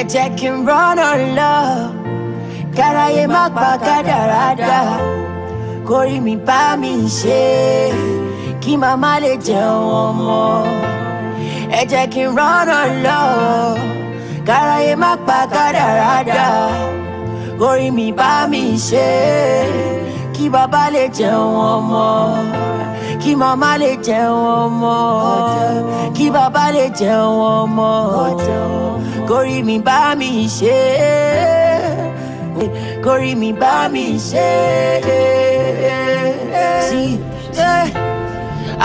ẹ jẹ́ kí n rọ́nà lọ káráyé má pa kádàrádà kórí mi bá mi ṣe kí màmá lè jẹun ọmọ ẹ jẹ́ kí n rọ́nà lọ káráyé má pa kádàrádà kórí mi bá mi ṣe kí bàbá lè jẹun ọmọ kí màmá lè jẹun ọmọ kí bàbá lè jẹun ọmọ kórì mi bá mi ṣe kórì mi bá mi ṣe.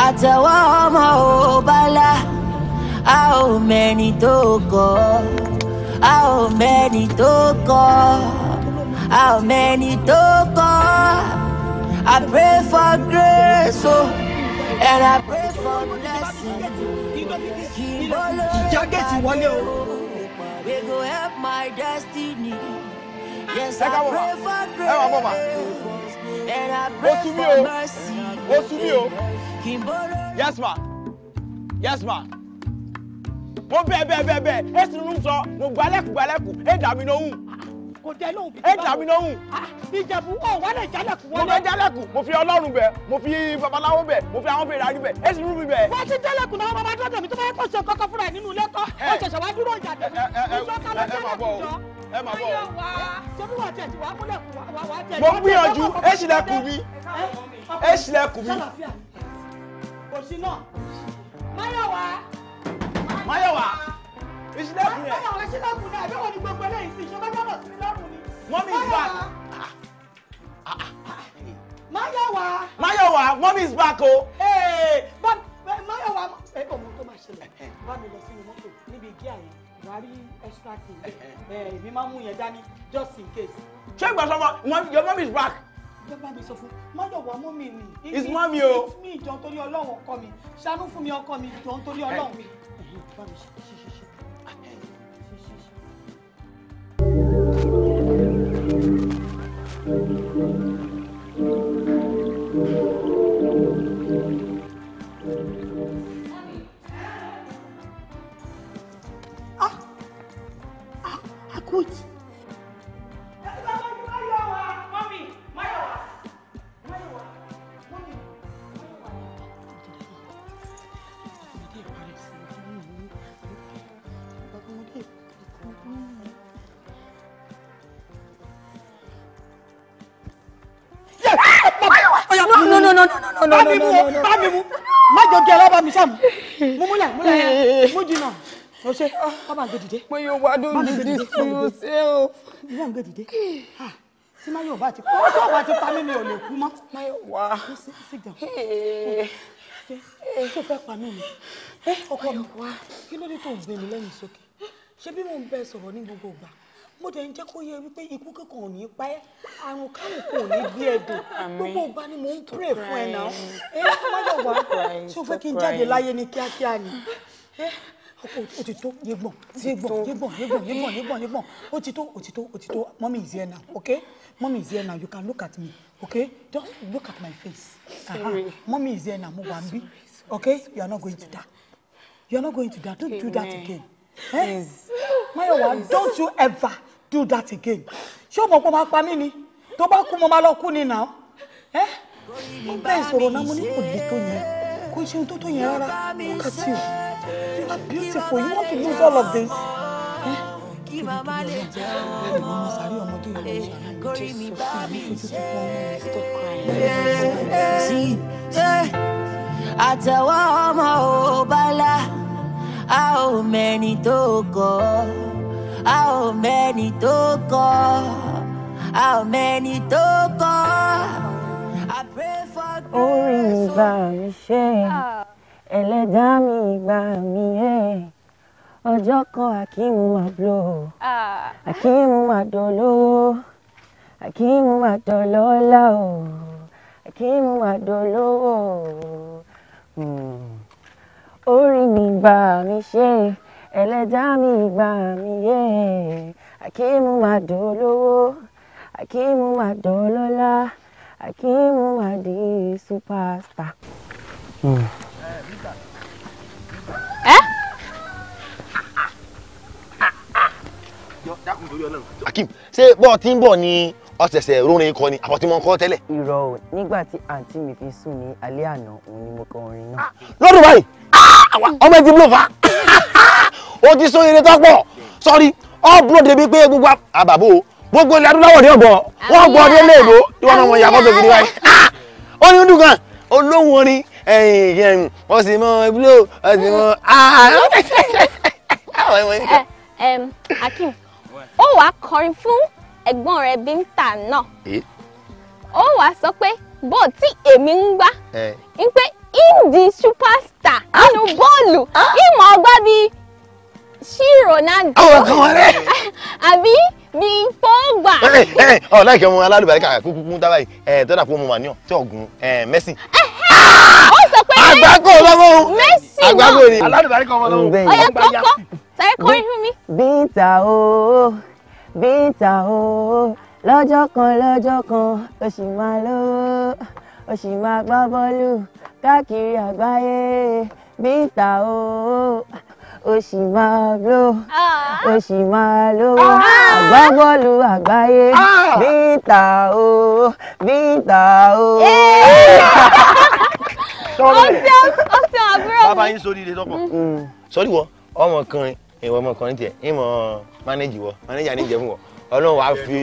àtẹ̀wọ́ ọmọ ò bala a ò mẹ́ni tó kọ́ a ò mẹ́ni tó kọ́ a ò mẹ́ni tó kọ́. I pray for grace. Oh. And I pray for blessings. Keep all over We go help my destiny. Yes, I pray for grace. And I pray for mercy. Ó sú mi o. Yes, ma. Yes, ma. Mo bẹ́ẹ̀ bẹ́ẹ̀ bẹ́ẹ̀ bẹ́ẹ̀. Ẹ sinú sọ, mo gbalẹ́kùgbalẹ́kù, ẹ dà mí lóhùn kò dẹ lóhùn. ẹ dà mí lóhùn. Ah, ìjẹ̀bú ọ̀ wá lè jálẹ̀kùn wọlé. mo fẹ́ jálẹ̀kùn mo fi ọlọ́run bẹ̀ mo fi babaláwo bẹ̀ mo fi àwọn fèrè àrí bẹ̀ ẹ sì rú mi bẹ̀. wọ́n ti jálẹ̀kùn náà bàbá dọ́dọ̀ mi tó bá yẹ kó ṣe kọ́kọ́ fúnra nínú ilé kọ́ ó ṣẹ̀ṣẹ̀ wá dúró ìjà dẹ̀mí. ẹ máa bọ̀ o ẹ máa bọ̀ o. mo gbìyànjú ẹ ṣílẹ̀kùn mi ẹ ṣílẹ̀kùn mi. òṣì náà máyọ̀wá. máyọ̀wá ìṣílẹ̀kùn yẹn. báyọ̀ ìṣílẹ̀kùn náà àbẹ̀wò ni gbogbo eléyìí sí ìṣọ́bá jábọ̀ sí lọ́rùn ni. mọ́mí is back. máyọ̀wá. máyọ̀wá mọ́mí is back o. máyọ̀wá ẹ kò mọ tó máa ṣẹlẹ̀ bá mi lọ sínú mọ́tò níbi gíà yẹn wàá rí extra kì í ẹ èmi máa mú yẹn dání just in case. ṣé ìgbà sọ́mọ your mom is back bá mi sọ fún máyọ̀wá mọ́ mi ni. is mọ́ mi o. mi ìjọ nítorí ọlọ́run ọkọ mi ṣàánú fún mi ọkọ mi ìjọ nítorí ọlọ́run mi. Thank you. bá mi mú o bá mi mú má jòkè alábà mi sàmù mú múlẹ̀ múlẹ̀ eh. mú jìnnà o ṣe bàbá gbé dìde. mo yóò wá dùn dídí sí o ṣe o. bàbá gbé dìde tí máyọ̀ bá ti kú ọjọ́ bá ti pa mí mi ò lè kú mọ́. máyọ̀ wá eh. ṣé fẹ́ pa mí ni eh. ọkọ mi kí ló dé tó ń gbé mi lẹ́yìn sókè ṣé bí mo ń bẹ sọ̀rọ̀ ní gbogbo ìgbà mo dẹ̀ ń jẹ́ kó yẹ wípé ikú kankan ò ní pa ẹ́ àrùn kárùn kò ní gbé ẹ dùn gbogbo ìgbà ni mò ń pray fún ẹ náà ẹ má yọ̀ wá tí o fẹ́ kí n jáde láyé ní kíákíá ni o ti tó yegbọn yegbọn yegbọn yegbọn yegbọn yegbọn yegbọn o ti tó o ti mommy is here now okay mommy is here now you can look at me okay just look at my face uh-huh. mommy is here now mo wà ń bí okay you are not going to die you are not going to die don't do that again. Yes. Máyọ̀wá don't you ever do that again. Ṣé o mọ̀ pé o máa pa mí ni? Tó bá kú mo máa lọ kú ni nà. Ẹ́ eh? mo bẹ́ẹ̀ sọ̀rọ̀ náà mo ní kò lè tó yẹn. Kò ṣe ohun tó tó yẹn rárá. Look at you. You are beautiful. You want to lose all of this? Eh? Kí màmá lè jẹ́ ọmọ a ò mẹ́ni tó kọ́ a ò mẹ́ni tó kọ́ a ò mẹ́ni tó kọ́. orí ìgbà mi ṣe ah. ẹlẹ́dá mi ìgbà mi ẹ̀ ọjọ́ kan akíhun máa bló ah. akíhun máa dolówó akíhun máa dolọ́lá o akíhun máa dolówó orí mi gbà mí ṣe ẹlẹ́dá mi gbà mí yé Akíìmù máa dolówó Akíìmù máa dolọ́lá Akíìmù máa di superstar. ẹ. Akeem ṣé bọ́ọ̀ tí ń bọ̀ ni ọ̀sẹ̀sẹ̀ rórin kọ ni àwọn tí mo ń kọ tẹ́lẹ̀. irọ́ o nígbà tí àǹtí mi fi sùn ní alẹ́ àná òun ni mo kọ orin náà. lọ́dún báyìí ọmọ ẹ ti blow fa o ti sóyè ní tọ́pọ̀ sọ́rí ọ́ blow débi pé gbogbo àbàbò gbogbo ilẹ̀ adúláwọ̀ ní ọ̀bọ̀ wọ́n gbọ́ ọdún ilé ìbò ìwọ́n ọmọ ìyá fọ́tò gidi wáyé ó ní dùn kan olóhùn orin ẹ̀yìn ìyẹn wọ́n sì mọ blow wọ́n sì mọ ah, ah, ah. Akim ó wàá kọrin fún ẹ̀gbọ́n rẹ̀ Bímta náà ó wàá sọ pé bó tí èmi ń gbá ń pé him the superstar ah. nínú bọ́ọ̀lù ìmọ̀ ah. ọgbà bíi sí Ronaldo oh, eh. àbí bíi Pogba. ọ̀ eh, eh, oh, láìkẹ́ ọmọ alálùbáríkà kúkú kún tábà yìí ẹ̀ tọ́dà fún ọmọ màníọ̀ tí ọ̀gùn Messi. ó sọ pé àgbákò lọ́wọ́ Messi náà àgbákò ni alálùbáríkà ọmọ lọ́wọ́ ọ̀yà kọ́kọ́ sáré kọrin fún mi. bíńtà o bíńtà o lọ́jọ́ kan lọ́jọ́ kan oṣù máa lọ́wọ́ ó sì máa gbá káàkiri àgbáyé bíta o ó sì máa lò ó sì máa lówó àgbá àgbáyé bíta o bíta o. ọ̀sẹ̀ ọ̀sẹ̀ àbúrò mi. bàbá yín sórí ilé tọkọ sórí wọ ọmọkùnrin ìwọ ọmọkùnrin tiẹ̀ ìmọ̀ mánéjì wọ mánéjì àníjẹ fún wọ ọlọ́run wàá fi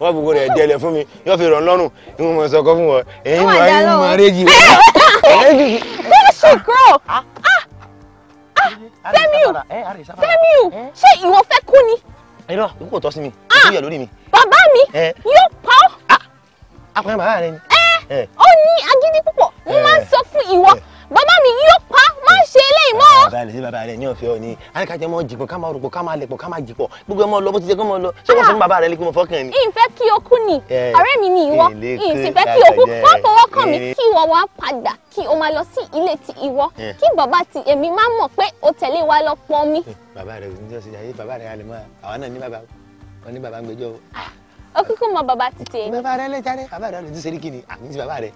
wọ́n fi gbọ́dọ̀ ẹ̀jẹ̀ lẹ̀ fún mi yóò fi ràn lọ́rùn ìwọ̀n mọ̀ sọ́kọ́ fún wọn èyí mọ̀ ayé mọ̀ àrẹ́jì rẹ̀. Tẹ́míù Tẹ́míù ṣé ìwọ fẹ́ kú ni. irọ́ ikú kò tọ́ sí mi ah! ikú yà lórí mi. bàbá mi yóò pa ọ́. Ah! akọni bàbá rẹ ni. Eh! ó ní agídí púpọ̀ mo máa ń sọ fún ìwọ bàbá mi yóò pa má ṣe eléyìí mọ́. bàbá rẹ sí bàbá rẹ ní ọ̀fẹ́ ọ ni àríkà jẹ́ mọ́ jìpọ̀ ká máa rògbò ká máa lẹ̀pọ̀ ká máa jìpọ̀ gbogbo ọmọ lọ bó ti jẹ́ kó mọ lọ ṣé wọ́n sọ fún bàbá rẹ lé kí mo fọ́kàn ni. ìfẹ́ kí o kú ni ọ̀rẹ́ mi ni ìwọ ìsìnfẹ́ kí o kú wọ́n fọwọ́ kàn mí kí ìwọ wá padà kí o máa lọ sí ilé ti ìwọ kí bàbá ti èmi má mọ̀ pé o tẹ̀lé wa lọ pọ̀ mi. bàbá rẹ ní ọ̀sẹ̀ ayé bàbá rẹ alẹ́ mọ́ àwọn náà ní bàbá wọn ní bàbá ah, o. ó kúkú mọ bàbá ti tẹ̀. bàbá rẹ lè jáde bàbá rẹ lè ti ṣe é kí ni àmì ti bàbá rẹ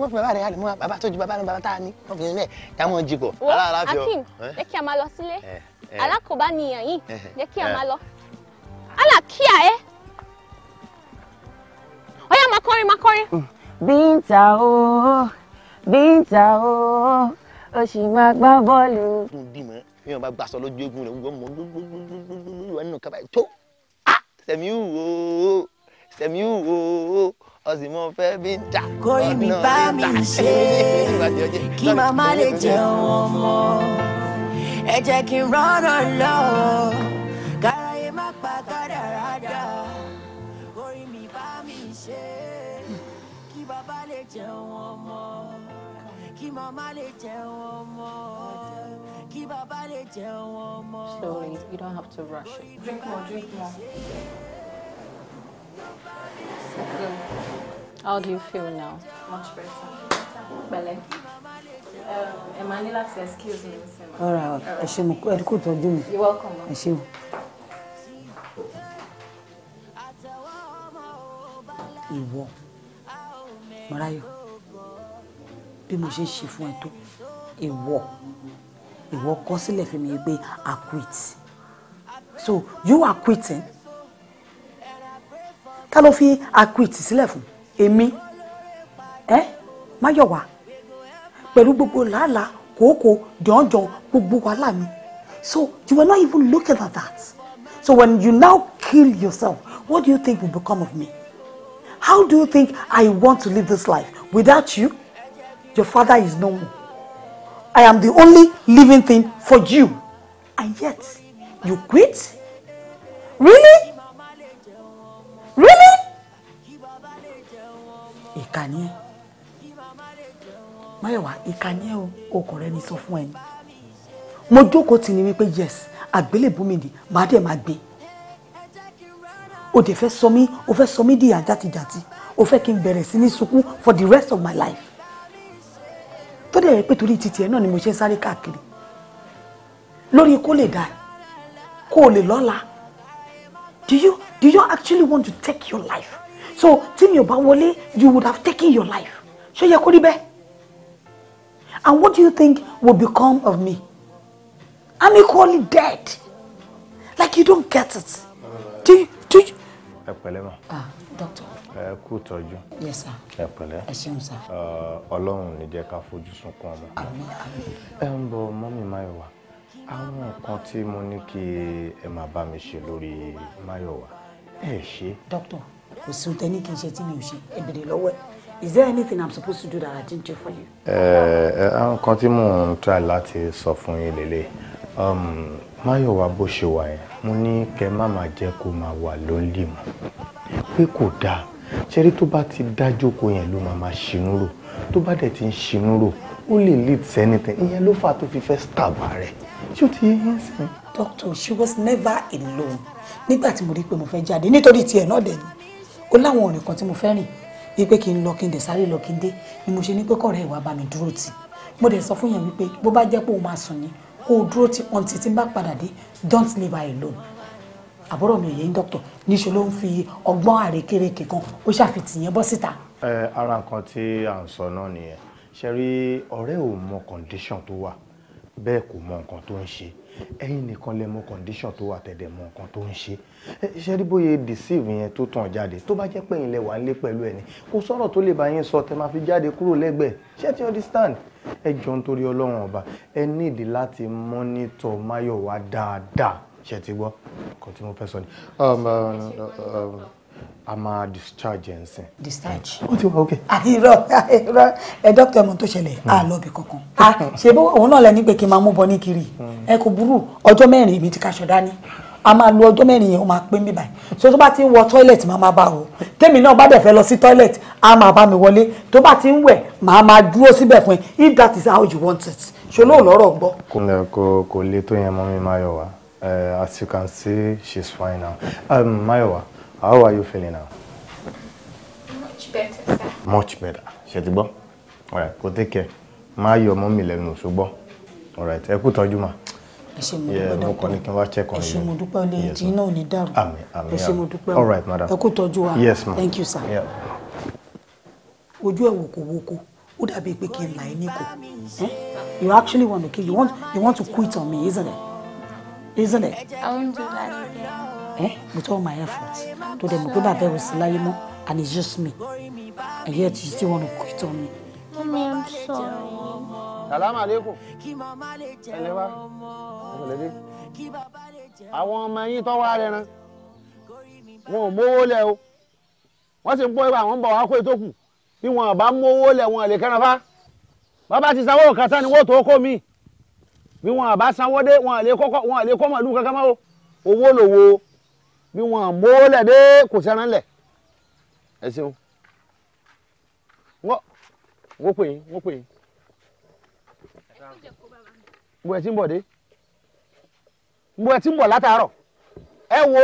wọ́n fi bàbá rẹ̀ hàn mọ́ bàbá tó ju bàbá rẹ̀ bàbá tá a ní wọ́n fi lẹ̀ dámọ̀ jìbọ̀. wọ́n akim jẹ́ kí a máa lọ sílé alákòóbá nìyàn yìí jẹ́ kí a máa lọ. ala kíá ẹ ọyá máa kọrin máa mm. o bíńtà o o sì máa gbá bọ́ọ̀lù. mo bímọ bí wọn bá gbà sọ lójú egun rẹ wọn mọ gbogbogbò ọ̀sìn mọ́ fẹ́ bí ń tà. kórì mi bá mi ṣe kí màmá lè jẹun ọmọ ẹ jẹ́ kí n rọ́nà lọ káráyé má pa kádàrádà kórì mi bá mi ṣe kí bàbá lè jẹun ọmọ kí màmá lè jẹun ọmọ. Sorry, you don't have to rush it. Drink more, drink more. Good. How do you feel now? Much better. Pẹ̀lẹ́. Ẹ máa excuse me. All right. Ẹ ṣé mo ẹ kú tọ́jú mi. You're welcome. Ẹ ṣé o. Ìwọ Mọ́ráyọ̀ bí mo ṣe ń ṣe fún ẹ tó ìwọ ìwọ kọ sílẹ̀ fún mi pé I quit. So you are quitting ta ló fi àkùìtì sílẹ̀ fún èmi ẹ máyọ̀wá pẹ̀lú gbogbo làálàá kòókò jọ̀ọ́jọ̀ gbogbo wàhálà mi so you were not even looking at that so when you now kill yourself what do you think will become of me how do you think I want to live this life without you your father is no more I am the only living thing for you and yet you quit really really ìkà ni ẹ́ Máyọ̀wá ìkà ni ẹ́ o ọkùnrin mi sọ fún ẹ ni mo jókòó tì ní wípé yes àgbélébùmí ni màá dẹ̀ máa gbé o dẹ̀ fẹ́ sọ mí o fẹ́ sọ mí di àjàtìjàtì o fẹ́ kí n bẹ̀rẹ̀ sí ní sunkún for the rest of my life tó dẹ̀ yẹ pé torí titi ẹ̀ náà ni mo ṣe ń sáré káàkiri lórí kó lè dà kó o lè lọ́la do you do you actually want to take your life so tí mi ò bá wọlé you would have taken your life ṣé yẹ kó rí bẹ́ẹ̀ and what do you think will become of me I'm equally dead like you don't get it do you do you. ẹ pẹ̀lẹ́ ma. ah doctor. ẹ kú tọ́jú. yes sir. ẹ pẹ̀lẹ́. ẹ ṣeun sir. Ọlọ́run ní jẹ́ ká fojú sunkún ọmọ. àmín àmín. ẹ ń bọ mọ́mí máa wà àwọn nǹkan tí mo ní kí ẹ máa bá mi ṣe lórí Máyọ̀wá ẹ ṣe. doctor kò sí ohun tẹ́ni kì í ṣe tí mi ò ṣe ẹ bèrè lọ́wọ́ ẹ is there anything i'm supposed to do that i didn't do for you. ẹ ẹ àwọn kan tí mò ń try láti sọ fún yín lélẹ̀ um, Máyọ̀wá bó ṣe wà yẹn mo ní kẹ́ má máa jẹ́ kó máa wà lónìí mọ́ pé kò dáa ṣeré tó bá ti dájókòó yẹn ló máa máa ṣinú rò tó bá dẹ̀ ti ń ṣinú rò ó lè lead to ìyẹn ló fà tó fi fẹ́ stab rẹ̀ ṣé ti yé yẹn sìn. doctor she was never alone nígbà tí mo rí i pé mo fẹ́ jáde nítorí tiẹ̀ náà dẹ̀ ni ó láwọn ọ̀rìn kan tí mo fẹ́ rìn wípé kí n lọ kí n dẹ̀ sáré lọ kí n dé ni mo ṣe ní pé kọ̀ọ̀rẹ́ ìwà bá mi dúró tì mo dẹ̀ sọ fún yẹn wípé bó bá jẹ́ pé òun máa sùn ni kó o dúró tì ọ̀ǹtì tí n bá padà dé don't leave her alone àbúrò mi ò yẹ ń dọ́kítọ̀ níṣẹ́ ló ń fi ọgbọ́n àrékérekè kan ó ṣàfitìyẹn bọ́ síta. ẹ ara nǹkan tí à ń sọ náà nìyẹn ṣe rí ọ̀rẹ́ ò mọ condition tó wà bẹ́ẹ̀ kò mọ nǹkan tó ń ṣe ẹ̀yin nìkan lè mọ condition tó wà tẹ̀dẹ̀ mọ nǹkan tó ń ṣe ṣé rí bóyá deceive yẹn tó tàn jáde tó bá jẹ́ pé ẹ̀yin lẹ wà nílé pẹ̀lú ẹni kò sọ̀rọ̀ tó lè bá yín sọ tẹ máa fi jáde kúrò lẹ́gbẹ̀ẹ́ ṣé ti understand ẹ jọ̀ọ́ nítorí ọlọ́run ọba ẹ nídìí láti monitor Máyọ̀wá dáadáa ṣe ti gbọ́ nǹkan tí mo fẹ́ sọ ni. Um, um, um, a máa discharge ẹ̀ ń sìn. discharge. ó ti wá ok. irọ́ irọ́ ẹ dókítà ẹ̀mọ́ tó ṣẹlẹ̀ á hmm. lọ ibì kankan. a ṣe bó òun náà lẹ́ni pé kí n máa mú bọ ní kiri hmm. ẹ kò burú ọjọ́ mẹ́rin ibi tí kaṣọ dání a máa lo ọjọ́ mẹ́rin yẹn ó máa pé mi báyìí so tó bá ti ń wọ toilet máa máa bá wo tèmi náà bá dẹ̀ fẹ́ lọ sí toilet a máa bá mi wọlé tó bá ti ń wẹ̀ máa máa dúró síbẹ̀ fún ẹ if that is how you want it ṣolóò lọ́rọ̀ gbọ́. kò kò le tó yẹn mọ́ mi Máyọ̀wá eh, as you can see she is fine now um, Máyọ̀wá How are you feeling now? Much better, sir. Much better. Ṣé ti gbọ́? All right, go take care. Má yọ ọmọ mi lẹ́nu ṣùgbọ́n. All right, ẹ kú tọ́jú mà. Ẹ ṣé mo dúpẹ́ dọ́kọ̀. Mo kàn ní kí n wá check on you. Ẹ ṣé mo dúpẹ́ olè ìdí náà ò ní dàrú. Àmín àmín. Ẹ ṣé mo dúpẹ́ o. All right, madam. Ẹ kú tọ́jú wa. Yes, ma. Thank you, sir. Yeah. Ojú ẹ̀ wò kò wo ko ó dàbí pé kí n là ẹ́ ní kò eh? you actually want to kill you want you want to quit on me isn't it isn't it. I won't do that again eh, with all my efforts to them pé bàbá ò sí láyé mọ́ and it's just me and yet you still want to quit on me. Mami, I'm sorry. Salaam alaikum. Ẹlẹ́ wa, ẹlẹ́dẹ́. Àwọn ọmọ yín tó wá rẹ̀ ran. Wọn ò mówó lẹ̀ o. Wọ́n sì ń pọ́ ibà àwọn ń bọ̀ wá kó ètò kù. Bí wọn bá mówó lẹ̀ wọn lè kẹ́ran fá. Bàbá ti sanwó kan sani wọ́n tó kó mi. Bí wọn bá sanwó dé wọn lè kó mọ̀lú kankan mọ́ o. Owó lòwò o bí wọn mówó dé kò sẹ́ran lẹ̀ ẹ ṣeun wọ́n wọ́n pè yín wọ́n pè yín bó ẹ ń bọ̀ dé bó ẹ ń bọ̀ látàárọ̀ ẹ wò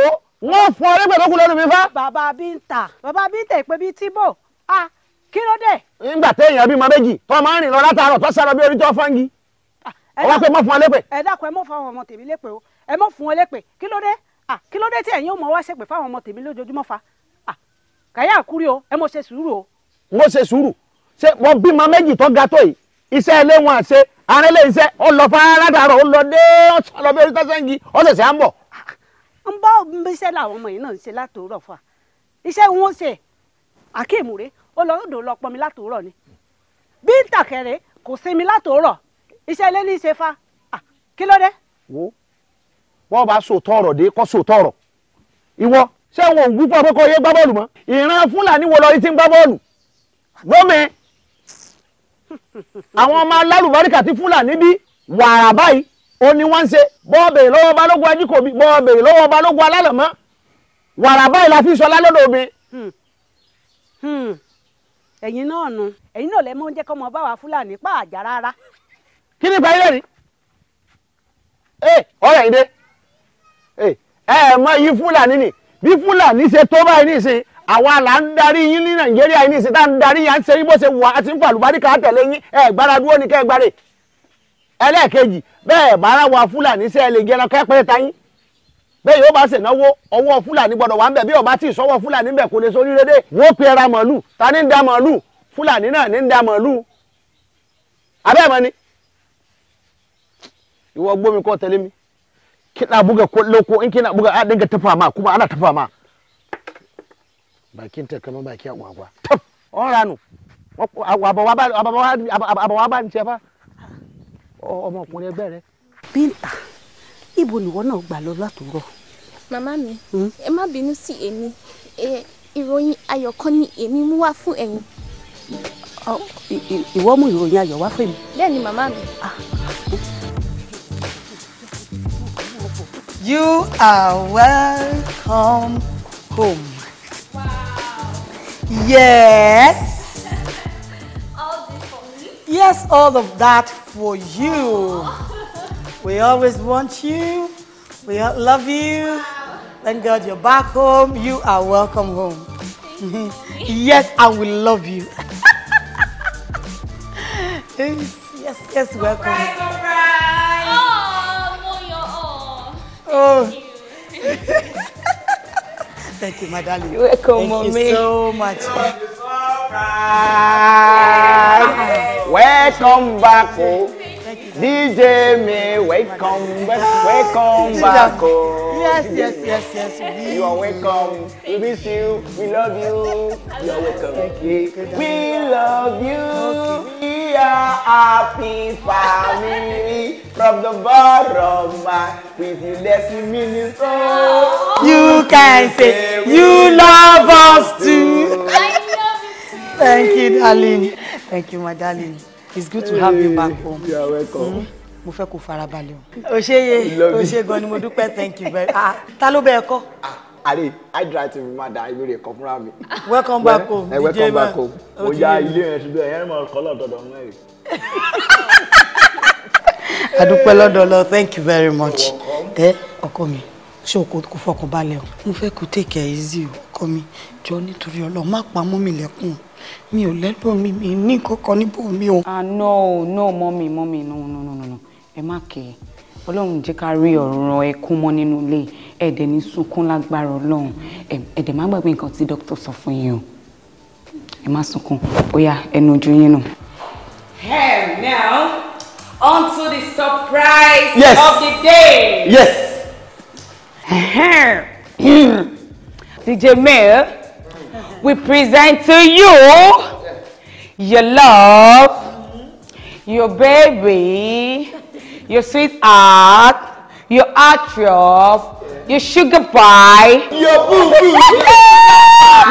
wọ́n fún ọ nígbà tó kú lẹ́nu mi fá. bàbá bí ń tà bàbá bí ń tà ìpè bíi tíbò a kí ló dé. nígbà téèyàn bíi mọ́bẹ́jì tó máa rìn lọ látàárọ̀ tó sára bí orí tó fọ́ngi ọwọ́ ah, pé mọ́ fún ọ lépè. ẹ dákun ẹ mọ́ fún ọmọ tèmi lépè o ẹ mọ́ fún ọ lépè kí ló dé Ah, kí ló dé tí ẹ̀yin ò mọ̀ wá ṣègbè fáwọn ọmọ tèmi lójoojúmọ́ fa ah, kàyà àkúrí o ẹ mọ̀ ṣe sùúrù o. mo ṣe sùúrù ṣé wọn bímọ méjì tó ga tó yìí iṣẹ́ ilé wọn àṣe ààrẹ ilé iṣẹ́ ó lọ fárádàrọ̀ ó lọ dé ọ̀sán lọ bí orí tọ́sán-gì ó ṣẹ̀ṣẹ̀ à ń bọ̀. Ah, ń bọ́ iṣẹ́ làwọn ọmọ yìí náà ń ṣe látòórọ̀ fà iṣẹ́ wọn ṣe àkéèmùrè ó lọ odò lọ pọnmi látòórọ̀ ni bí ń tàkẹ́rẹ́ kò sinmi látòórọ̀ iṣẹ́ ilé ní ṣe fa kí ló dé. wo wọ́n bá sòótọ́ ọ̀rọ̀ dé kọ́ sòótọ́ ọ̀rọ̀ ìwọ ṣé wọn ò wúpọ̀ pé kò yé gbá bọ́ọ̀lù mọ́ ìran fúlàní wo lọ́ọ́ ti ń gbá bọ́ọ̀lù lómìn àwọn ọmọ alálùbáríkà ti fúlàní bí wàrà báyìí ó ní wọ́n ń ṣe bọ́ọ̀ bèrè lọ́wọ́ balógun ajíkòbí bọ́ọ̀ bèrè lọ́wọ́ balógun alálọ̀mọ́ wàrà báyìí la fi sọ lálọ́dọ̀ mi. Hmm. Hmm. ẹ̀yin náà nu ẹ̀yin náà lẹ́ mọ́ oúnjẹ kọ́ mọ bá wa fúlàní pààjà rárá. kí ni ìparí lẹ́rìí? Eh, ọ̀rẹ́ ìdè ẹ ẹ mọ yí fúlàní ni bí fúlàní ṣe tó báyìí nísìn àwa là ń darí yín ní nàìjíríà yín nísìn tá à ń darí yà ń ṣe yín bó ṣe wà á ti ń fa àlùbáríkà tẹ̀lé yín ẹ gbára dúró ní kẹ́ ẹ gbára ẹlẹ́ẹ̀kejì bẹ́ẹ̀ bára wa fúlàní ṣe ẹ lè jẹran kẹ́pẹ́ ta yín bẹ́ẹ̀ yóò bá ṣe náwó ọwọ́ fúlàní gbọ́dọ̀ wà ń bẹ̀ bí ọba tí ìṣọwọ́ fúlàní ń bẹ̀ kò lè sórí rédé wọ́n pe ẹra màálù ta ni ń da màálù fúlàní náà ni ń da màálù abẹ́ẹ̀ mọ́ ni ìwọ gbómi kọ́ tẹ̀lé mi kina buga kwallo ko in kina buga a dinga tafa ma kuma ana ma bakin ta kamar baki a gwagwa on oh, rano abawa ba abawa ba oh, ọmọkùnrin ẹgbẹ́ rẹ. bínta ibo nìwọ náà gbà lọ látòrọ. màmá mi hmm? ẹ má bínú sí èmi ìròyìn ayọ̀ kan ni èmi mú wá fún mú ìròyìn ayọ̀ wá fún mi. bẹ́ẹ̀ ni màmá mi. Ah. You are welcome home. Wow. Yes. all this for me? Yes, all of that for you. we always want you. We love you. Wow. Thank God you're back home. You are welcome home. yes, I will love you. yes, yes, welcome. Oh. Thank you, my darling. You're welcome, Thank mommy. Thank you so much. Welcome back, oh. DJ me, welcome, welcome back. Oh. Yes, yes, yes, yes. We, you are welcome. We miss you. We love you. You are welcome. Okay. We love you. We are happy family from the bottom back with you. Let's minister. So oh. you can say you love us too. I love you too. Thank you, darling. Thank you, my darling it's good to have you back home. you are welcome. Mm-hmm. mo fẹ́ kó farabalẹ̀ o. o ṣe ye gan ni mo dúpẹ́ thank you very ah ta ló bẹ ẹ kọ́. àlè hydra ti mi máa da ìbéèrè kan fúnra mi. welcome back home. ẹ eh, welcome back home. Oh, mo ya ilé yẹn ṣubú ẹ yẹn mọ kọlọ dọdọ mẹ́rin. adúpẹ́ lọ́dọ̀ thank you very much. ẹ ọkọ mi ṣé o kò fọkàn balẹ̀ o mo fẹ́ kó take care easy o ọkọ mi jọ nítorí Ọlọ́run má pa mọ́ mi lẹ́kùn o mi ò lẹ́gbọ̀n mi mi ní kankan níbò mi o. ah no no mọ́mì mọ́mì no no no no ẹ má kẹ́ ẹ ọlọ́run jẹ́ ká rí ọ̀rọ̀ ẹkún mọ́ nínú ilé ẹ̀dẹ̀ ní sunkún lágbára ọlọ́run ẹ̀dẹ̀ má gbàgbé nǹkan tí dókítà sọ fún yín o ẹ má sunkún bóyá ẹnu ojú yín nù. hell now on to the surprise yes. of the day. yes. DJ Mel. we present to you your love, your baby, your sweetheart, your atroph, your sugar pie, your boo boo,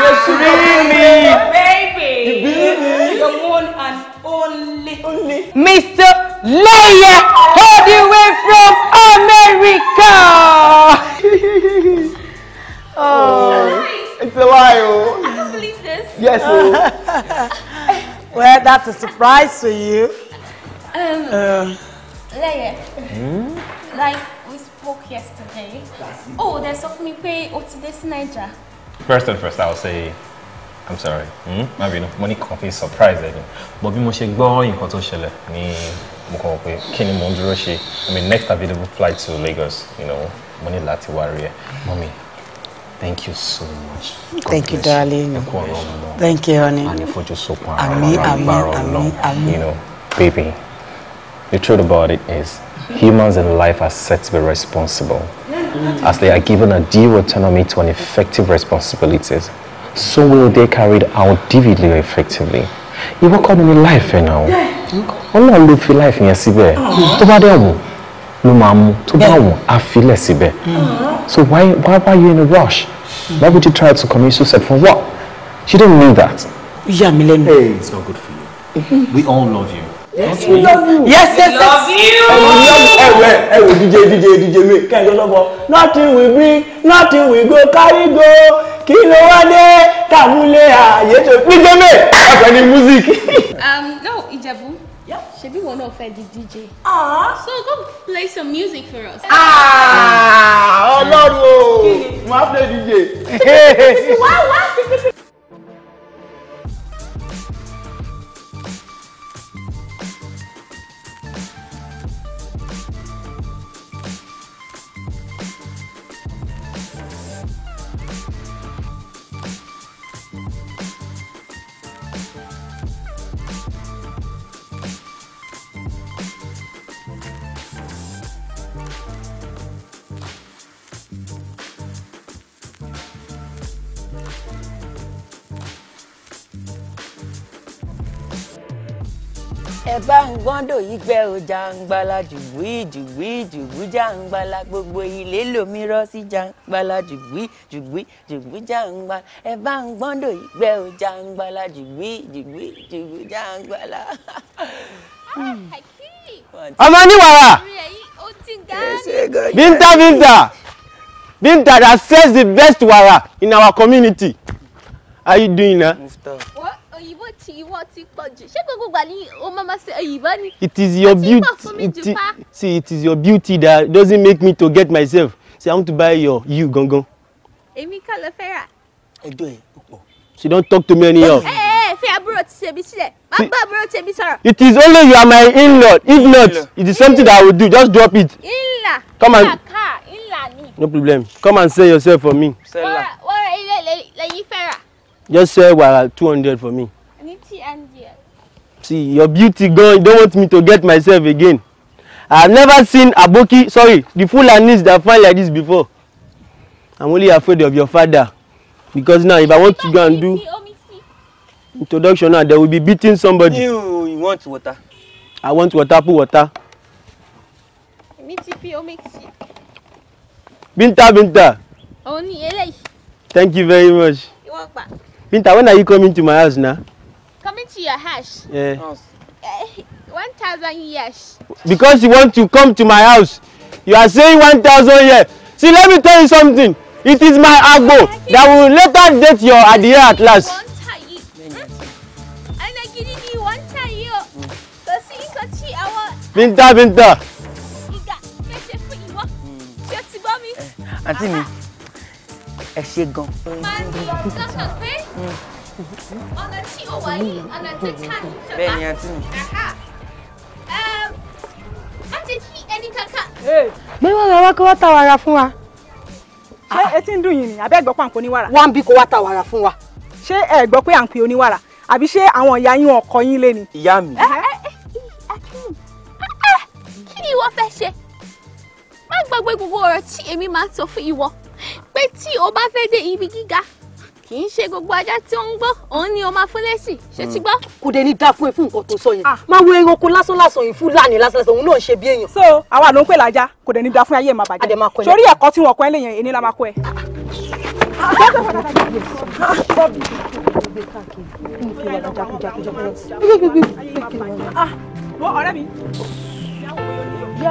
your sugar baby, your baby, your, baby. your moon and only, only. Mr. Leia, all the way from America. oh. It's a lie, oh. I don't believe this. Yes, oh. well, that's a surprise for you. Um, uh. Leye, hmm? like we spoke yesterday. Oh, there's something we pay or today Niger. First and first, I'll say I'm sorry. Hmm. Maybe no money. Coffee surprise ẹni. But bí mo ṣe gbọ́ nǹkan tó ṣẹlẹ̀ ní mo kàn pé kí ni mo ń dúró ṣe? I mean next available flight to Lagos, you know, mo ní láti wá rí ẹ. Mọ́mí, Thank you so much. God Thank you, darling. You. Thank you, honey. And if you just so Ami, Ami, Ami, Ami. You know, baby, the truth about it is humans in life are set to be responsible as they are given a due autonomy to an effective responsibilities. So will they carried out vividly or effectively. You Ìwọ kọ́ ni life ẹ̀ náà. Ọlọ́run ló fi life yẹn síbẹ̀. Oh. Tó bá dẹ̀ wù ló máa mu tó bá wọn á filẹ̀ síbẹ̀ so why why why you in a rush why would you try to commit suicide for what she didn't mean that. ìyá mi lẹ́nu. it's not good for you mm-hmm. we all love you. Yes, we love you. Yes, yes, yes. Love you. Ẹ̀wẹ̀ ẹ̀wẹ̀ DJ DJ DJ mi kẹ́jọ lọ́bọ̀. Nothing we bring, nothing we go carry go. Kí ló wá dé? Kàmúlé ààyè tó pín jẹ́mẹ̀. Ọ̀pẹ ni music. Um, no, Ìjẹ̀bú. Ṣebí wọn náà fẹ́ the DJ. Aww. So go play some music for us. Ah, Ọlọ́run o, wọ́n á play DJ. Wá wá. ẹ bá ń gbọ́ndọ̀ yìí gbẹ́ o jàǹgbala jùgbì jùgbì jùgbì jàǹgbala gbogbo ilé lomi rọ́ sí jàǹgbala jùgbì jùgbì jùgbì jàǹgbala ẹ bá ń gbọ́ndọ̀ yìí gbẹ́ o jàǹgbala jùgbì jùgbì jùgbì jàǹgbala. ọmọ níwàrà bínta bínta bínta that says the best wàrà in our community how you doing na. Huh? ìwọ ti pọ̀ jù ṣé gbogbo ìgbà ni o máa ma ṣe èyìnbó ni. it is your beauty it, it, see it is your beauty that doesn't make me to get myself say i want to buy your you gangan. èmi kọ́ ló fẹ́ rà. ẹjọ́ ẹ̀ pọ̀. she don talk to me anyhow. ẹ ẹ fi àbúrò ti ṣe mi sílẹ̀ má gbọ́ àbúrò ti ṣe mi sọ̀rọ̀. it is only you are my in-law if not it is something that i will do just drop it. in-law come and no problem come and sell yourself for me. wọ́n rẹ̀ ilé lẹ́yìn fẹ́ rà. just sell wàrà two hundred for me beauty and your... See, your beauty gone. You don't want me to get myself again. I've never seen Aboki, sorry, the Fulanis that find like this before. I'm only afraid of your father. Because now, if I want to go and do introduction now, they will be beating somebody. You, you want water? I want water, put water. Binta, Binta. Only Thank you very much. Binta, when are you coming to my house now? coming to your house. Yeah. Uh, one thousand years. Because you want to come to my house, you are saying one thousand years. See, let me tell you something. It is my agbo that will later date your idea at last. Binta, Binta. Àǹtí mi, ẹ ṣe gan. Màá ní ọjọ́ sọ pé. Hmm ọ̀nà tí ó wà yìí ọ̀nà tí kàn ṣọlá bẹ́ẹ̀ ni àti mi. a ti kí ẹni kankan. gbé wọn lọ wá kí wọn ta wàrà fún wa. ṣé etí ń dùn yìí ni àbí ẹ gbọ́ pé à ń pe oníwàrà. wọ́n ń bí kó wá ta wàrà fún wa. ṣé ẹ gbọ́ pé à ń pe oníwàrà àbí ṣé àwọn ìyá yín ọkọ yín lé ni. ìyá mi. kí ni ìwọ fẹ́ ṣe má gbàgbé gbogbo ọ̀rọ̀ tí èmi máa ń sọ fún ìwọ pé tí o bá fẹ́ dé ibi gíga kì í ṣe gbogbo ajá tí ó ń gbọ́ òun ni o máa ṣe ti hmm. gbọ́. kò dé ní dáa fún ẹ fún nǹkan tó sọ yẹn ah. máa wo ẹranko lásán yìí fúlàní lásán lásán òun náà ṣe bí èèyàn. so àwa ló ń pè lájà kò dé ní dáa fún ayé ẹ máa sórí ẹ̀kọ́ tí wọ́n kọ́ ẹ lẹ́yìn ẹni la máa kọ́ ẹ. Ah,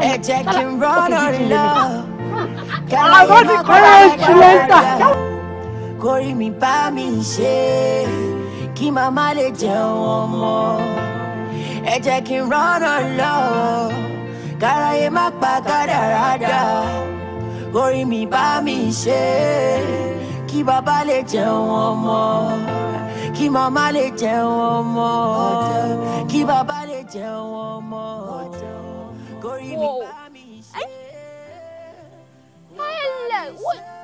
ẹ jẹ́ kí n rọ́ọ̀rọ̀ lọ. Ah, kàlọ́ kórìí mi bá mi ṣe kí màmá lè jẹun ọmọ ẹ jẹ́ kí n rọ́nà lọ́wọ́ káráyé má pa kádàrádà kórìí mi bá mi ṣe kí bàbá lè jẹun ọmọ kí màmá lè jẹun ọmọ kí bàbá lè jẹun ọmọ kórìí mi bá mi ṣe. Hello, what?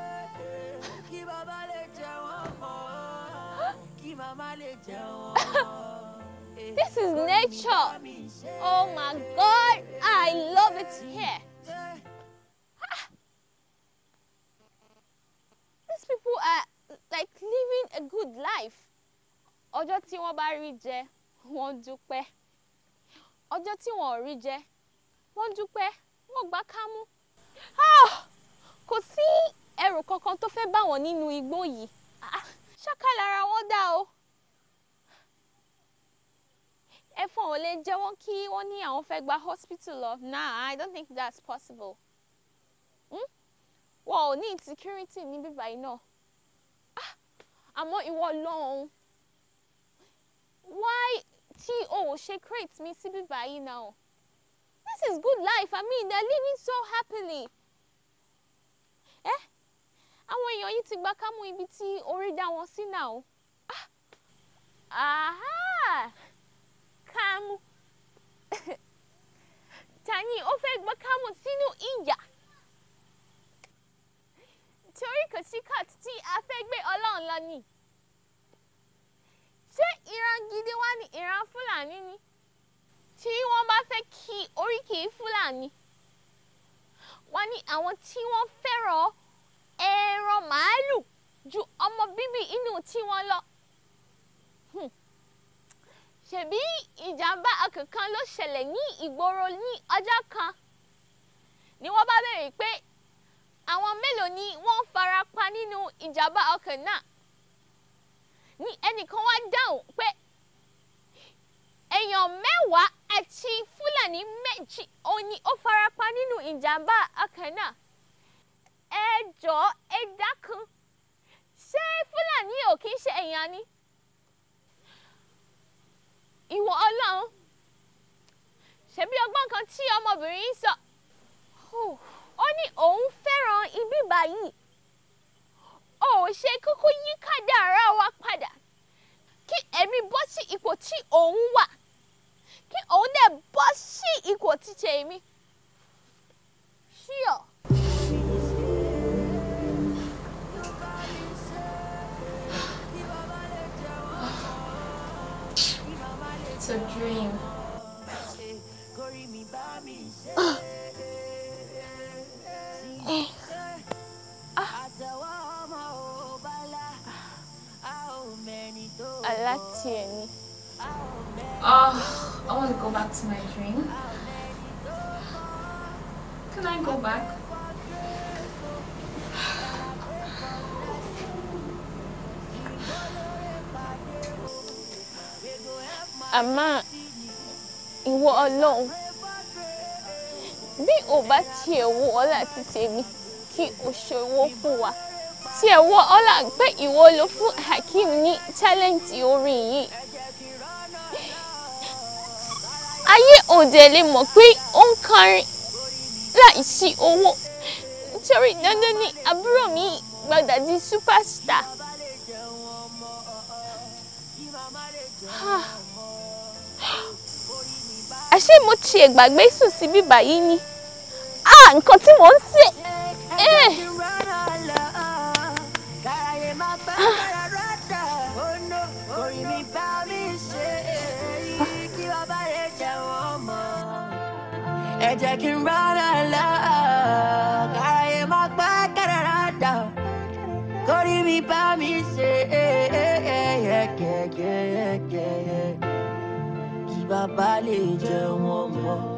this is nature. Oh my God, I love it here. These people are like living a good life. Ọjọ́ tí wọ́n bá rí jẹ, wọ́n dúpẹ́. Ọjọ́ tí wọ́n ò rí jẹ, wọ́n dúpẹ́, wọ́n gbá kámú. Ah! Kò sí ẹrù kankan tó fẹ́ bá wọn nínú igbó yìí ṣáká lára wọn dá o ẹ̀fọn ò lè jẹ́wọ́ kí wọ́n ní àwọn fẹ́ gba hospital lọ nah i don't think that's possible hmm? wọn ò ní security níbí báyìí náà ah, àmọ́ ìwọ lọ́hùn why tí o ò ṣe crate mi síbí báyìí náà this is good life i mean they're living so happily àwọn èèyàn yìí ti gbá kámú ibi tí orí dá wọn sí náà o. Ah, kámú tani ó fẹ́ gbá kámú sínú ìyà torí kò sí cut tí a fẹ́ gbé ọlọ́run lọ ni. ṣé ìran gidi wá ní ìran fúlàní ni tí wọ́n bá fẹ́ kí oríkì fúlàní wá ní àwọn tí wọ́n fẹ́ràn ọ́ ẹran màálù ju ọmọ bíbí inú tiwọn lọ. Hmm. ṣebí ìjàmbá ọkọ̀ kan ló ṣẹlẹ̀ ní ìgboro ní ọjọ́ kan ni wọ́n bá béèrè pé àwọn mélòó ni wọ́n fara pa nínú ìjàmbá ọkọ̀ náà ní ẹnìkan wá dáhùn pé èèyàn mẹ́wàá àti fúlàní méjì òun ni ó fara pa nínú ìjàmbá ọkọ̀ náà ẹ jọ̀ọ́ ẹ dákun ṣé fúlàní ò kí ń ṣe èèyàn ni ìwọ ọlọ́run ṣebí ọgbọ́n kan tí ọmọbìnrin yìí sọ ó ní òun fẹ́ràn ibí báyìí ó ṣe kúkú yí kádàrá wa padà kí èmi bọ́ sí ipò tí òun wà kí òun dẹ̀ bọ́ sí ipò tí tèmi Sure. It's a dream. I Oh, I want to go back to my dream. Can I go back? àmọ́ ìwọ ọlọ́run bí ò bá tiẹ̀ wo ọlá ti tèmi kí o ṣòwò fún wa tiẹ̀ wo ọlá pé ìwọ ló fún Hakeem ní tálẹ́ǹtì orin yìí ayé òde lè mọ̀ pé ó ń kọrin láì sí owó nítorí dandan ni àbúrò mi gbọ́dọ̀ di superstar àṣé mo ti ẹ̀gbàgbé sùn síbí báyìí ni ah, nǹkan tí mò ń sè. ẹ jẹ́ kí rárá lọ kára yẹ má gbá kára rádà kórìí mi bá mi ṣe é eh. é ah. ah bàbá lè jẹun ọmọ.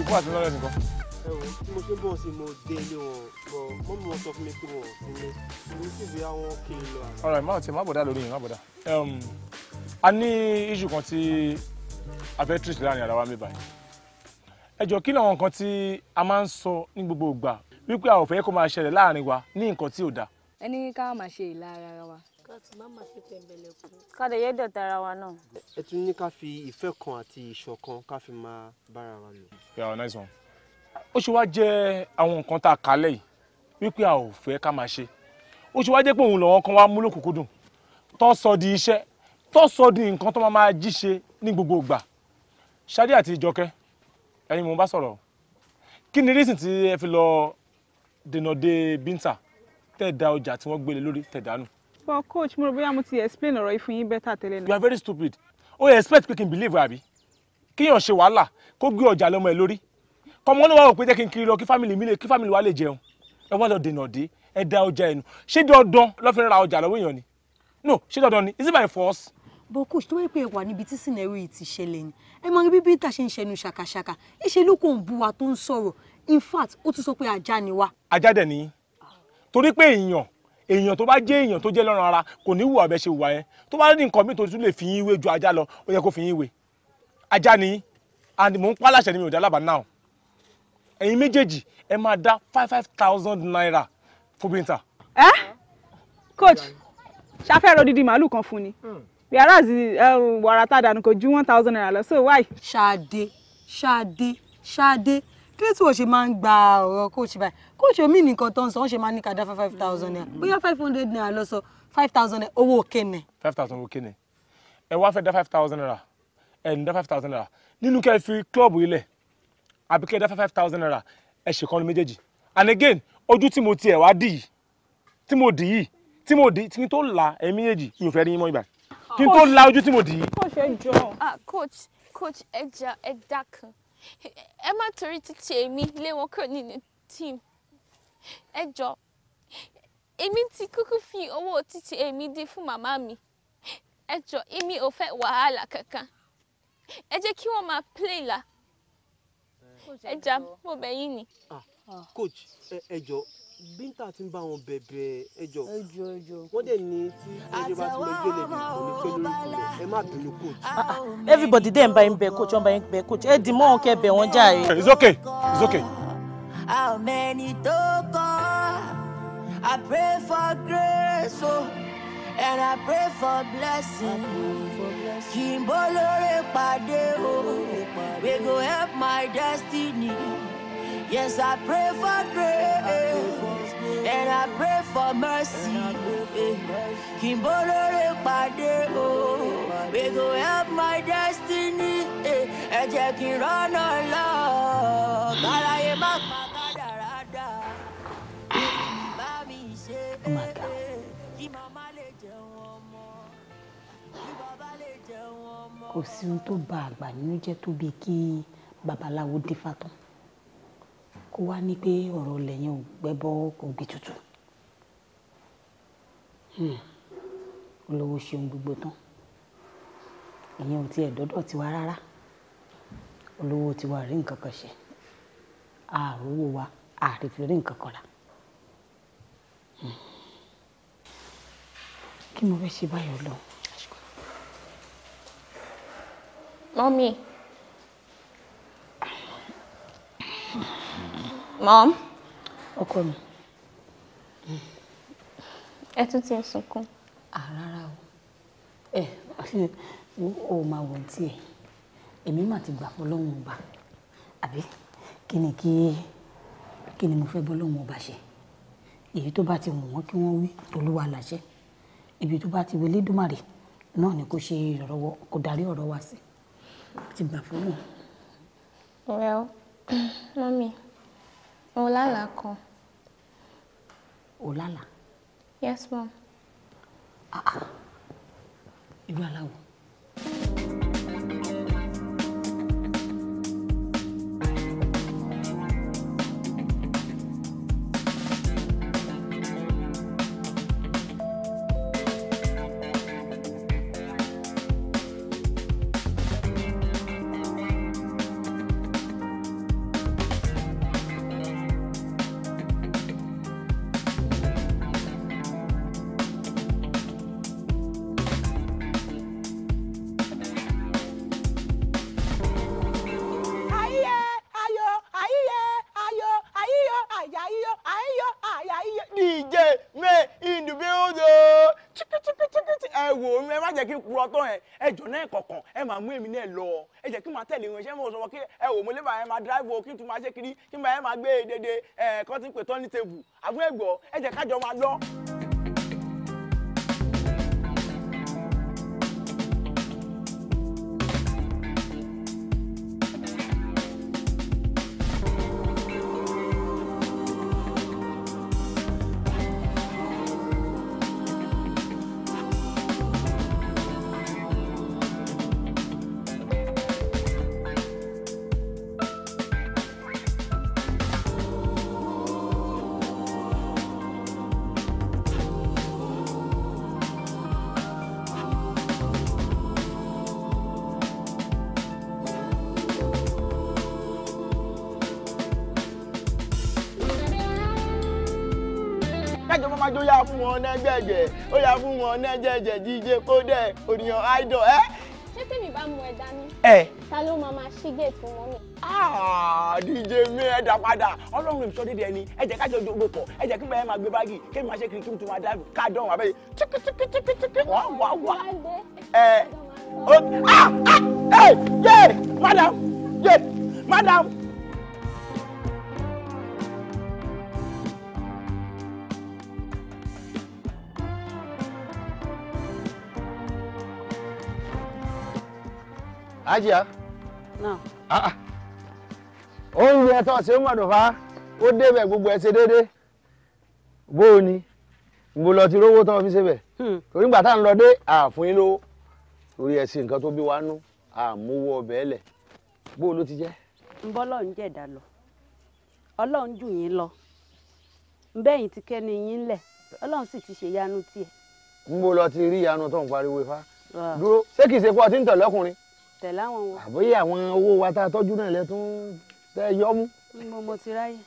ikú àti lọ́rẹ́ nìkan. ẹ wò tí mo ṣe ń bọ̀ sí mo dé ilé wọn bọ̀ mọ́ mi wọ́n sọ fún mi pé wọn ò sí ilé mo sì bí àwọn kiri lọ. ọ̀rọ̀ ìmọ̀ tí má bọ̀dá lórí yẹn má bọ̀dá. Um, a ní iṣu kan tí a fẹ́ tírìsì láàrin ara wa mi báyìí. ẹ jọ kí làwọn nǹkan tí a máa ń sọ ní gbogbo ìgbà wípé a ò fẹ́ kó máa ṣẹlẹ̀ láàrin wa ní nǹkan tí ò dáa. ẹni ká máa ṣe ìlara ara wa kádẹ yẹn dọ̀tá ara wa náà. ẹ tún ní ká fi ìfẹ́ kan àti ìṣọ̀kan ká fi máa bára wa lò. Yeah, nice one. Ó ṣe wá jẹ́ àwọn nǹkan tá a kálẹ̀ yìí wípé a ò fẹ́ ká máa ṣe. Ó ṣe wá jẹ́ pé òun lọ́wọ́ kan wá mú lókùnkúndùn. Tó sọ di iṣẹ́, tó sọ di nǹkan tó máa máa jí ní gbogbo ìgbà. Ṣadé àti Ìjọkẹ́, ẹ̀yin mo bá sọ̀rọ̀. Kí ni reason tí ẹ fi lọ dènà de Bínta tẹ̀ da ọjà tí wọ́n gbélé lórí tẹ̀ dànù? But coach, mo rò bóyá mo ti explain ọ̀rọ̀ yìí fún yín better tẹ́lẹ̀ náà. You are very stupid. O oh, expect pé kí n believe àbí? kíyàn ṣe wàhálà kó gbé ọjà lọ́mọ ẹ̀ lórí kọ́mọ ní wàá wò pé jẹ́ kí n kiri lọ kí fámìlì mi lè kí fámìlì wa lè jẹun ẹ wá lọ dènà dé ẹ da ọjà ẹ̀ ṣé dandan lọ́ ra ọjà lọ́wọ́ èèyàn ni no ṣé dandan ni is it by force. bó coach tó wáyé pé wà níbi tí sinero yìí ti ṣẹlẹ̀ ni ẹ máa rí bí bíta ṣe ń ṣẹnu ṣàkàṣàkà ìṣe ló kò ń bu wa tó ń sọ̀rọ̀ in fact ó tún sọ pé ajá ni wa. ajá dẹ̀ ni torí pé èèyàn èèyàn tó bá jẹ́ èèyàn tó jẹ́ lọ́rùn ara kò ní hùwà bẹ́ẹ̀ ṣe hùwà yẹn tó bá ajá ni and mò ń pàlàṣẹ ni mi ò dá lábàá náà ẹ̀yin méjèèjì ẹ máa dá five five thousand naira fún Binta. ẹ coach ṣàfẹ́rọ̀ odidi màálù kan fún ni whereas hmm. wàrà tá a dànù kò ju one thousand naira lọ so why. ṣáde ṣáde ṣáde kí ló tí o ṣe máa ń gba ọ̀rọ̀ coach báyìí coach omi nìkan tó ń sọ wọ́n ṣe máa ní ká dá five five thousand naira hmm. bóyá five hundred naira lọ sọ five thousand naira owó òkè nẹ. five thousand owó òkè nẹ ẹ wá fẹ́ dá five thousand naira ẹ̀ five thousand naira nínú kẹ́ ẹ fi klọ́ọ̀bù ilẹ̀ àbí kẹ́ ẹ dá five thousand naira ẹ̀ ṣèkan ní méjèèjì and again ojú tí mo tiẹ̀ wá dì yìí tí mo dì yìí tí mo dì kí n tó la ẹ̀ méjèèjì mi ò fẹ́ rí yín mọ́ ìgbà kí n tó la ojú tí mo dì yìí. coach ẹ jọ. ah coach coach ẹ jà ẹ dákun ẹ má torí títí èmi lé wọn kúrò nínú team ẹ jọ èmi ti kúkú fi owó títí èmi dé fún màmá mi ẹ jọ èmi ò fẹ́ wàhálà kankan ẹ jẹ́ kí wọ́n máa play la ẹ jà mo bẹ̀ yín ni. Ah, ah. coach ẹ jọ bínta ti ń bá wọn bẹ̀bẹ̀ ẹjọ́ wọ́n dẹ̀ ní tí ẹjọ́ bá ti lọ gbélé ní òní pé lórí ìpìlẹ̀ ẹ má bínú coach. Ah, everybody dem bá yín bẹ coach wọn bá yín bẹ coach ẹ dì mọ́ wọn kẹ bẹ̀ wọ́n jàre. it's okay it's okay. àwọn ẹni tó kọ́ I pray for grace oh, and I pray for blessing. Yìnbó lóore pàdé o, we go help my destiny. Yes, I pray for grace and I pray for mercy. Yìnbó lóore pàdé o, we go help my destiny. Ẹ jẹ́ kí n rọ́nà lọ, káráyé má pa. kò sí ohun tó ba àgbà nínú jẹ́ tó bíi kí babaláwo dífá tán kó wá ní pé ọ̀rọ̀ lẹ́yìn ò gbẹ́bọ́ ògbé tutù hmm. olówó ṣeun gbogbo tán ìyẹn ò tiẹ̀ dọ́dọ̀ tiwa rárá olówó tiwa rí nǹkan kan ṣe àròwó wa àrífi rí nǹkan kan rà hmm. kí mo fẹ́ ṣe báyọ̀ lọ́hùn. Mommy. Mom. Ọkọ mi. Ẹ tún ti ń sunkún. Àrárá o. Ẹ o máa wọ̀ tí ẹ̀. Èmi mà ti gbà fọlọ́run ọba. Àbí kí ni kí kí ni mo fẹ́ bọ́lọ́run ọba ṣe? Èyí tó bá ti wù wọ́n kí wọ́n wí Olúwa làṣẹ. Ibi tó bá ti wí Elédùmarè náà ni kò ṣe ìrànlọ́wọ́ kò darí ọ̀rọ̀ wa sí ti gbà fún wọn. well mọ́mí mo lálà kan. o yes mom. ah ah irú aláwọ̀. kí n kúrọ tọ́ yẹn ẹjọ́ náà kọ̀ọ̀kan ẹ máa mú èmi náà lọ ẹ jẹ́ kí n máa tẹ̀lé wọn ṣé mo sọ wọn kí ẹ wò mo lè máa máa drive o kí n tún máa ṣe kiri kí n máa máa gbé dédé ẹ kọ́ ti ń pè turn table àbúrò ẹ̀gbọ́ ẹ jẹ́ kájọ máa lọ. dá fún wọn náà jẹ́jẹ́ jíjẹ kó dẹ̀ ònìyàn idol ẹ́. ṣé tèmi bá mú ẹ dání. ẹ. ta ló máa máa ṣí gate fún mọ́mì. Ah, díje mi ẹ dá padà ọlọ́run ìṣọ́ dídì ẹni ẹ jẹ́ kájọ jogbo pọ̀ ẹ jẹ́ kí bẹ́ẹ̀ máa gbé báàgì kí mi máa ṣe kiri kí mi tún máa dá ká dán àbẹ́yẹ tíkítíkítíkítí wá wá wá. ẹ ẹ yé ah, ah, madam yé madam. Hajiya. Now. Ah ah. Oúnjẹ tó ṣe mọ̀dọ̀ fa, ó débẹ̀ gbogbo ẹ̀ ṣe déédé. Bó o ni? Mo lọ ti rówó tán fi ṣe bẹ̀. Hmm. Torí gbà tá à ń de? dé, àfún yín lówó. Torí ẹ̀ ṣe nǹkan tó bí wa nú, àmúwọ́ ọbẹ̀ ẹlẹ̀. Bó o lo ti jẹ́? Ń bọ́ lọ́run jẹ̀dá lọ. Ọlọ́run jù yín lọ. Ń bẹ́yìn ti kẹ́ni yín lẹ̀. Ọlọ́run sì ti ṣe yanu tiẹ̀. Ń bó lọ ti rí yanu tó ń pariwo ifá. Dúró, ṣé kìí ṣe pé ọtí ń tọ̀ lọ́kùnrin? tẹ̀lé àwọn wo. àbóyá àwọn owó wa tá a tọ́jú náà lẹ tún tẹ yọ mú. nbọ mo ti ráyè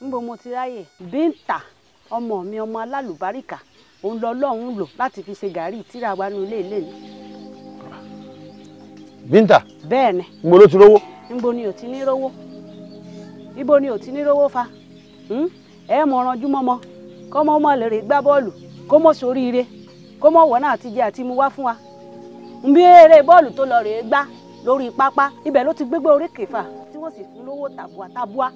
nbọ mo ti ráyè bíńtà ọmọ mi ọmọ alálùbáríkà òun lọ lọ́hùn lò láti fi ṣe gàárì tíra wa nu ilé ilé mi. bíńtà. bẹ́ẹ̀ ni. nbo ló ti rówó. nbo ni ò ti ní rówó ibo ni ò ti ní rówó fa hmm? ẹ mọ ọranjú mọmọ kọmọ ọmọ lè rè gbá bọ́ọ̀lù kó mọ sóríire kó mọ wọnà àtijẹ àti mu wá fún wa bí eré bọ́ọ̀lù tó lọ rèé gbá lórí pápá ibẹ̀ ló ti gbégbé orí kẹfà tí wọ́n sì fún lówó tàbùà tàbùà.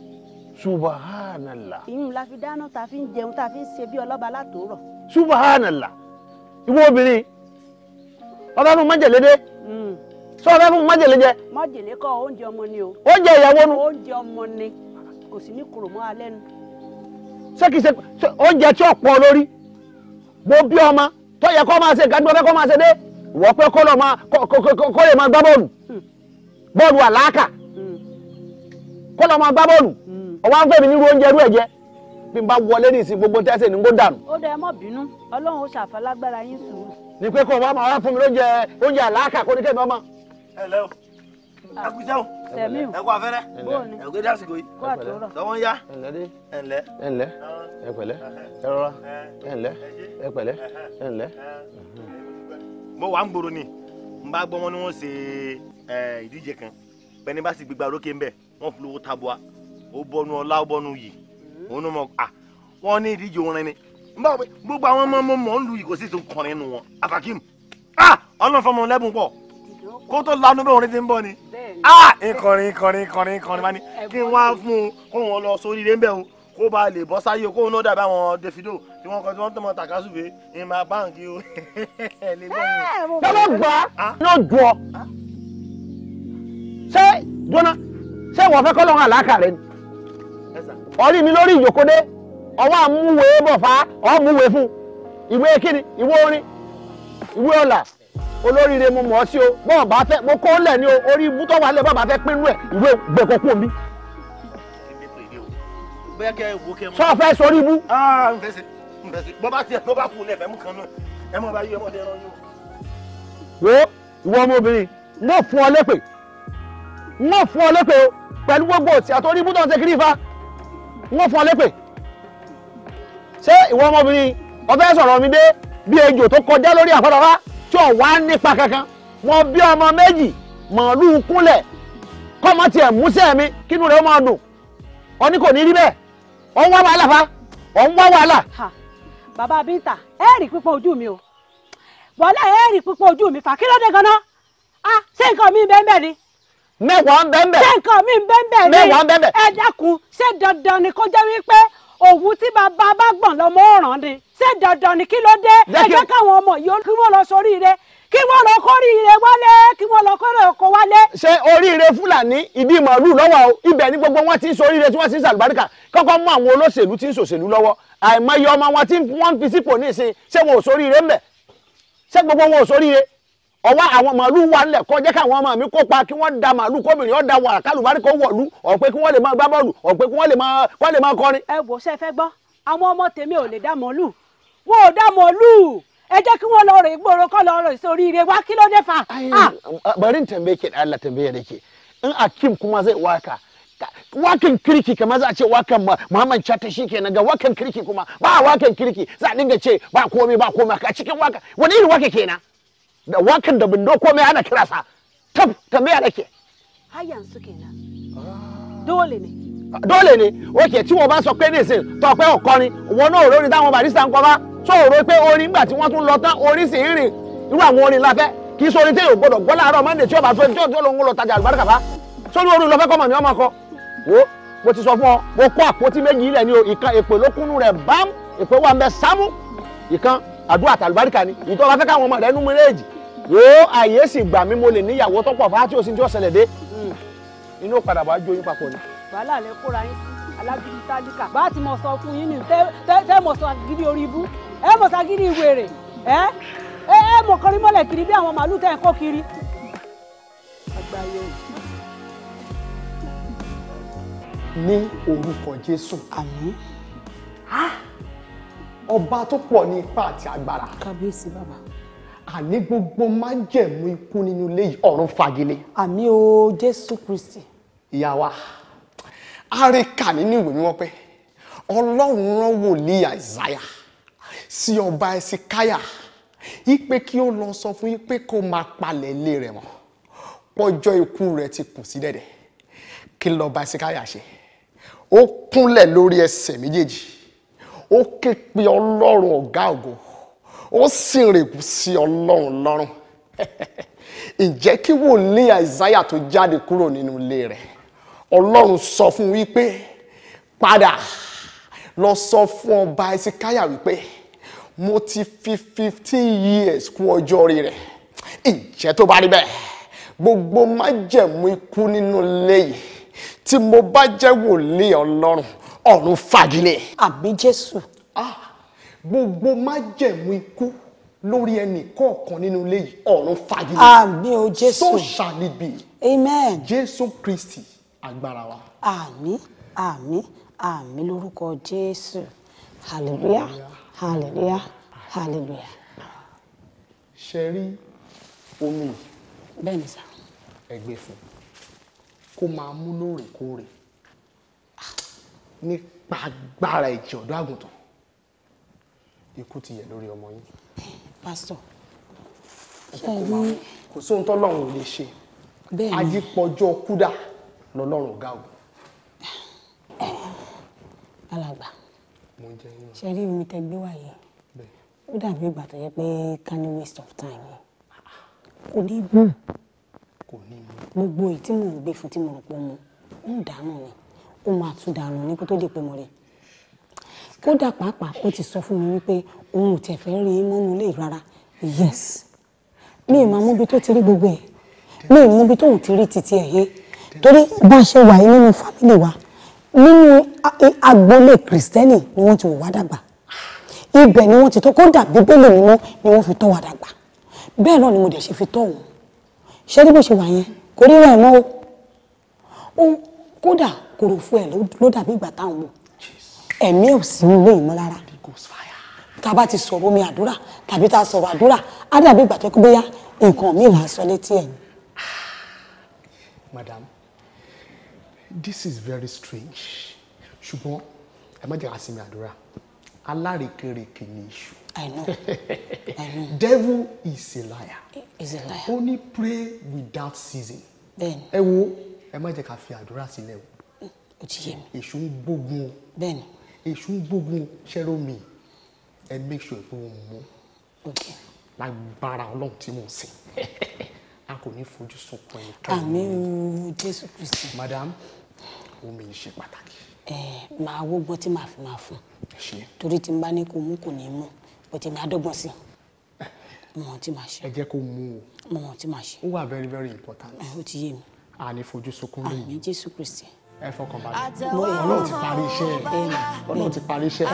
subahánàlá. ìyún la fi dáná ta fi ń jẹun ta fi ń ṣe bí ọlọ́ba látòórọ̀. subahánàlá ìwọ obìnrin ọlọ́run májèlé dé sọ hmm. ọlọ́run májèlé jẹ. májèlé kọ oúnjẹ ọmọ ni o. oúnjẹ ìyàwó nu. oúnjẹ ọmọ ni kò sí ní kòrò mọ́ alẹ́ nu. ṣé kìí ṣe oúnjẹ tí ò pọ̀ lórí mo bí ọmọ tó yẹ kó máa ṣe gàdúrà fẹ́ kó máa ṣe dé wọ́n pẹ́ kó lọ máa kó lè máa gbá bọ́ọ̀lù hmm. bọ́ọ̀lù àlàákà hmm. kó lọ máa gbá bọ́ọ̀lù ọwọ́ hmm. àǹfẹ́ mi nírú oúnjẹ rú ẹ̀jẹ̀ bí n bá wọlé ní ìsìn gbogbo tẹ́sẹ̀ ní kó dànù. ó dẹ mọ́ bínú ọlọ́run ó ṣàfàlágbára yín sùúrù. ní pé kó o bá máa wá fún mi lóúnjẹ oúnjẹ àlàákà kó ní kẹ́mi ọmọ. ẹ lẹ́ o ẹ kú iṣẹ́ o sẹmiu ẹ kú afẹ́rẹ́ ẹ kú dé àsìkò yìí kó àtúrọ̀ tọwọ́ ń yá ẹ ǹlẹ́ mo wà ń gbòòrò ni n bá gbọ́ wọn ni wọ́n ṣe ìdíje kan pẹ̀lú bá sì gbégbá orókè ńbẹ wọ́n fi lówó tabua ó bọ́nu ọlá ó bọ́nu yìí òun ló mọ̀ à wọ́n ní ìdíje orin ni n bá wọ pé gbogbo àwọn ọmọ ọmọ mọ̀ ń lu ìkòsí tó kọrin nù wọn àfàkìm ah ọlọ́run fọmọ lẹ́bùn pọ̀ kó tó lanu bẹ́ẹ̀ orin ti ń bọ́ ni ah ìkọrin ìkọrin ìkọrin ìkọrin bá ní kí n wá fún un kó wọn lọ sórí ilé ńbẹ́ o kó ba lè bọ́ sáyé kó náà dàbí àwọn Davido tí wọ́n kọ́ tí wọ́n tọmọ takasufe ní ma báǹkì o. tọ́lọ́ gbà náà dùn ọ ṣé jóná ṣé wọ́n fẹ́ kọ́ lọ́wọ́ àlákàrẹ́ ni orí mi lórí ìjòkóde ọwọ́ àmúwe bọ̀ fà á ọ̀múwe fún ìwé kíni ìwé orin ìwé ọ̀là olóríire mo mọ̀ ọ́ sí o bọ́ọ̀ bá fẹ́ mo kọ́ lẹ̀ ní orí ibú tó wà lẹ́ bọ́ọ̀ bá fẹ́ pínlú ẹ̀ ìwé gbẹ̀kọ́ kú bẹ́ẹ̀ kẹ́ wo kẹ́ mọ́. sọ ah, fẹ́ sórí ibú. bọ́ bá tiẹ̀ tó bá kú lẹ́fẹ̀ẹ́ mú kan náà ẹ mọ̀ bá yí ọmọdé rán yóò. wo ìwọ ọmọbìnrin mo fún ọ lépè mo fún ọ lépè o pẹ̀lú gbogbo òtí àtọ́rí ibú tó ń ṣe kiri ifá mo fún ọ lépè. ṣé ìwọ ọmọbìnrin ọfẹ́ sọ̀rọ̀ mi dé bí ejò tó kọjá lórí àfọlọ́fá tí ò wá nípa kankan mo bí ọmọ méjì màálù kúnlẹ̀ kọ́mọ tiẹ̀ músẹ́ mi kínú rẹ̀ ó máa dùn ọ ní kò ní rí bẹ́ẹ̀. Ọ ń wá wàhálà fa ọ̀ ń wá wàhálà. bàbá binta ẹ rí pípọ̀ ojú mi o wàhálà ẹ rí pípọ̀ ojú mi fa kí ló dé ganan a ṣé nǹkan mi bẹ́ẹ̀ bẹ́ẹ̀ ni mẹ́wàá ń bẹ́ẹ̀ bẹ́ẹ̀. ṣé nǹkan mi ni mẹ́wàá ẹ dákun ṣé dandan ni kó jẹ́ wípé òwú tí gbọ̀n ọ̀ràn ni ṣé dandan ni kí ló dé ẹ jẹ́ káwọn ọmọ yìí kí wọ́n lọ kí wọ́n lọ kó oríire wálé kí wọ́n lọ kó èrèkó wálé. ṣé oríire fúlàní ìdí màálù lọ́wọ́ o ibẹ̀ ni gbogbo wọn ti ń so oríire tí wọ́n ti ń sàlùbáríkà kọ́kọ́ mú àwọn olóṣèlú tí ń sòṣèlú lọ́wọ́ àìmọye ọmọ wọn tí wọ́n fi sípò ní ìsìn ṣé wọn ò sóríire ńbẹ̀ ṣé gbogbo wọn ò sóríire ọwọ́ àwọn màálù wà ńlẹ̀ kọ́ jẹ́ káwọn ọmọ mi kópa kí wọ́n da màálù kóbìnrin ọ̀dà wàrà kálùbáríkà wọ̀lú ọ̀pẹ́ kí wọ́n lè máa gbá bọ́ọ̀lù ọ̀pẹ́ kí wọ́n lè máa kọrin. ẹ wò ṣe fẹ́ gbọ́ àwọn ọmọ tèmi ò lè dá màálù wọn ò dá màálù ẹ jẹ́ kí wọ́n lọ rẹ̀ gbòòrò kọ́ lọ rẹ̀ sórí rẹ̀ wá kí ló dé fa. Ah! bari in tambaye ki da Allah tambaye da ke in akim kuma zai waka wakan kirki kama za a ce wakan Muhammad Chata shi kenan ga wakan kirki kuma ba wakan kirki za a dinga ce ba komai ba komai a cikin waka wani irin waka kenan da wakan da bindo komai ana kira sa tab tambaya ala ke. har yanzu kenan dole ne. dole ne ok tí wọn bá sọ pé nísìnyí tọpẹ ọkọrin wọn náà ò lórí táwọn barista ń kọ bá. tó o rò pé orin nígbà tí wọ́n tún lọ tán orin sì ń rìn irú àwọn orin la fẹ́ kì í sọrin téèyàn gbọdọ̀ gbọ́ láàárọ̀ mọ́ndé tí ọba fẹ́ tí ọjọ́ lòun lọ tajà àlùbáríkà bá sórí orin lọ́fẹ́ kọ́mọ̀ mi ọmọ kọ wo mo ti sọ fún ọ mo kó àpótí méjì ilẹ̀ ni o ìkan èpè lókùnrin rẹ̀ bám èpè wà ń sámú ìkan àdúrà tàlùbáríkà ni ìtọ́ bá fẹ́ káwọn ọmọ rẹ̀ nú méjèèjì wo àyè sì gbà mí mo lè níyàwó tó hmm. bá jó ti mọ̀ sọ fún yín ní tẹ́ mọ̀ sọ gidi orí ibú ẹ mọ̀ sagídí ìwèrè ẹ ẹ mọ̀ kọrin mọ́lẹ̀ kiri bí àwọn màálù tẹ̀ ń kó kiri. ní orúkọ Jésù àmín ọba tó pọ̀ ní ipá àti agbára kábíyèsí bàbá àní gbogbo májẹ̀mú ikú nínú ilé yìí ọ̀run fagilé. Àmì o Jésù Kristi. ìyá wa a rí kà nínú ìwé mímọ́ pé Ọlọ́run rán wòlíì Àìsáyà. sí ọba ẹsikáyà yí pé kí ó lọ sọ fún yí pé kó máa palẹ̀ ilé rẹ̀ mọ́ pọ́jọ́ ikú rẹ̀ ti kù sí dẹ̀dẹ̀ kí lọ́ba ẹsikáyà ṣe ó kúnlẹ̀ lórí ẹsẹ̀ méjèèjì ó ké pe ọlọ́run ọ̀gá ògo ó sì rèkú sí ọlọ́run lọ́rùn ǹjẹ́ kí wòlíì àìsáyà tó jáde kúrò nínú ilé rẹ̀ ọlọ́run sọ fún wípé padà lọ sọ fún ọba ẹsikáyà wípé mo ti fi fifteen years kún ọjọ́ orí rẹ̀ ìjẹ́ tó bá rí bẹ́ẹ̀ gbogbo májẹ̀mú ikú nínú ilé yìí tí mo bá jẹ́ wòlíì ọlọ́run ọ̀run fagilé. àmì jésù. Ah, gbogbo májẹ̀mú ikú lórí ẹnì kọ̀ọ̀kan nínú ilé ọ̀run fagilé. àmì o jésù. so shall it be. amen. jésù kristi agbára wa. àmì àmì àmì lórúkọ jésù hallelujah. hallelujah hallelujah hallelujah. ṣe rí omi bẹ́ẹ̀ ni sá ẹgbẹ́ fún kó máa mú lóòrèkóòrè nípa agbára ẹ̀jẹ̀ ọ̀dọ́ àgùntàn ikú ti yẹ lórí ọmọ yín. pásítọ̀ ṣe ní. kò sóhun tọ́lọ́run ò lè ṣe ajípọ̀jọ́ kúdà lọ́lọ́run ọ̀gá ògùn. alàgbà ṣe rí omi tẹ gbé wáyé ó dàbí ìgbà tó yẹ pé candy waste of time ni ah. kò ní gùn hmm. gbogbo èyí tí mò ń gbé fún tí mo rò pé mo ń dànù ni ó máa tún dànù ní kó tó di pé mo rí kódà pàápàá ó ti sọ fún mi wípé òun ò tẹ̀ rí i mọ́nú ilé rárá yes mi ì máa mú ibi tó ti rí gbogbo ẹ̀ mi ì mú ibi tóun ti rí títí ẹ̀ yé torí bá a ṣe wà nínú fámìlì wa nínú e, agboolé kristẹni ni wọ́n ti wò wá dàgbà ibẹ̀ ni wọ́n ti tọ́ kódà bíbélì mímọ́ ni wọ́n fi tọ́ wa dàgbà bẹ́ẹ̀ náà ni mo dẹ̀ ṣe fi tọ́ òun ṣé bí mo ṣe wà yẹn kò rí rẹ̀ mọ́ o kódà kòrò fún ẹ̀ ló dàbí ìgbà táwọn wò ẹ̀mí ò sí nílé ìmọ̀ rárá tá a bá ti sọ̀rọ̀ omi àdúrà tàbí tá a sọ̀rọ̀ àdúrà á dàbí ìgbà tó kó bóyá nǹkan mi là á sọ létí ẹ̀yìn. madam this is very strange ṣùgbọ́n ẹ má jẹ́ ká sinmi àdúrà alárekereke ni iṣu. I know. I know. Devil is a liar. Is a liar. Only pray without ceasing. Bẹ́ẹ̀ni. Ẹ wo ẹ má jẹ́ ká fi àdúrà sílẹ̀ o. O ti yé mi. Èṣù ń gbógun o. Bẹ́ẹ̀ni. Èṣù ń gbógun ṣẹ́rọ mi. Ẹ make sure pé o mú. Ok. Lágbára Ọlọ́run tí mo sìn. a kò ní fojú sunkún ẹni tó ní. àmín jésù kristi. madam omi yìí ṣe pàtàkì. ẹ máa wógbó tí màá fi máa fún torí tí n bá ní kó mú kò ní mú bọ̀tẹ̀ mi á dọ́gbọ́n sí i mọ̀ tí màá ṣe. ẹ jẹ́ kó mú o. mọ̀ tí màá ṣe. ó wà very very important. ó ti yé mi. a ní fojú sunkún lóyún. àmín jésù kristi ẹ fọkàn balẹ̀ Ọlọ́run ti parí iṣẹ́ Ọlọ́run ti parí iṣẹ́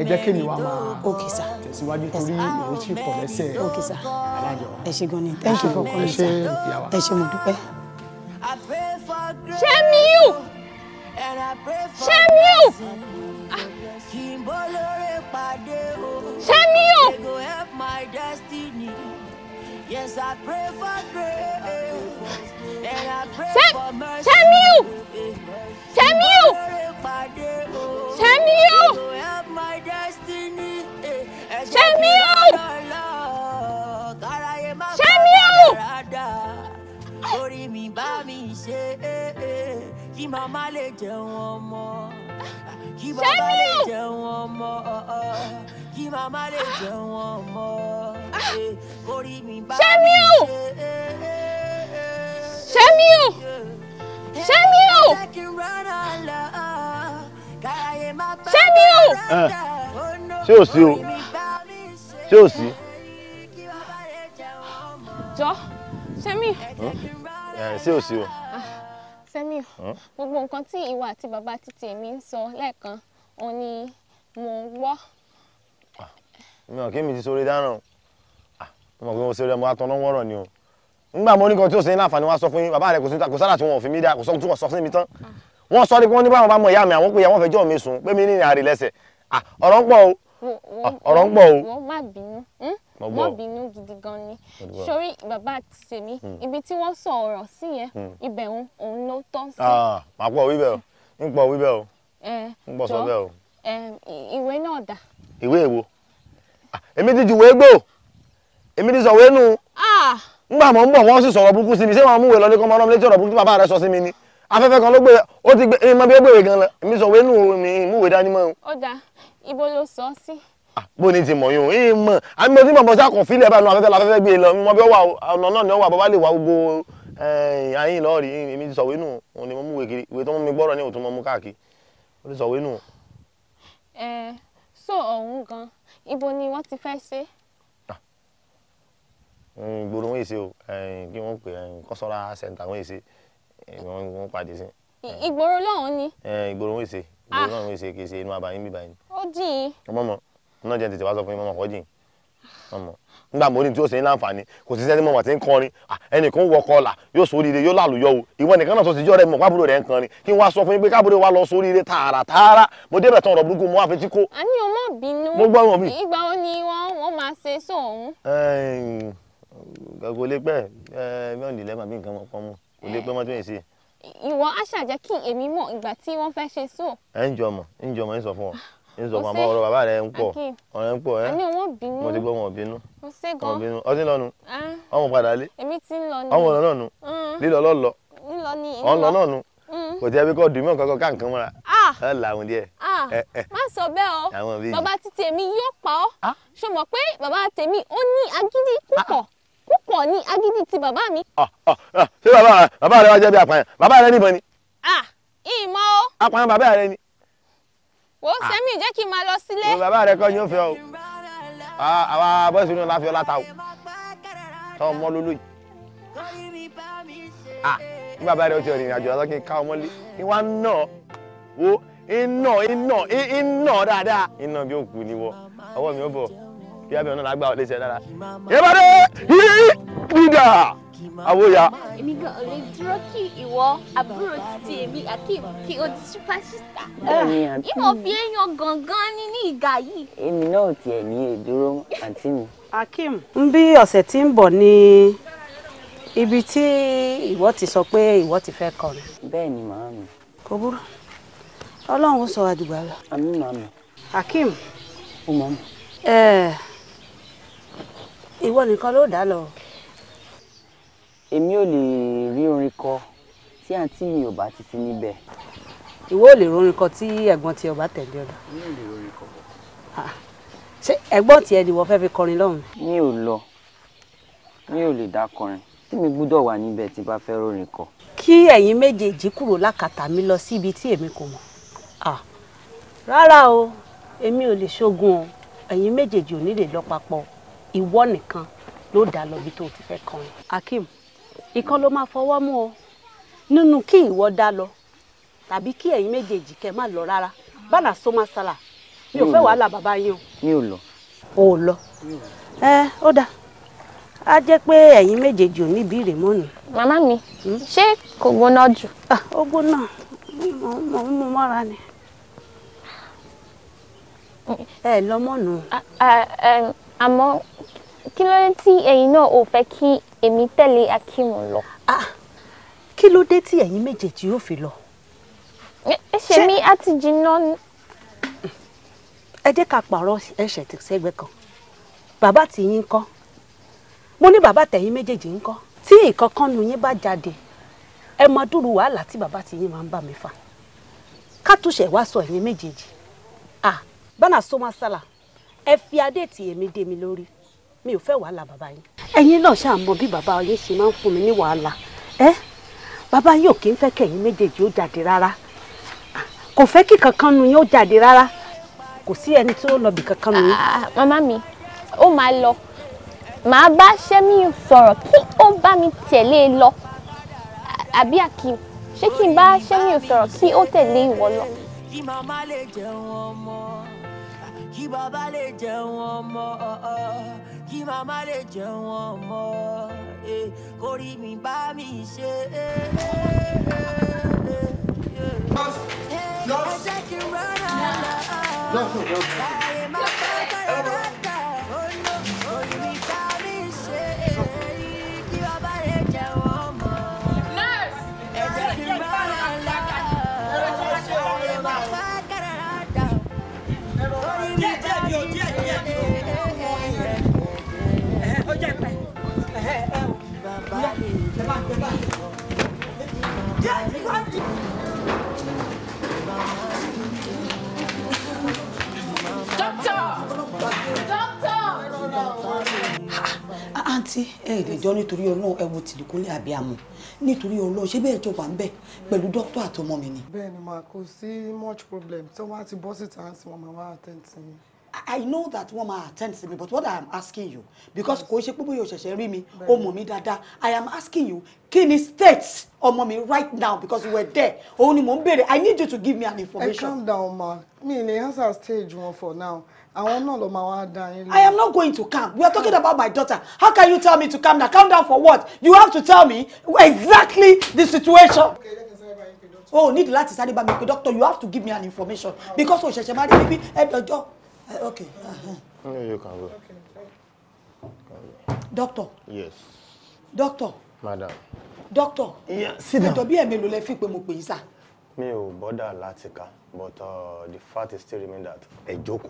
ẹ jẹ́ kí mi wá máa tẹ̀síwájú torí ìwé tí kò lẹ́sẹ̀ alájọ ẹ ṣe gan ni thank you for calling sir ẹ ṣe mo dúpẹ́. Ṣẹ́miu Ṣẹ́miu Ṣẹ́miu. Yes, I pray for grace. Sẹ́míù Sẹ́míù Sẹ́míù Sẹ́míù Sẹ́míù. orí mi bá mi Ṣẹ́míò Ṣẹ́míò Ṣẹ́míò. ṣé ò sí o ṣé ò sí. jọ Ṣẹ́míò. Eh, ṣé ò sí o. Ṣẹ́míò ah, gbogbo nǹkan tí ìwọ àti bàbá títí mi ń sọ lẹ́ẹ̀kan òun ni mò ń gbọ́. Ah, mi ò kí mi ti sọ̀rọ̀ dáná ah, mo mọ̀ pé mo ṣe rẹ̀ mo atọ́nà wọ́rọ̀ ni o nígbà mo ní kan tí ó ṣe ní láǹfààní wá sọ fún yín bàbá rẹ kò sí kò sára tí wọn ò fi mí dá kò sọ tí wọn sọ sí mi tán wọn sọ ni pé wọn ní báwọn bá mọ ìyá mi àwọn pé ìyá wọn fẹjọ́ mi sùn pé mi ní ìrìn àrè lẹ́sẹ̀ ọ̀rọ̀ ń pọ̀ o ọ̀rọ̀ ń pọ̀ o. wọ́n má bínú wọ́n hm? bínú gidi gan ni sórí bàbá àti tèmi hmm. ibi tí wọ́n sọ ọ̀rọ̀ sí yẹn hmm. ibẹ̀ òun ló tọ́ sí. màá pọ̀ wíbẹ̀ o ń pọ̀ wíbẹ̀ o ń pọ̀ sọ bẹ́ẹ̀ o. ìwé náà dà. ìwé èwo èmi ti jùwé gbò èmi ti sọ̀wé nù. ah ngbà mọ̀ ń bọ̀ wọ́n sì sọ̀rọ̀ burúkú sí mi ṣé wọn mú ìwé lọ́dún kan mọ́ ọlọ́run létí ọ̀rọ̀ burúkú tí bàbá rẹ sọ sí mi ni afẹ́fẹ́ kan ló gbé ó ti gbé ẹ̀yin mọ bí ó gbèrè gan lọ èmi sọ wẹ́nu mi ìmúwèé dání mọ́. ó dà ibo ló sọ sí. bó ni ti mọ̀ yín o ẹ mọ̀ àmì mo ti mọ̀ bọ́ sí àkànfilẹ̀ bá nu afẹ́fẹ́ la afẹ́fẹ́ gbé e lọ mọ bí ọ̀nà náà ni ọwọ́ àbọ̀bá lè wá gbogbo eh, ayin lọ́ọ̀rì èmi ti sọ wẹ́nu òun ni mo mú ìwé kiri ìwé tó mú mi gbọ́rọ̀ ní òtún mọ́ mú káàkiri ó ti ìgboro wọn èsè o kí wọ́n pè kọ́sọ́ra sẹ́ńtà wọn èsè wọ́n pàdé sí. ìgboro lọ́hùn ni. ìgboro wọn èsè ìgboro ah. lọ́hùn èsè kì í ṣe inú abayín bíbá yín. ó jìn. ọmọ mọ náà jẹ tètè wá sọ fún yín mọ́mọ́ kọ́ jìn ọmọ nígbà mọ́rin tí ó ṣe ń láǹfààní kò sí sẹ́ni mọ̀mọ́ tí ń kọrin ah, ẹnìkan wọ kọlà yóò sóríire yóò lálùyọ o ìwọ nìkan náà tó ti jọ́ rẹ mọ̀ kábúrò rẹ̀ ń kọrin kí n sọ fún yín pé kábúrò wa lọ sóríire tààrà tààrà mo débẹ̀ tán ọ̀rọ̀ burúkú mo wá fi tí kó. a ní o mọ bínú ìgbà wo ni wọn máa ṣe sóòun kò lè pẹ́ mẹ́rin lẹ́mà bí nǹkan kan mú kò lè pẹ́ mọ́tò yẹn sí. ìwọ aṣa jẹ́ kí èmi mọ̀ ìgbà tí wọ́n fẹ́ ṣe sùn. ẹ ń jọmọ ń jọmọ ń sọ fún ọ ń sọ fún àmọ́ ọ̀rọ̀ bàbá rẹ ń pọ̀ ọ̀rẹ́ ń pọ̀ ẹ mo ti gbọ́ wọn bínú wọn bínú ọtí lọnu ọmọ padà lé ọmọ lọ lọnu mm. lílọ lọlọ ọlọ lọnu kò tí ẹ bí kò dùn mí ọkọ ká nǹkan mọ́ra ah. ẹ làwọn díẹ̀. Ah. má sọ bẹ́ẹ̀ o bàbá ti tèmi yóò pa ọ́ ah. ṣọmọ pé bàbá tèmi ó ní agídí púpọ̀ pọ̀ ní agídí ti bàbá mi. ṣé bàbá bàbá rẹ wá jẹ́ bí apààyàn bàbá rẹ níbọn ni. ìmọ̀ o. apààyàn bàbá rẹ ni. wo sẹ́mi jẹ́ kí n máa lọ sílé. ìwọ bàbá rẹ kọ́ ni ó fẹ́ o àwa bọ́sì inú la fi ọlá ta o tọ́ ọmọ lólóyè ní bàbá rẹ ó ti rìnrìn àjò lọ́kì ká ọmọ lé ìwà náà wo iná iná iná dáadáa iná bí ó kù ní wọ ọwọ́ mi ó bọ̀ kí abẹ́ ọ̀nà làgbà ọ̀lẹ́ sẹ́ dára. ìbáde yìí dídà àwòyà. èmi gan ò lè dúró kí ìwọ àbúrò ti èmi akeem kí o ti superstar. ìmọ̀ fi èèyàn gangan ní ní ìgbà yìí. èmi náà tiẹ̀ ní èdúró àǹtí mi. akeem ń bí ọ̀sẹ̀ tí ń bọ̀ ni ibi tí ìwọ ti sọ pé ìwọ ti fẹ́ kọrin. bẹ́ẹ̀ ni màá mi. kò burú ọlọ́run sọ àdùgbà lọ. àmín màá mi. akeem. ó mọ̀ mi. ẹ̀ẹ́ ìwọ nìkan ló dá lọ. èmi ò lè rí orin kọ tí àǹtí mi ò bá ti sí níbẹ̀. ìwọ ò lè rorin kọ tí ẹ̀gbọ́n tí ó bá tẹ̀lé ọ lọ. mi ò lè rorin kọ. ṣé ẹ̀gbọ́n tiẹ̀ ni wọ́n fẹ́ fi kọrin lọ́hùn. mi ò lọ mi ò lè dá kọrin tí mi gbúdọ̀ wà níbẹ̀ tí bá fẹ́ rorin kọ. kí ẹ̀yin méjèèjì kúrò lákàtà mi lọ sí tí èmi kò mọ̀ rárá o èmi ò lè ṣogun o ẹ̀yin méjèèjì ò ní lè lọ papọ̀ ìwọ nìkan ló dà lọ bí tó ti fẹ́ kọrin. akeem ìkan ló máa fọwọ́ mú ọ nínú kí ìwọ dá lọ tàbí kí ẹ̀yin méjèèjì kẹ́ má lọ rárá bánà so máa sálà mi ò fẹ́ wàhálà bàbá yín o. mi ò lọ. o ò lọ. ẹ ó dáa A jẹ́ pé ẹ̀yin méjèèjì ò ní bí ìrèmọ́ ni. màmá mi hmm? ṣé kò gbóná jù. Ah, ó gbóná mo ń mu mọ́ra ni. Hmm. ẹ lọ mọ́nu. àmọ́ kí ló dé tí ẹ̀yin náà ò fẹ́ kí èmi tẹ̀lé Akímù lọ. Ah, kí ló dé tí ẹ̀yin méjèèjì yóò fi lọ. ẹsẹ̀ mi á ti jiná. ẹ jẹ́ ká pààrọ̀ ẹsẹ̀ sẹ́gbẹ́ kan bàbá tìyín kọ́ mo ní bàbá tẹ̀yin méjèèjì ń kọ́ tí ìkankan nu yín bá jáde ẹ mọ dúró wàhálà tí bàbá tìyín máa ń bà mí fà ká túnṣe wá sọ ẹ̀yin méjèèjì bánà sọ́mọ́sálà. So ẹ fi adé tì èmi dé mi lórí mi ò fẹ́ wàhálà bàbá yín. ẹ̀yin náà ṣáà mọ̀ bí bàbá yín ṣe máa ń fún mi ní wàhálà ẹ bàbá yín ò kí ń fẹ́ kẹ̀yin méjèèjì ó jáde rárá kò fẹ́ kí kankan nu yín ó jáde rárá kò sí ẹni tí ó lọ bì kankan nu yín. Ah, màmá mi ó máa lọ màá bá sẹ́mi sọ̀rọ̀ kí ó bá mi tẹ̀lé e lọ àbí Akeem ṣé kí n bá sẹ́mi sọ̀rọ̀ kí ó tẹ̀lé ìwọ lọ kí bàbá lè jẹun ọmọ kí màmá lè jẹun ọmọ eh, kórí mi bá mi ṣe. Eh, eh, ẹ jẹ́ kí n rán ara. àǹtí ah, ẹ ìdẹjọ nítorí Ọlọ́run ẹ wo tìlúkúlẹ àbíàmọ nítorí Ọlọ́run ṣé bẹ́ẹ̀ jọ wà ń bẹ pẹ̀lú dókítà àtọmọ mi ni. bẹ́ẹ̀ni ma, kò sí much problem tí wọn bá ti bọ síta àti wọn máa wá àtẹǹtì yẹn. I know that wọ́n máa attend sí mi but what I am asking you because kò ṣe pé bóyá o ṣẹ̀ṣẹ̀ rí mi o mi dáadáa I am asking you kí ni state ọmọ mi right now because you were there òun ni mò ń béèrè I need you to give me an information. ẹ calm down ma mi le answer stage one for now àwọn náà ló máa wá dá yín lórí. I am not going to calm we are talking about my daughter how can you tell me to calm down calm down for what you have to tell me exactly the situation. Okay, o oh, need láti sáré bá mi pé doctor you have to give me an information because o ṣẹ̀ṣẹ̀ máa rí bíbí ẹ̀dọ̀jọ́. Uh, okay. Uh-huh. No, you can go. Okay, Doctor. Yes. Doctor. Madam. Doctor. Yeah, sit down. Ìtọ́bí ẹ̀mí ló lẹ fi pé mo pè yín Me, Mi bother bọ́dà láti kà but uh, the fact is still remain that a joke.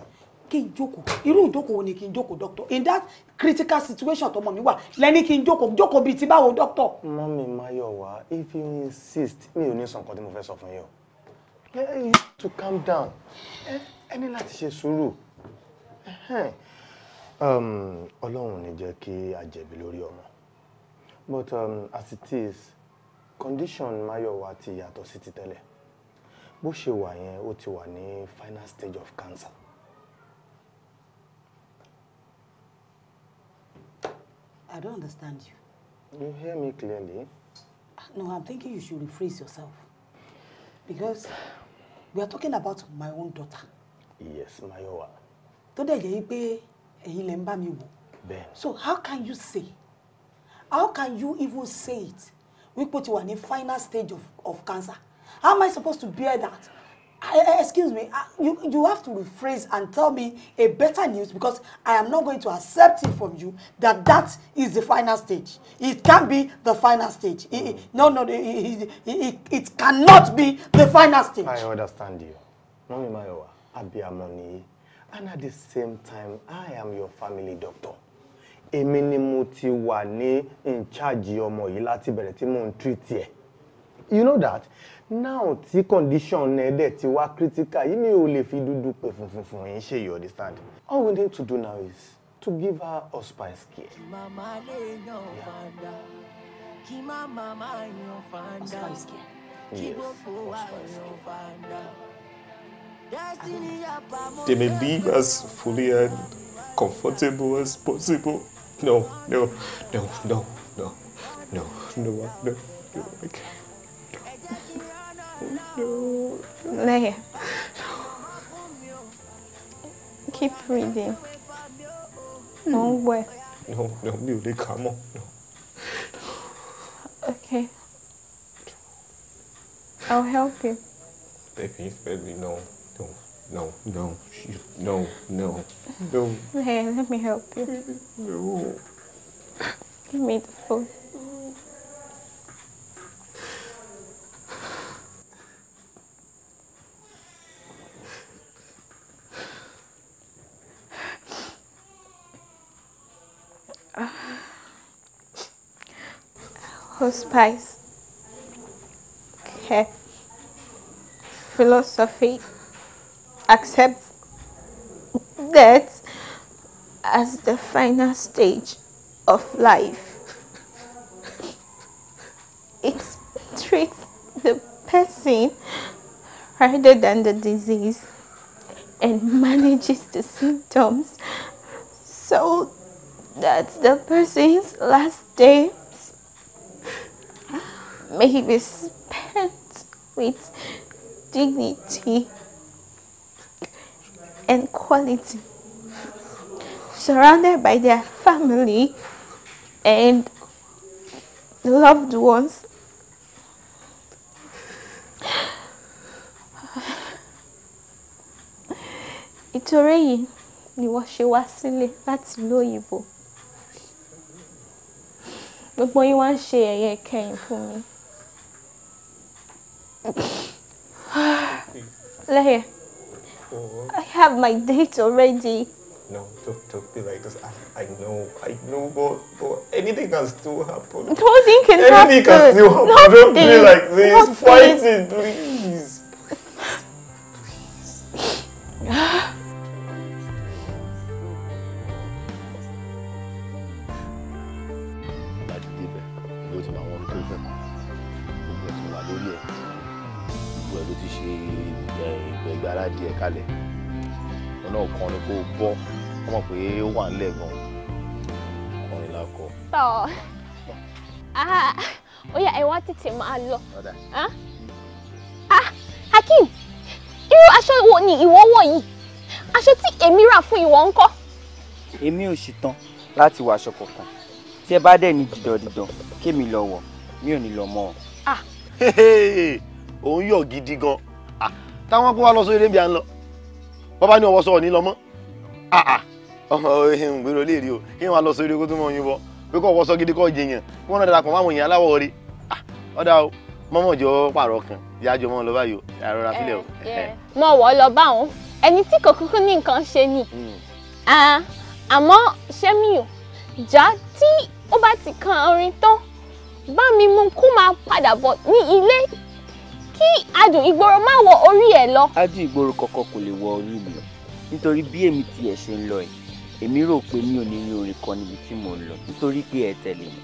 Kí n jókòó? Irú ìjókòó ni kí n jókòó doctor? In that critical situation to mommy wà leni kí n jókòó jókòó ti báwo doctor? Mọ́mí Máyọ̀wá if you insist me, ò ní sọ nǹkan tí mo fẹ́ sọ fún yín o. You to calm down. Ẹ ní láti ṣe sùúrù. Um, Ọlọ́run ní jẹ́ kí a jẹ̀bi lórí ọmọ but um, as it is condition Mayowa ti yàtọ̀ sí ti tẹ́lẹ̀ bó ṣe wà yẹn ó ti wà ní final stage of cancer. I don't understand you. You hear me clearly? No, I'm thinking you should rephrase yourself. Because we are talking about my own daughter. Yes, Mayowa tó dẹ̀ jẹ́ pé ẹ̀yin lẹ ń bá mi wò so how can you say how can you even say it wípé o ti wà ní final stage of, of cancer how am I supposed to bear that I, I, excuse me I, you, you have to rephrase and tell me a better news because I am not going to accept it from you that that is the final stage it can be the final stage it, it, no no it, it, it, cannot be the final stage. I understand you mọ́mí máa yọ̀ wá àbí àmọ́ nìyí and at the same time I am your family doctor èmi ni mo ti wà ní in charge ọmọ yìí láti bẹ̀rẹ̀ tí mò ń treat ẹ̀ you know that now tí condition ẹ dẹ̀ ti wá critical yìí mi ò lè fi dúdú pè funfun fún yín ṣe you understand all we need to do now is to give her hospice care. màmá lè yan fanda kí má yan fanda kí gbogbo wa yan fanda. They may live as fully and comfortable as possible. No, no, no, no, no, no, no, no, no, I can't. No. Leia. Keep reading. No way. No, no, no. They come on. No. Okay. I'll help you. Baby, baby, no do No, no, she, no, no, no. Hey, let me help you. No. Give me the food. Uh, hospice, care, philosophy accept death as the final stage of life. It treats the person rather than the disease and manages the symptoms so that the person's last days may be spent with dignity and quality, surrounded by their family and loved ones. Ìtorí yìí ni wọ́n ṣe wá sílé láti ìlú òyìnbó. Gbogbo yín wá ń ṣe ẹ̀yẹ kẹyìn fún mi. Lẹ́yìn go. I have my date already. No, don't, don't be like this. I, I know, I know, but, but anything can still happen. Nothing can anything happen. Anything can still happen. Nothing. Don't be like this. Nothing. Fight it, please. kalẹ̀ òun náà kàn ní kó o bọ́ wọ́n mọ̀ pé ó wà nílẹ̀ gan-an ọkùnrin la kọ. tọ́ ó yá ẹ wá tètè máa lọ. Hakeem irú aṣọ wo ni ìwọ wọ̀ yìí aṣọ tí èmi rà fún ìwọ ń kọ́. èmi ò sì tán láti wọ aṣọ kankan tí ẹ bá dẹ̀ ní dìdọ̀dìdọ̀ kémi lọ wọ̀ mi ò ní lọ mọ́ ọ. Ah. òun yọ̀ gidi gan-an ah, táwọn kó wa lọ sórí eré bí ń lọ bọ́bá ní ọwọ́ sọ̀rọ̀ ní lọ́mọ́ ah, ah. ọ̀hún gbèrò lè rí o kí wọ́n lọ sórí kó tó mọ̀ yín bọ́ pé kó ọwọ́ sọ gidi kó jẹyàn kí wọ́n náà darapọ̀ máwọn èèyàn aláwọ̀ rí ah, ọ̀dà o mọ́mọ́ jọ pààrọ̀ kan yájọ mọ́ lọ báyìí o àrọ̀rà sílẹ̀ o. Eh, eh. mo wọ̀ lọ bá wọn ẹni tí kò kúkú ní nǹkan ṣe ni hmm. àmọ́ ṣẹ́mi ò já tí ó bá ti kan orin tán bá mi mú kó máa padà bọ̀ ní ilé kí adùn ìgboro má wọ orí ẹ lọ. adùn ìgboro kọ̀ọ̀kan kò lè wọ orí mi nítorí bí èmi tiẹ̀ ṣe ń lọ ẹ̀ èmi rò pé mi ò ní rí orin kan níbi tí mò ń lọ nítorí pé ẹ tẹ̀lé mi.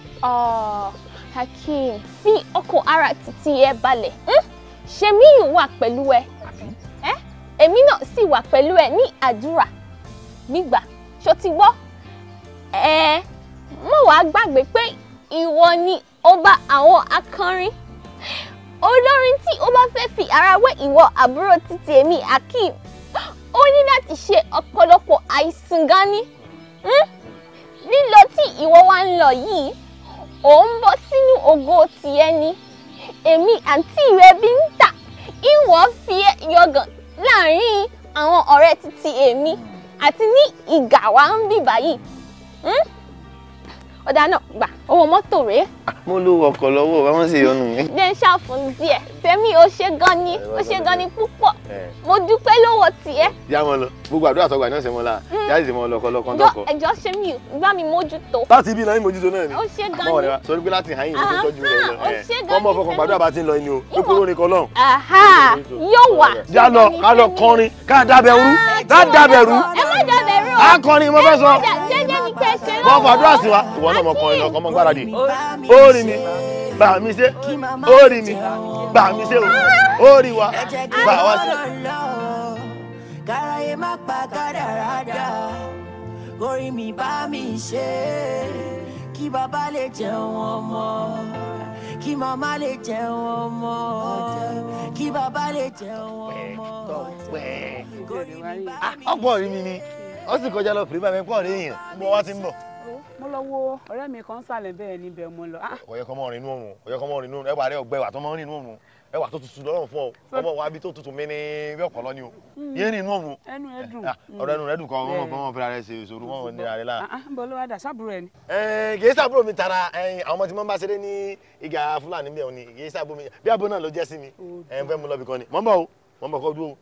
Hakeem fi ọkọ̀ ara títí ẹ balẹ̀ hm? ṣe mí wà pẹ̀lú ẹ èmi náà sì wà pẹ̀lú ẹ ní àdúrà nígbà ṣó ti gbọ́ ẹ mọ̀ wá gbàgbé pé ìwọ ni ọba àwọn akọrin olórin tí ó bá fẹ́ fi ara wé ìwọ àbúrò títí èmi akeem ó ní láti ṣe ọ̀pọ̀lọpọ̀ àìsùn gan ni hmm? lílọ tí ìwọ wá ń lọ yìí ò ń bọ́ sínú ògo tìẹ ni èmi àǹtí rẹ bí ń tà ìwọ̀n fi yọgàn láàrin àwọn ọ̀rẹ́ títí èmi àti ní ìgà wa ń bì báyìí ọ̀dà hmm? náà gbà owó mọ́tò rèé mo ló ọkọ̀ lọ́wọ́ wa wọ́n sì yọnu mi. jẹ́ ń ṣàfún díẹ̀ fẹ́mi ó ṣe gan ni ó ṣe gan ni púpọ̀ mo dúpẹ́ lọ́wọ́ tiẹ̀. yá mo lọ gbogbo àdúrà tọgbà náà ṣe mo la mm. yá sì mo lọ ọkọ lọkọ tọkọ. ẹjọ ṣe mi gbá mi mójútó. láti ibi náà ni mójútó náà ni. ó ṣe gan ni sọ pé láti hàn yín ló tọ́jú rẹ lọ. ó ṣe gan ni ọmọ ọkọ̀ gbàdúrà bá ti ń lọ ni o ó kúrò ní kọlọ́n. yóò wà. yá akọrin ah, mo fẹ́ sọ. jẹ́jẹ́ ni kẹ́ ṣe mo fàdúrà sí wa ìwọ náà mo kọrin lọ kọ́ mo gbáradì ó rí mi bà mí ṣe ó rí mi bà mí ṣe ó rí wa bà wá ṣe. káráyé má pa kádàrádà orí mi bá mi ṣe kí bàbá lè jẹun ọmọ kí màmá lè jẹun ọmọ kí bàbá lè jẹun ọmọ ọgbọ́n rí mi ni ó sì kọjá lọ fìrí bàbá ẹ̀pọ̀ rí èèyàn mo wá ti ń bọ̀ mo lọ wo ọ̀rẹ́ mi kan sàlẹ̀ ni níbẹ̀ mo lọ. Ah. ọ̀yẹ́ kan mọ́ rin inú òrùn ọ̀yẹ́ kan mọ́ rin inú òrùn ẹwà rẹ ọgbẹ́ ìwà tó mọ́ rin inú òrùn ẹwà tó tutù lọ́rùn fún ọ ọmọ wa bi tó tutù mí ní bí ọ̀kọ́ lọ́ni o hmm. yé ni inú òrùn. ẹnu ẹ dùn ah, ọ̀rọ̀ ẹnu rẹ dùn kọ́ ọmọ ọmọ fúnra rẹ ṣe ìṣòro mọ́ ní ara rẹ la. Ah, bọ́lúwa dà sábúrò ẹ ni. kì í sábúrò mi tara àwọn ọmọ tí wọ́n bá ṣeré ní ìgà fúlàní bẹ́ẹ̀ ni kì sábúrò mi bí abo náà ló jẹ́ sí mi ẹ̀ ń fẹ́ mu lọ́bì kan ni mọ́ bọ̀ o mọ́ bọ̀ kọ́ dúró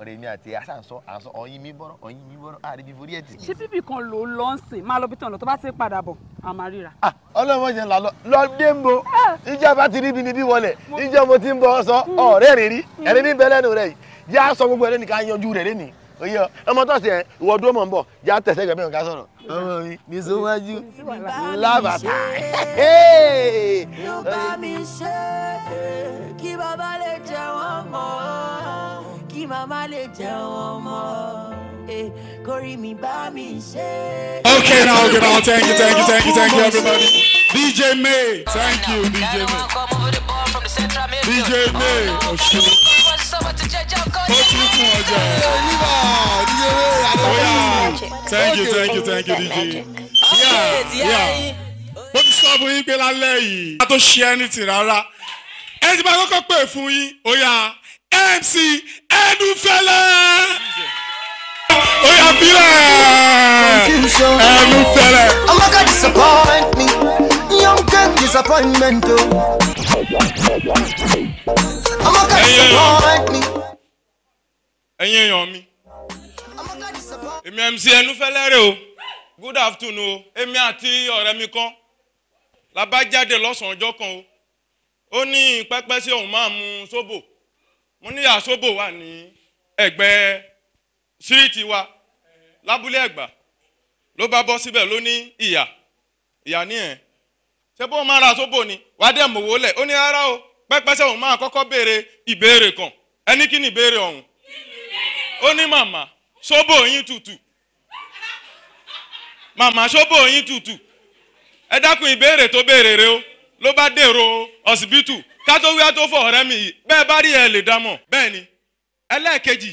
ọ̀rẹ́ mi àti àṣà ń sọ àṣọ mi bọ́rọ̀ ọyìn mi bọ́rọ̀ àríbi forí ẹ̀ tì. ṣé bíbì kan ló ń lọ sìn máa lọ bí tán lọ tó bá ti padà bọ̀ a ríra. Ah, ọlọ́mọ jẹ́ ńlá lọ dé ń bo ah. ìjọ bá ti ríbi níbí wọlé ìjọ mo ti ń bọ sọ hmm. ọ̀rẹ́ rẹ̀ rí hmm. ẹ̀rí ní bẹ́lẹ́ nù rẹ̀ yìí jẹ́ àṣọ gbogbo ẹ̀rẹ́ nìkan yanjú rẹ̀ lẹ́nìí oyè ọmọ tó ṣe ìwọ dúró mọ̀ ń bọ̀ já tẹ̀sẹ̀ gẹ̀mí ọ̀gá sọ̀rọ̀ ọmọ mi mi sọ wájú lábàtà ló bá mi ṣe kí bàbá lè jẹ wọn mọ́ kí màmá lè jẹun ọmọ eh, okay now okay now thank you thank you thank you thank you everybody dj may thank you dj may dj may oh ó tún fún thank you thank you thank you dj yeah yeah What is sọ fún yín pé lálẹ́ yìí a tó ṣe anything rárá ẹ ti bá kọ́kọ́ pè fún yín MC Ẹnufẹlẹ. Ó yà bílẹ̀. Ẹnufẹlẹ. Ọmọ kan disappoint me, young girl disappointment o. Ọmọ kan disappoint me. Ẹyin èèyàn mi. Èmi MC Ẹnufẹlẹ rè o. Good afternoon o. Èmi àti ọ̀rẹ́ mi kan la bá jáde lọ́sàn-án ọjọ́ kan o. Ó ní pẹ́pẹ́ sí òun máa mu sóbò. So mo ní àṣọ́bò wà ní ẹ̀gbẹ́ síríìtì wa lábúlé ẹ̀gbà ló bá bọ́ síbẹ̀ ló ní ìyá ìyá ní ẹ̀ ṣé bó máa ra àṣọ́bò ni wàá dẹ̀ mọ̀ wọlé ó ní rárá o pẹ́pẹ́sẹ̀ òun máa kọ́kọ́ béèrè ìbéèrè kan ẹni kí ni ìbéèrè ọ̀hún ó ní màmá ṣọ́bò yín tutù màmá ṣọ́bò yín tutù ẹ dákun ìbéèrè tó béèrè rẹ o ló bá dèrò ọsibítù kátó wíwá tó fọ ọ̀rẹ́ mi yìí bẹ́ẹ̀ bá rí ẹ lè dámọ̀ bẹ́ẹ̀ ni ẹlẹ́ẹ̀kejì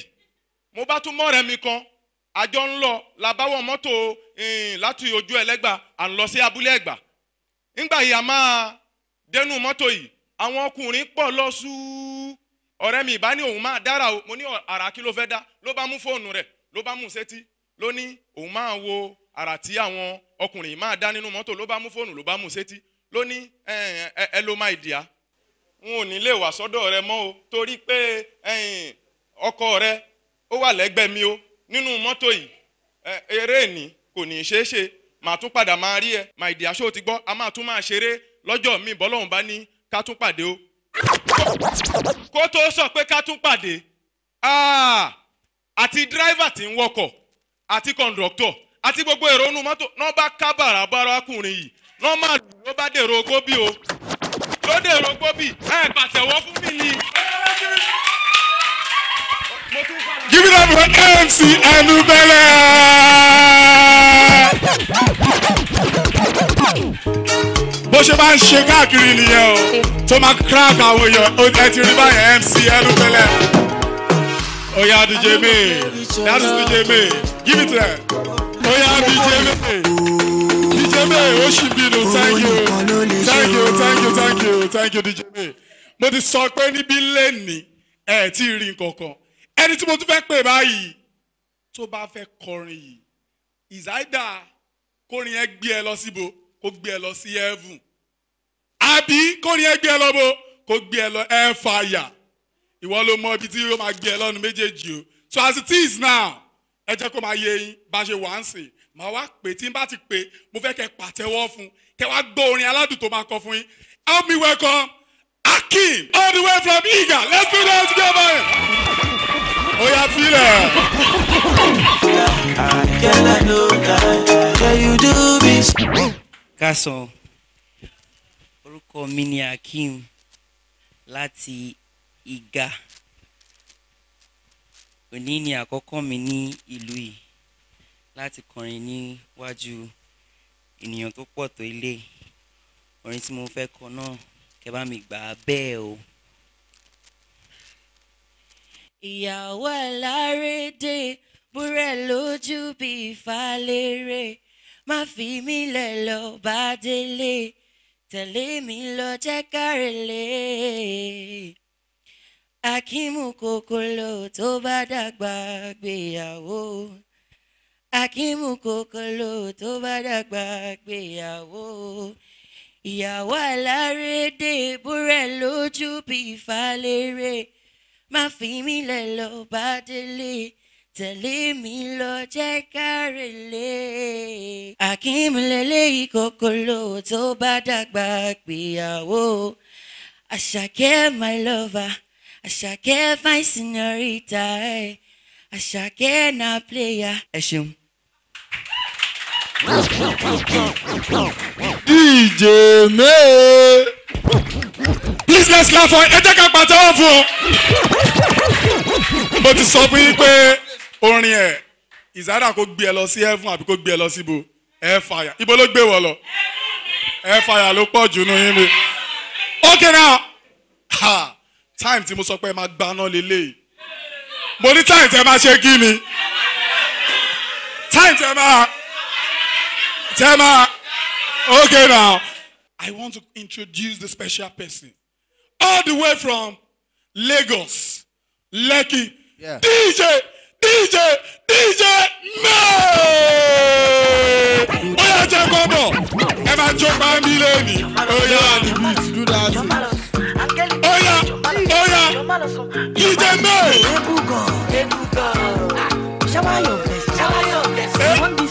mo bá tún mọ́rẹ̀ mi kan àjọ ń lọ làbáwọ̀ mọ́tò eh, láti ojú ẹlẹ́gbà à ń lọ sí abúlé ẹ̀gbà ńgbà yìí a máa dẹnu mọ́tò yìí àwọn ọkùnrin pọ̀ lọ sú ọ̀rẹ́ mi ìbá ní òun máa dára o mo ní àrà kí ló fẹ́ dá ló bá mú fóònù rẹ̀ ló bá mú sétí ló ní òun máa wo àrà tí àwọn ọkùnrin máa dá nínú mọ́tò ló bá mú fóònù ló bá mú sétí ló ní ẹ ló máa dìá n ò ní lè wá sọ́dọ̀ rẹ mọ́ o torí pé ọkọ rẹ ó wà lẹ́gbẹ̀ẹ́ mi o nínú mọ́tò yìí eré ìní kò ní í ṣeé ṣe màá tún padà máa rí ẹ máa ìdí aṣọ ti gbọ́ a máa tún máa ṣeré lọ́jọ́ mi bọ́lọ́hún bá ní ká tún pàdé o. kó tó sọ pé ká tún pàdé ah, àti dírẹ́fà tí ń wọkọ̀ àti kọ̀ǹdọ̀tọ̀ àti gbogbo èrò inú mọ́tò náà bá ká bára ọkùnrin yìí wọ́n máa lù bá dèrò ogbóbì o ló dèrò ogbóbì ẹ pàtẹ́wọ́ fún mi ni. Give it up for MC Anubele. bó ṣe máa ń ṣe káàkiri nìyẹn o tó máa crack àwọn èèyàn ó ẹ ti rí báyẹn MC Anubele. Oya DJ May, that is DJ May, give it to them. Oya DJ May. DJ May ó ṣì bínú thank you thank you thank you thank you thank you DJ May mo ti sọ pé níbí lẹ́nìí ẹ̀ tí ì rí nkankan ẹni tí mo tún fẹ́ pè báyìí tó bá fẹ́ kọrin yìí ìzáìdá kórin yẹn gbé ẹ lọ síbo kó gbé ẹ lọ sí heaven àbí kórin yẹn gbé ẹ lọ kó gbé ẹ lọ air fire ìwọ ló mọ ibi tí yóò máa gbé ẹ lọ́nu méjèèjì o so as it is now ẹ jẹ́ kó máa yé yín bá ṣe wà á sìn màá wá pè tí n bá ti pè mo fẹ́ kẹ́ pàtẹ́wọ́ fún kẹ́ wá gbọ́ orin aládùn tó máa kọ fún yín help me welcome Akeem all the way from Iga let's do that together. oya filẹ̀. kásán orúkọ mi ni Akeem láti Iga òní ni àkọ́kọ́ mi ní ìlú yìí láti kọrin níwájú ènìyàn tó pọ̀ tó ilé orin tí mo fẹ́ kọ náà kẹ́ bá mi gbà á bẹ́ẹ̀ o. ìyàwó alárédè búrẹ́ lójú bí falérè má fi mí lẹ̀ lọ bá délé tẹ̀lé mi lọ jẹ́ kárẹ̀lẹ̀. akímù kòkòlò tó bá dàgbà gbéyàwó. akínmú kòkòlò tó bá dàgbà gbéyàwó ìyàwó alárédè búrẹ̀ lójú bí falérè má fi mí lẹ̀ lọ bá délé tẹ̀lé mi lọ jẹ́ kárẹ̀lé. akínmú lélẹ́yìí kòkòlò tó bá dàgbà gbéyàwó àṣàkẹ́ my lover àṣàkẹ́ fine senorita eh. àṣàkẹ́ na player. ẹ ṣeun. DJ May. Please let's clap for ẹ jẹ́ ká pàtẹ́wọ́ fún un. Mo ti sọ fún yín pé orin ẹ̀ ìsára kò gbé ẹ lọ sí heaven àbí kò gbé ẹ lọ síbo ẹ fàyà ibo ló gbé wọ lọ ẹ fàyà ló pọ̀ jù nù yín mi. Okay now ha time tí mo sọ pé ẹ máa gbaná lélẹ́yìí mo ní time tí ẹ máa ṣe kí ni time tí ẹ máa. Tema. Okay, now. I want to introduce the special person. All the way from Lagos, Lucky yeah. DJ, DJ, DJ, May! the beat do that DJ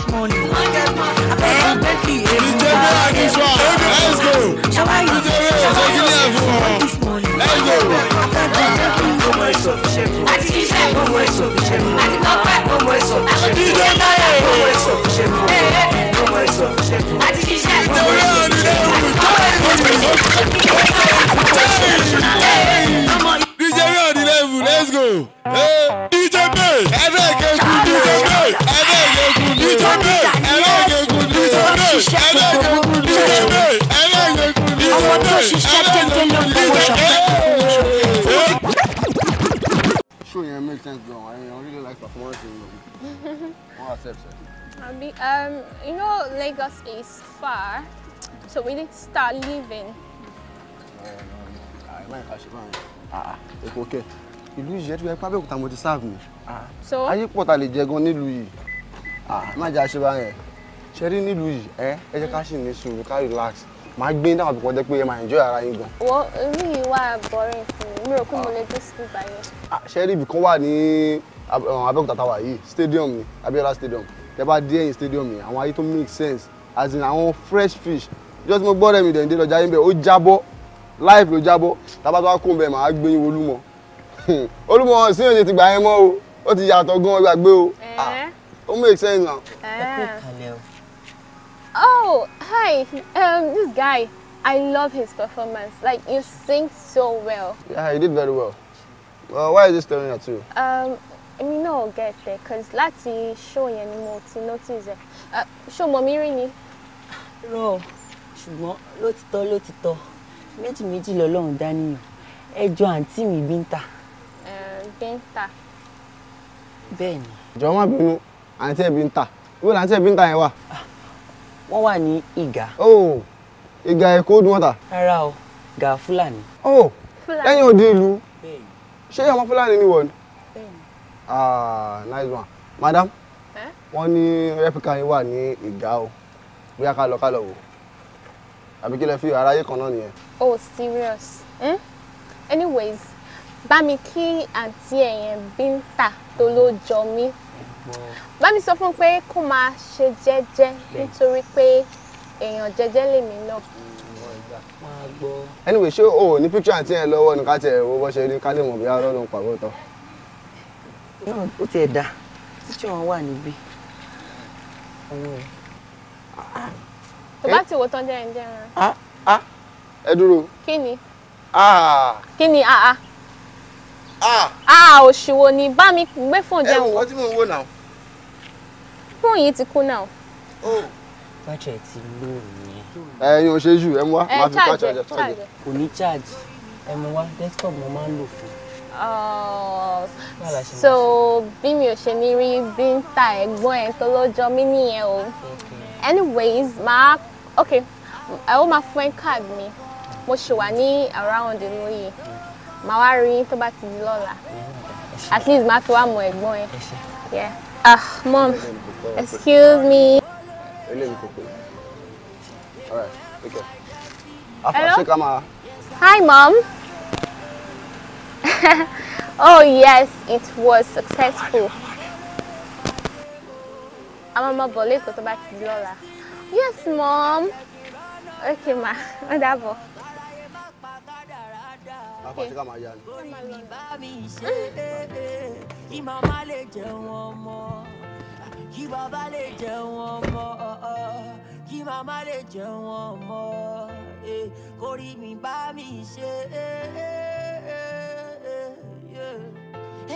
DJ Bay! Ẹ̀rẹ́ ìkẹ́kùn DJ Bay! Ẹ̀rẹ́ ìkẹ́kùn DJ Bay! Ẹ̀rẹ́ ìkẹ́kùn ṣiṣẹ́ tẹ̀lé owó ní ilé àwọn tó ṣiṣẹ́ tẹ̀lé ló ń bọ̀ ṣọ̀fẹ́. show yẹn make sense gan i really like performance in you wan accept sef. abi um, you know Lagos is far so we need to start living. àìmọ̀ ah, ẹ̀ka ah. ṣe báyìí èkó kẹ̀ ìlú yìí ẹ̀dùn ẹ̀pá bẹ́ẹ̀ kúta mo ti sáàbù mi ayé pọ̀ ta lè jẹ gan nílùú yìí ah, má jẹ́ àṣebáyẹn ṣe rí nílùú yìí ẹ ẹ jẹ́ ká sì ní sùúrù ká relax máa gbé dáhùn tó kọ́ jẹ́ pé ẹ máa enjoy ara yín gan. wọ irú yìí wà boring fún mi mi rò pé mo lè dé sí ibà yẹn. ṣe rí ibì kan wà ní eh, Abẹ́òkúta tàwa yìí stadium ni Abiola stadium tẹ bá dé ẹ̀yìn stadium yìí àwọn ayé tó make sense as in àwọn fresh fish just mo gbọ́dọ̀ mi dẹ̀ǹdé lọ́jà yín bẹ́ẹ̀ ó jábọ́ life ló jábọ́ tábà tó wá kó bẹ́ẹ̀ máa gbé yín Olúmọ Olúmọ sí òye ti gbà yẹn mọ́ o ó ti yàtọ̀ gan-an gbàgbé o eh? ah, ó make sense now. Eh? ẹ kú ìkàlẹ̀ o oh hi um this guy i love his performance like you sing so well yeah you did very well Well, uh, why is he staring at you um I mean, náà get there cause láti show yẹn ni mo ti notice ẹ show uh, mọ mi rí ni. rọ ṣùgbọ́n lótìtọ́ lótìtọ́ méjì méjì lọ́lọ́run dáníyàn ẹjọ́ àǹtí mi Bíńtà. Um, Bíńtà. bẹ́ẹ̀ ni. jọ̀wọ́ má bínú àǹtí ẹ̀ Bíńtà wíwọ́n àǹtí ẹ̀ Bíńtà yẹn wà. Ah, wọ́n wà ní ìgà. oh ìgà èkó old water. rárá o gà fúlàní. oh lẹ́yìn òde ìlú ṣé ọmọ fúlàní ni wọ́n. ah nice one madam wọ́n ní rẹ́píkà yín wà ní ìgà o bóyá ká lọ ká lọ wò àbí kí lẹ fi aráyé kan náà nìyẹn. oh serious hmm? anyways bá mi kí àǹtí ẹ̀yẹn Bíntà tó ló jọ mí bá mi sọ fún pé kó máa ṣe jẹ́jẹ́ nítorí pé èèyàn jẹ́jẹ́ lèmi náà. anyway ṣé o ní picture àti ẹ lọ́wọ́ ní ká tiẹ̀ wo bó ṣe ní ká lè mọ̀ bí arọ́ ló ń pàgọ́ tán. náà ó tiẹ̀ dá títí wọn wà níbí. tó bá ti wò tán jẹ́ ẹ̀ jẹ́ ẹ̀. Ah, ah. ẹ dúró. kí ni. Ah. kí ni àá. àá òṣìwò ni bá mi gbé fóun jẹun. ẹ wò wọ́n tí mò ń wò náà fóònù yìí ti kú náà. bàjẹ́ oh. ti lò nìyẹn. ẹyin ò ṣe jù ẹ mú wá máa fi ká ṣàjẹ ṣàjẹ. kò ní ṣáàjì ẹ mú wá desktop mo máa ń lò fún. Oh. so bí mi ò ṣe ní rí bí ń ta ẹ̀gbọ́n ẹ̀ tó lọ́jọ́ mi nìyẹn o anyways máa ok ẹ ó máa fún ẹ card mi mo ṣì wà ní around inú yìí màá wá rí tó bá ti di lọ́la at least máa fi wá mọ ẹ̀gbọ́n ẹ. Ah, mom. Excuse me. Alright, okay. Hello? Hi, mom. oh, yes, it was successful. I'm a bọ̀ lẹ́kọ̀ọ́ tó Yes, mom. Okay, ma. Ó dàbọ̀. Okay kí màmá lè jẹun ọmọ kí bàbá lè jẹun ọmọ kí màmá lè jẹun ọmọ kórì mi bá mi ṣe.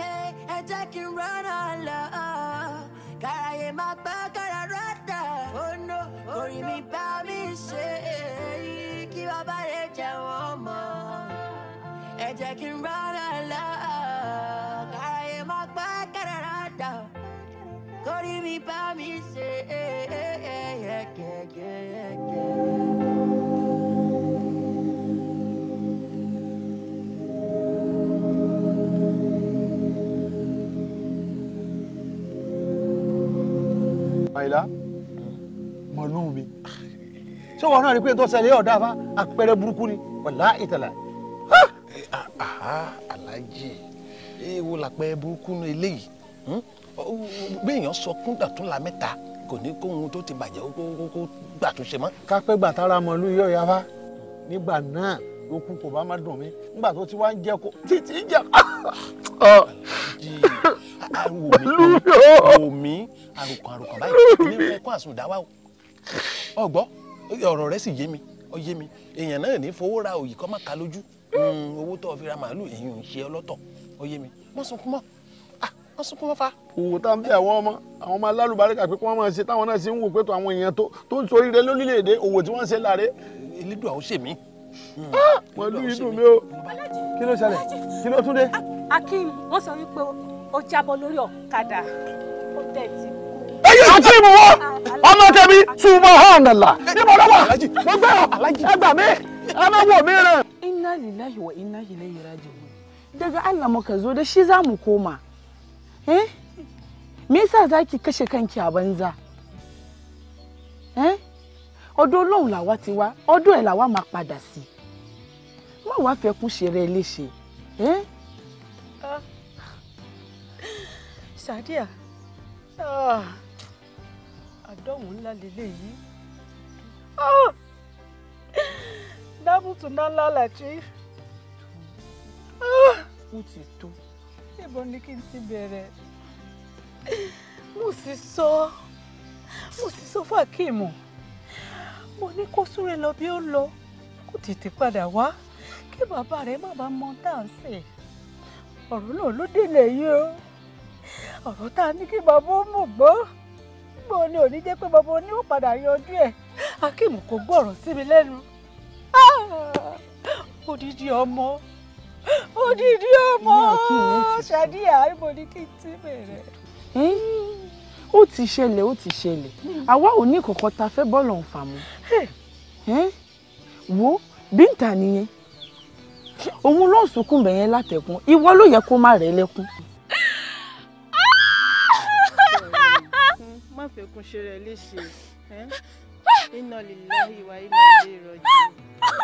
ẹ jẹ́ kí n rọ́nà lọ kárayé má gbọ́ kára rọ́dà kórì mi bá mi ṣe kí bàbá lè jẹun ọmọ ẹ jẹ́ kí n rọ́nà lọ kárayé má gbá kàràrà dà kórì mi bá mi ṣe kẹ̀kẹ́. àìlá mọ̀nú mi ṣé wọn náà rí pé tó ṣẹlẹ̀ ọ̀dà fa àpẹẹrẹ burúkú ni wàlá ìtàlá. àlájì ah, ah, èwo làpẹ burúkú nu eléyìí béèyàn sọ kúndà tún la mẹ́ta kò ní kóhun tó ti bàjẹ́ kó gbà tó ṣe mọ́. kápẹ́ gbàtàrà mọ̀lú yóò yafa nígbà náà okú kò bá má dùn mí nígbà tó ti wá ń jẹ kó títí jẹ. wò mí àròkàn àròkàn báyìí ní fẹ́ kó àsùnwòn dáwà o ọgbọ́ ọ̀rọ̀ rẹ sì yé mi ó yé mi èèyàn náà ní fowó ra òyì kọ́ má ka lójú hmm, owó tó fi ra màálù èyí ò ń ṣe ọlọ́tọ̀ ó yé mi má sunkún mọ́ ah, má sunkún mọ́ fa. òwò tá à ń bí àwọn ọmọ àwọn ọmọ alálùbáríkà pé kí wọ́n máa ṣe táwọn náà ṣe ń wò pé tó àwọn èèyàn tó tó ń sorí rẹ lórílẹ̀‐èdè òwò tí wọ́n ṣe láre. elédùn àwọn ṣèmí. wọ́n lù ìdùn mi o. kí ló ṣẹlẹ̀ kí ló tún dé. akeem wọ́n sọ wípé ó jábọ́ lórí ọ̀kadà ó dẹ̀ ti kú àti mu wọ ọmọ tẹbi subhanallah níbo ló wà mo gbé ọ ẹgbà mi ẹ má wò mí rẹ. inna lillahi wa inna ilayhi raji'un. daga Allah muka zo da shi za mu koma eh me yasa za ki kashe kanki a banza eh ọ̀dọ̀ Ọlọ́run làwa ti wa odo e ẹ̀ làwa máa padà sí má wàá fẹ́ kún ṣe rẹ léṣe eh. sadia ah. adohun Sadiya ah. àdánwò ńlá lélẹ́yìí ah. dábùtù ńlá lálàjì. ó ti tó ẹbọ ni kí n ti bẹ̀rẹ̀ mo sì sọ mo sì sọ fàkíìmù mo ní kó súré lọ bí ó lọ kó tètè padà wá kí bàbá rẹ̀ má bàa mọ tá à ń sè ọ̀rọ̀ náà ló délé yìí o ọ̀rọ̀ tá a ní kí bàbá ó mú gbọ́ gbọ́ ni ò ní jẹ́ pé bàbá oní ó padà yọjú ẹ̀ akíìmù kò gbọ́ ọ̀rọ̀ sí mi lẹ́nu ah! odidi ọmọ odidi ọmọ ṣàdíyà ibo ni kí n ti bẹ̀rẹ̀. ó ti ṣẹlẹ̀ ó ti ṣẹlẹ̀ àwa ò ní kọ̀kọ́ ta fẹ́ bọ́ọ̀lù ọ̀fà mu wo bíńtà nìyẹn òun ló ń sunkún bẹ̀yẹn látẹ̀kún ìwọ ló yẹ kó má rẹ̀ lẹ́kún. má fẹ́kun ṣe rẹ̀ léṣe iná lílá ìwà iná ilé ìrọ̀jì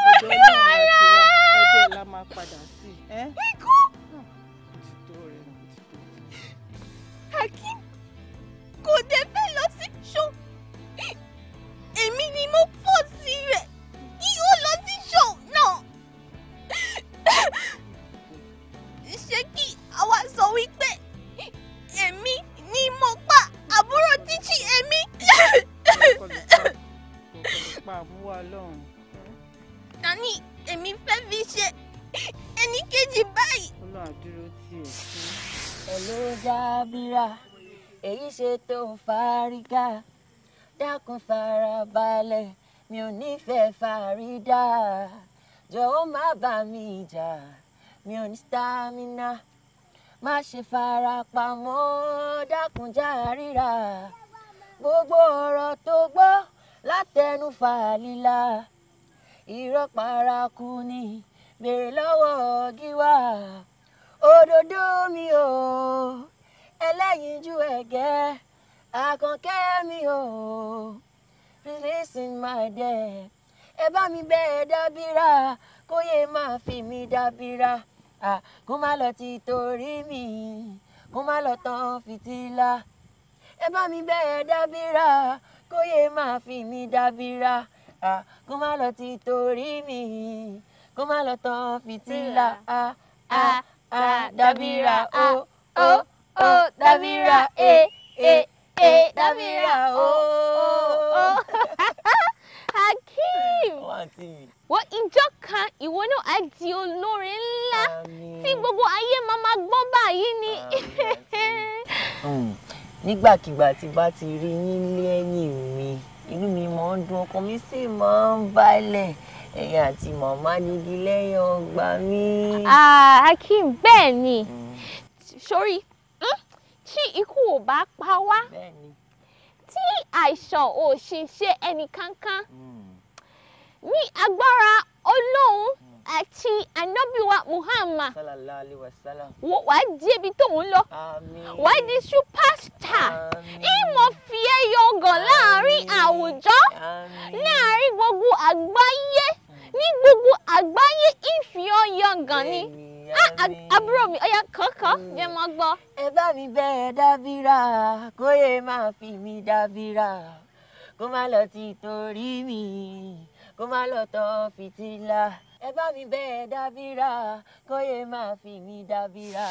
ọjọ́ náà ti wá bẹ́ẹ̀ la máa padà sí. ikú. hakeem kò dé fẹ́ lọ sí ṣó èmi ni mo pọ̀ sí rẹ̀ yóò lọ sí ṣó náà ṣé kí àwa sọ wípé èmi ni mo pa àbúrò tíṣì èmi. kò pa àbúrò ọlọ́run. ta èmi fẹ́ fi ṣe ẹni kejì báyìí. ọlọ́run dúró tì ó sí. olóògbà mira èyí ṣe tó fárígá dákun farabalẹ̀ mi ò nífẹ̀ẹ́ fàrídà jọ̀wọ́ má bà mí jà mi ò ní stamina má ṣe farapamọ́ dákun já ríra gbogbo ọ̀rọ̀ tó gbọ́ látẹnu fàlílà irọ́ paraku ni béèrè lọ́wọ́ gíwá òdòdó mi o ẹlẹ́yinjú ẹ̀gẹ́ àkànkẹ́ mi o releasing my debt. ẹ bá mi bẹ́ẹ̀ e dábìrà kó yẹ máa fi mi dábìrà kó má lọ ti torí mi kó má lọ tán fìtílà ẹ bá mi bẹ́ẹ̀ e dábìrà kó yẹ máa fi mi dábìrà kó má lọ ti torí mi kó má A, A, fìtílà dàbíra O, O, ó dàbíra E, E, ẹ dàbíra ó ó. Hakeem wọ́n ìjọ kan ìwọ náà á di olórin ńlá tí gbogbo ayé máa máa gbọ́ báyìí ni hmm. nígbàkigbà tí bá ti rí yín lẹ́yìn mi inú mi máa ń dùn ọkàn mi sì máa ń balẹ̀ ẹ̀yin àti màmá gidi lẹ́yìn ọgbà mi. Akim bẹ́ẹ̀ ni sórí hm, tí ikú ò bá pa wá tí àìsàn ò sì ṣe ẹnì hmm. ní agbára Ọlọ́run. Mm àti anábìwa muhammad wàá di ibi tó ń lọ wàá di superstar ìmọ̀ fìyẹ́ yọgàn láàrin àwùjọ láàrin gbogbo àgbáyé hmm. ní gbogbo àgbáyé ìfihàn yọgàn ni ah, ah, àbúrò mi ọyà kọ̀ọ̀kan hmm. jẹ́ mọ́ gbọ́. ẹ bá mi bẹ̀rẹ̀ dábìrà kó yẹ máa fi mi dábìrà kó má lọ ti torí mi kó má lọ tọ́ fìtílà ẹ bá mi bẹ́ẹ̀ dábìrà kóyè máa fi mi dábìrà.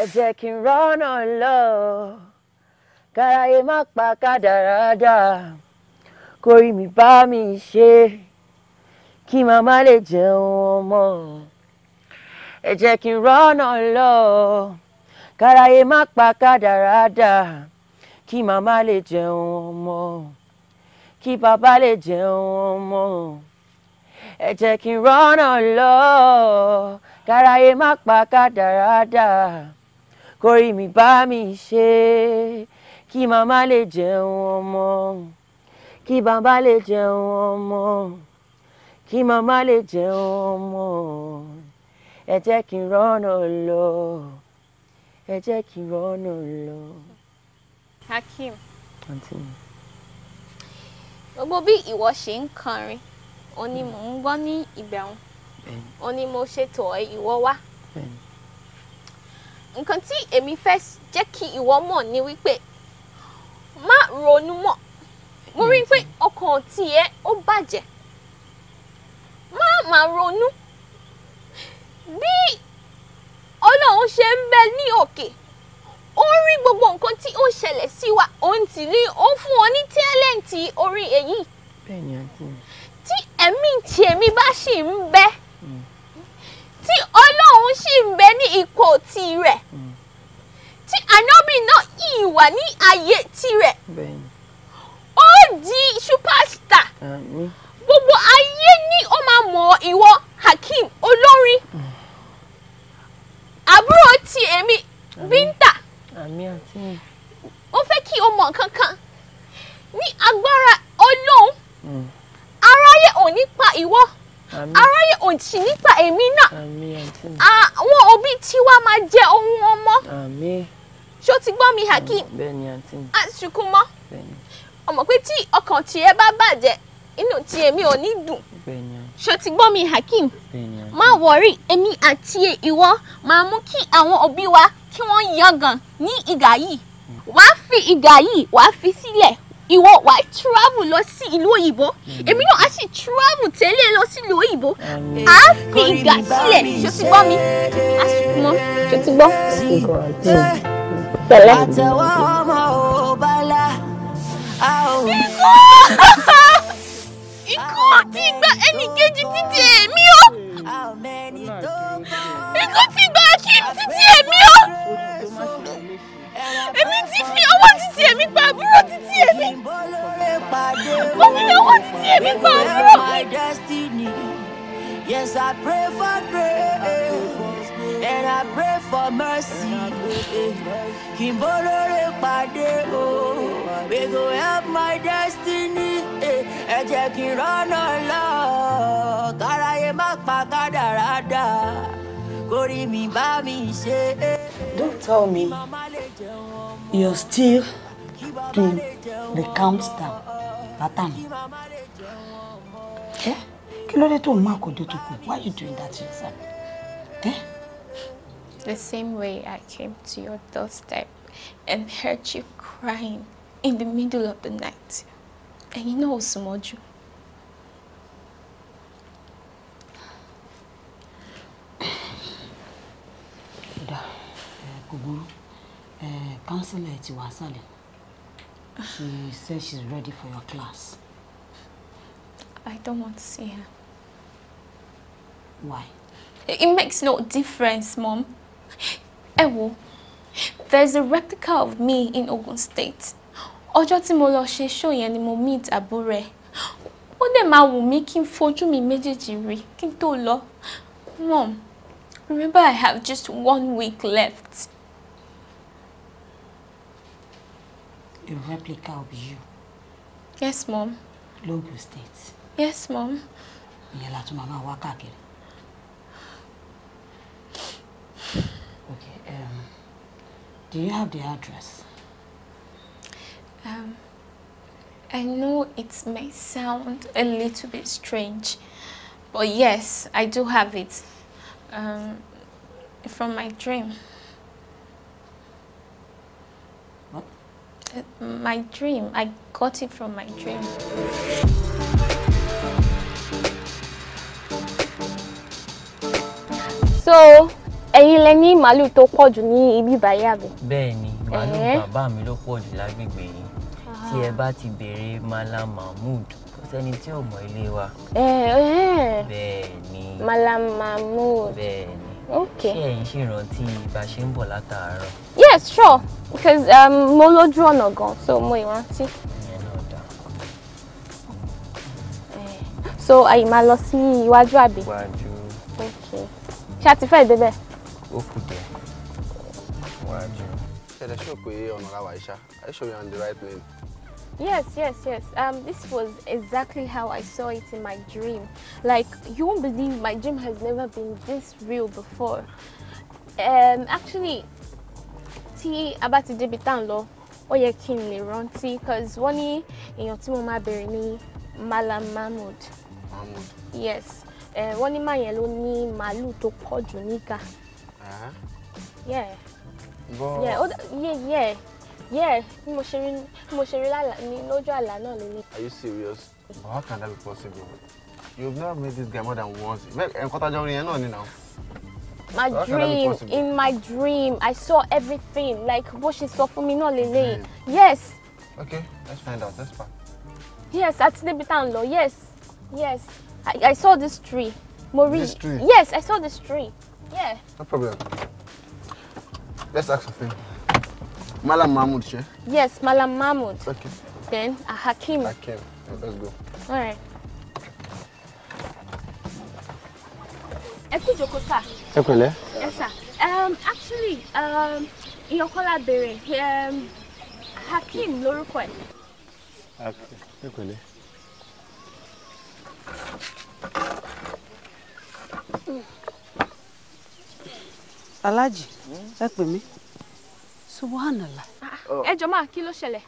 ẹ jẹ́ kí n rọ́nà lọ káráyé má pa kádàrádà kórì mi bá mi ṣe kí màmá lè jẹun ọmọ ẹ jẹ́ kí n rọ́nà lọ káráyé má pa kádàrádà kí màmá lè jẹun ọmọ kí bàbá lè jẹun ọmọ ẹ jẹ́ kí n rọ́nà lọ káráyé má pa kádàrádà kórì mi bá mi ṣe kí màmá lè jẹun ọmọ kí bàbá lè jẹun ọmọ kí màmá lè jẹun ọmọ ẹ jẹ́ kí n rọ́nà lọ ẹ jẹ́ kí n rọ́nà lọ. Hakeem. gbogbo bí ìwọ ṣe ń kọrin ọ ni mò ń gbọ́ ní ìgbà wọn ọ ni mo ṣètò ìwọ wá nǹkan tí èmi fẹ́ jẹ́ kí ìwọ mọ̀ ni wípé má ronú mọ́ mo rí i pé ọkàn tiẹ̀ ó bàjẹ́ má má ronú bí ọlọ́run ṣe ń bẹ ní òkè ó rí gbogbo nǹkan tí ó ṣẹlẹ̀ sí wa òun tì ní ó fún ọ ní tẹ́lẹ̀ǹtì orí èyí. bẹ́ẹ̀ ni mi tí ẹ̀mí tèmi bá sì ń bẹ tí ọlọ́run sì ń bẹ ní ipò tirẹ̀ tí ànábì náà yìí wà ní ààyè tirẹ̀ ó di superstar gbogbo ayé ni ó máa mọ̀ ìwọ Hakeem olórin àbúrò ti èmi ó fẹ́ kí o mọ̀ kankan ní agbára ọlọ́run. Mm aráyé ò nípa ìwọ aráyé ò sì nípa èmi náà àwọn òbí tiwa máa jẹ ohun ọmọ ṣó ti gbọ́ mi Hakeem àsìkò mọ́ ọmọ pé tí ọkàn tiẹ̀ bá bàjẹ́ inú tí èmi ò ní dùn ṣó ti gbọ́ mi Hakeem má wọrí èmi àti ìwọ máa mú kí àwọn òbí wa kí wọ́n yangàn ní ìgbà yìí mm. wàá fi ìgbà yìí wàá fi sílẹ̀ ìwọ wà á travel lọ sí ìlú òyìnbó hmm. èmi náà á sì travel tẹ́lẹ̀ lọ sí ìlú òyìnbó á hmm. fi ìgbà sílẹ̀ ṣé o ti gbọ́ mi á sì mọ́ ṣé o ti gbọ́. pẹ̀lẹ́. àtẹ̀wọ́ ọmọ ò bala a ò. ikú ikú ti gba ẹnì kejì títí èmi o ikú ti gba kí títí èmi o èmi ti fi ọwọ́ títí èmi gba àbúrò títí èmi mo fi ọwọ́ títí èmi gba àbúrò. Yes, I pray for grace and I pray for mercy. Kí n bọ́lọ́rẹ́ pàdé o, oh, we go help my destiny. Ẹ jẹ́ kí n rọ́nà lọ, káráyé má pa kádàrá dà orí mi bá mi ṣe. Don't tell me you're still doing the countdown pattern. Eh? Kí ló dé tó máa kò dé tó kù? Why you doing that to yourself? Eh? The same way I came to your doorstep and heard you crying in the middle of the night. And you know Osumoju. Kuburu, burú eh, counselor ti wà sálẹ̀ she says she's ready for your class. I don't want to see her. Why? It makes no difference, Mom. Ewo, there's a replica of me in Ogun State. Ọjọ́ tí mo lọ ṣe show yẹn ni mo meet abure. ẹ̀. Ó dẹ̀ máa wù mí kí n fojú mi méjèèjì rí kí n tó lọ. Mom, remember I have just one week left. a replica of you. Yes, mom. Logo state. Yes, mom. Ìyẹn la tún máa Okay, um, do you have the address? Um, I know it may sound a little bit strange, but yes, I do have it um, from my dream. My dream. I got it from my dream. So, ẹ̀yin lẹ ní màálù tó pọ̀ jù ní ibi ìbáyé àbí. Bẹ́ẹ̀ni, màálù eh? bàbá mi ló pọ̀ jù lágbègbè yìí. Ah. Tí ẹ bá ti béèrè Mala Mahmood, kò sẹ́ni tí ò mọ ilé wa. Eh, eh. Bẹ́ẹ̀ni. Mala Mahmood. Bẹ́ẹ̀ni okay. ṣé ẹ̀yin ṣì rántí bá ṣe ń bọ̀ látàárọ̀. yes sure because um, mo lójú ọ̀nà gan so mo ìrántí. Eh, so àyè máa lọ sí iwájú àbí. iwájú. okay ṣé a ti fẹ́ débẹ̀. ó kù díẹ̀ iwájú. ṣẹ̀dẹ̀ ṣó pé ọ̀nà ra iṣá ẹ̀ ṣó we on the right lane. Yes, yes, yes. Um, this was exactly how I saw it in my dream. Like, you won't believe my dream has never been this real before. Um, actually, tí a bá ti débi tá à ń lọ, ó yẹ kí n lè rántí because wọ́n ní èèyàn tí mo Malam Mahmood. Mahmood. Yes. Uh, ní màá yẹn ló ní màálù tó pọ̀ jù níkà. Ah. Yeah. Yeah, yeah, yeah. Yeah, mo ṣe rí mo ṣe rí ní lójú àlá náà lélẹ̀. Are you serious? But how can that be possible? You've never met this guy more than once. Nǹkan tájọ orin yẹn náà ni now. My so dream, in my dream, I saw everything. Like, bó ṣe sọ fún mi náà lélẹ̀. Yes. Okay, let's find out. Let's find. Yes, at Nibitanlo. Yes, yes. I, I saw this tree. Mori. This tree? Yes, I saw this tree. Yeah. No problem. Let's ask a thing. Malam Mahmoud, sure? Yes, Malam Mahmoud. Okay. Then a uh, Hakim. Hakim. Let's go. All right. Ẹ kú ìjókòó sà. Ẹ Yes sir. Um, actually, um, call Kọ́lá béèrè um, Hakim no ẹ̀. Okay, Ẹ pẹ̀lẹ́. Aláàjì, ẹ pè subhanallah. Oh. ẹ jọ máa kí ló ṣẹlẹ̀.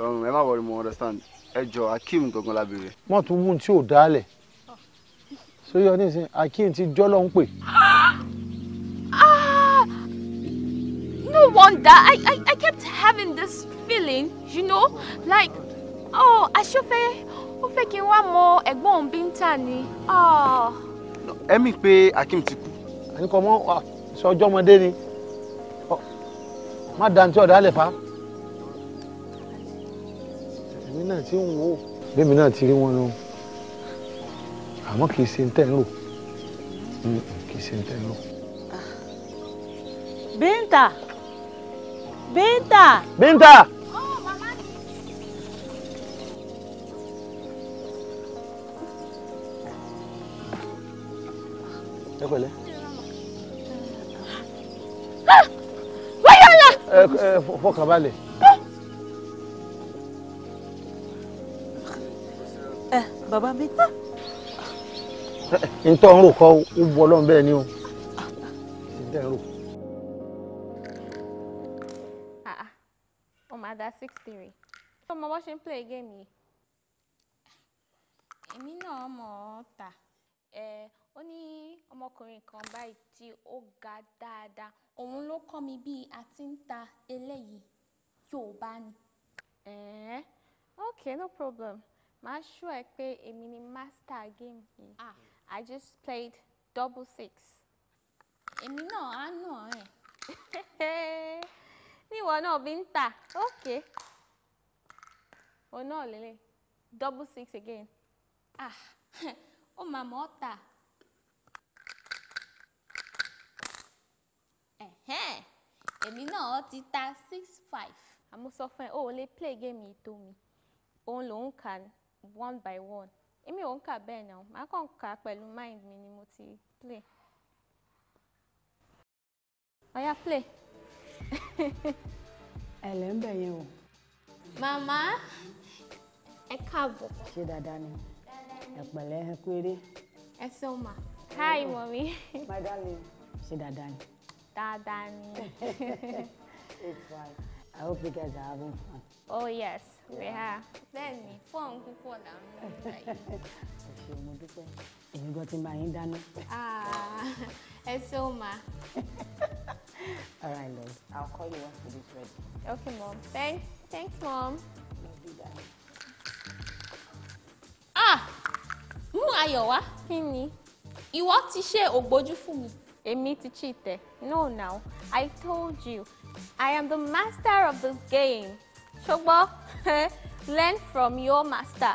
Um, ẹ má wọrí mo understand ẹ jọ akeem gangan la béèrè. mọ tún mú tí ò dálẹ sóyọ nísìnyí akeem ti jọlọ ń pè. Ah! no wonder I, I i kept having this feeling you know like oh aṣọ́fẹ́ ó fẹ́ kí n wá mọ ẹ̀gbọ́n òun bí ń tà ni. Ah! ẹ̀mí pé akeem ti kú. àníkọ́ mọ́ sọjọ́ ọmọdé ni má dantí ọ̀dà lè fa èmi náà ti ń wò ó bẹ́ẹ̀mi náà ti rí wọn lọ àmọ́ kì í ṣe ń tẹ̀ ń lò kì í ṣe ń tẹ̀ ń lò. Binta Binta. Binta. ẹ pẹ̀lẹ́. Ah! wáyé ọ̀la. ẹ ẹ fọkànbalẹ̀. ẹ Baba mi. ntọ́ ń rò kọ́ ó bu ọlọ́run bẹ́ẹ̀ ni o. ọmọ ah, àdá six three ọmọ wọn ṣe ń play game yìí èmi náà mọ̀ ọ́ ta ẹ ó ní ọmọkùnrin kan báyìí tí ó ga dáadáa òun ló kọ́ mi bí a ń ta eléyìí Yorùbá ni. ẹ̀ẹ́n ok no problem màá ṣú ẹ pé èmi ni master game yìí ah. I just played double six. èmi náà á nù ọ̀rẹ́. ní ìwọ náà bí ń tà ok òun náà lélẹ̀ double six again. ah ó máa mọ̀ ọ́ tà. èmi náà ti ta six five. àmọ́ sọ fún ẹ o lè play game yìí tó mi òun lòún kà one by one èmi ò ń kà bẹ́ẹ̀ náà màá kàn kà pẹ̀lú mind mi ni mo ti play. ọ̀yá play. ẹ lẹ́ ń bẹ̀ yẹn o. màmá ẹ káàbọ̀. ṣé dáadáa ni ẹ pẹ̀lẹ́ ẹ kú eré. ẹ sọ ma hi mommy. my darling ṣé dáadáa ni dáadáa ni. it's fine. I hope you guys are having fun. Oh yes, yeah. we are. Bẹ́ẹ̀ni, fọ́ọ̀n púpọ̀ là ń lò láyé. Ẹ ṣeun mo dúpẹ́. Èmi gan ah, ma. All right, love. I'll call you once food is ready. Okay, mom. Thanks, thanks, mom. Ah! Mú ayọ̀ wá. Kí ni? Ìwọ ti ṣe ògbójú fún mi. Emi ti cheat. No, now. I told you. I am the master of this game. Ṣùgbọ́n learn from your master.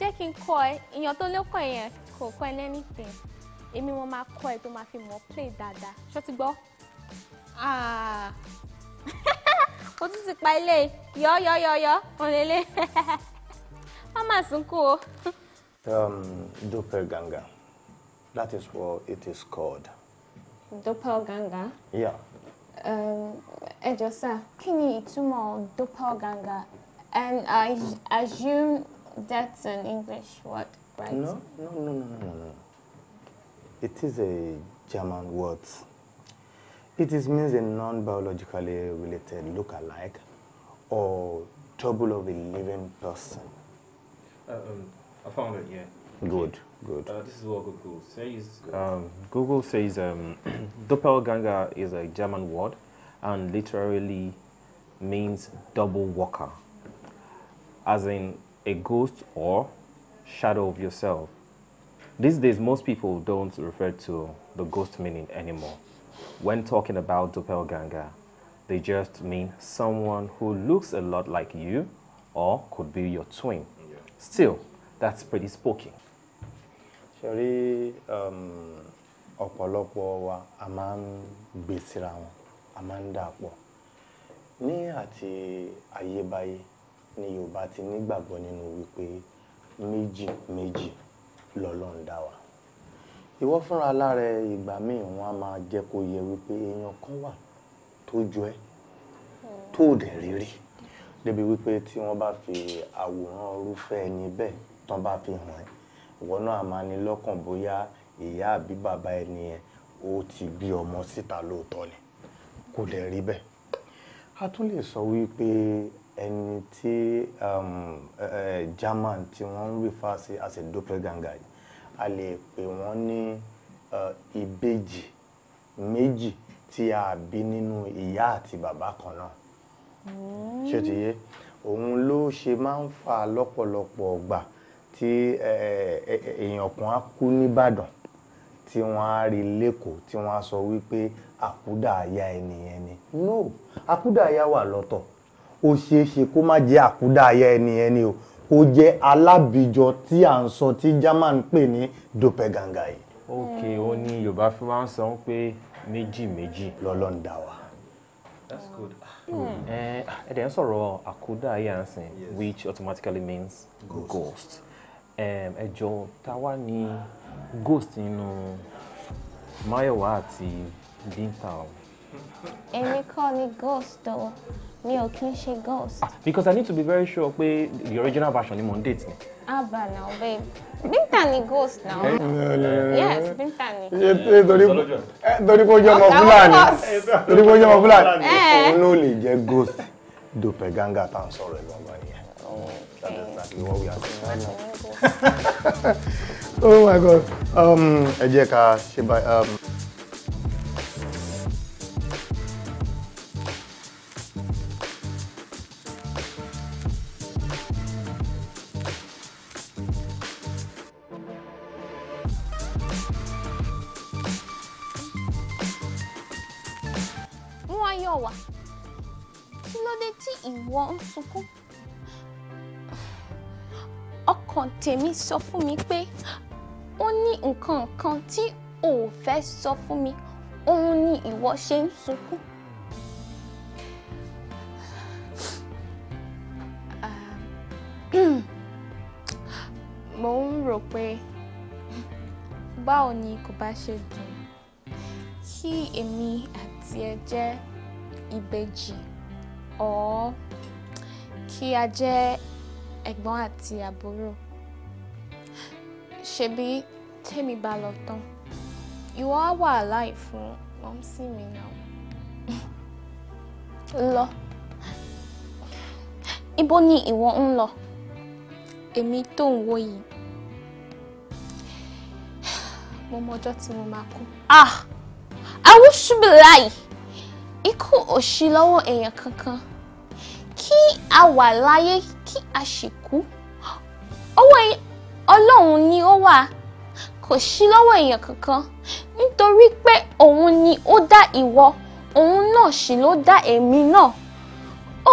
Jẹ́ kí n kọ́ ẹ, èèyàn tó lékọ̀ọ́ yẹn anything. Emi ẹ ma Èmi to ma fi mọ̀ play dada. Ṣé o ti gbọ́? Ah. Mo tún ti yo yo yo. òlélẹ́. Má Mama sunkún o. Um, Ganga. That is what it is called. doppelganger. Yeah. Um, can you Ejosa, kini itumo doppelganger, and I assume that's an English word, right? No, no, no, no, no, no. It is a German word. It is means a non-biologically related look-alike or trouble of a living person. Uh, um, I found it, yeah. Good. Good. Uh, this is what Google says. Um, Google says um, doppelganger is a German word and literally means double walker, as in a ghost or shadow of yourself. These days, most people don't refer to the ghost meaning anymore. When talking about doppelganger, they just mean someone who looks a lot like you or could be your twin. Yeah. Still, that's pretty spooky. ṣorí um, ọ̀pọ̀lọpọ̀ wa a máa ń gbé síra wọn, a máa ń dàpọ̀. Ní àti ayébáyé ni Yorùbá ti ní ìgbàgbọ́ nínú wípé méjì méjì lọ̀lọhun dá wa. Ìwọ fúnra lára ẹ ìgbà míì wọ́n a máa jẹ́ kó yẹ wípé èèyàn kan wà tó ju ẹ, tó dẹ̀ rí Débi wípé tí wọ́n bá fi àwòrán irúfẹ́ ẹni bẹ́ẹ̀ tán bá fi hàn ẹ́, ìwọ náà a máa ní lọ́kàn bóyá ìyá àbí bàbá ẹni yẹn ó ti bí ọmọ síta lóòótọ́ ni. Kò dẹ̀ rí bẹ́ẹ̀. A tún lè sọ wípé ẹni tí um, German tí wọ́n ń refer sí as a doppelganger yìí, a lè pè wọ́n ní ìbejì méjì tí a bí nínú ìyá àti bàbá kan náà. Hmm. Ṣé ti yé? Òun ló ṣe máa ń fà lọ́pọ̀lọpọ̀ ọgbà tí èèyàn kan á kú nìbàdàn tí wọ́n á rí lẹ́kọ̀ọ́ tí wọ́n á sọ wípé àkúdàáyá ẹnìyẹn ni no àkúdàáyá wà lọ́tọ̀ ó ṣeé ṣe kó má jẹ́ àkúdàáyá ẹnìyẹn ni o kó jẹ́ alábìjọ tí à ń sọ tí german pè ní dopeganga yìí. ok ó ní yorùbá fi máa ń sọ pé méjì méjì lọ́lọ́ ń dá wa. that's good. ẹ hmm. eh, ẹ dẹ̀ ń sọ̀rọ̀ àkúdàáyá ń sìn which automatically means ghost. ghost ẹ jọ̀ọ́ ta wá ní ghost nínú Máyọ̀wá àti Bíńtà o. èmi kọ́ ni ghost o mi ò kí n ṣe ghost. ah because i need to be very sure pé the original version ni mo ń date ni. abba now babe Binta ni ghost now. yes Binta ni. torí kó jẹ́ ọmọ fúlàní torí kó jẹ́ ọmọ fúlàní òun ló lè jẹ́ ghost doppelganger tá à ń sọ̀rọ̀ ẹ̀ lọ́wọ́ yìí. That is exactly what we are doing oh my God. Um, ẹ jẹ́ ká tèmi sọ fún mi pé ó ní nǹkan kan tí ò fẹ́ sọ fún mi òun ni ìwọ ṣe ń sunkún. mo ń rò pé báwo ni kò bá ṣe dùn kí èmi àti ẹ jẹ́ ìbejì ọ̀ọ́ kí a jẹ́ ẹ̀gbọ́n àti àbúrò ṣebí tèmi bá lọ tán ìwọ á wà láì fún mọ́mísì mi náà lọ ibo ni ìwọ ń lọ èmi tó ń wò yìí mo mọ ọjọ́ tí mo máa kú. ah awúṣubìláì ikú òṣì lọ́wọ́ èèyàn kankan kí a wà láyé kí a sì kú ọwọ́ ọlọ́run ni ó wà kò sí lọ́wọ́ èèyàn kankan nítorí pé òun ni ó dá ìwọ òun náà sì ló dá èmi náà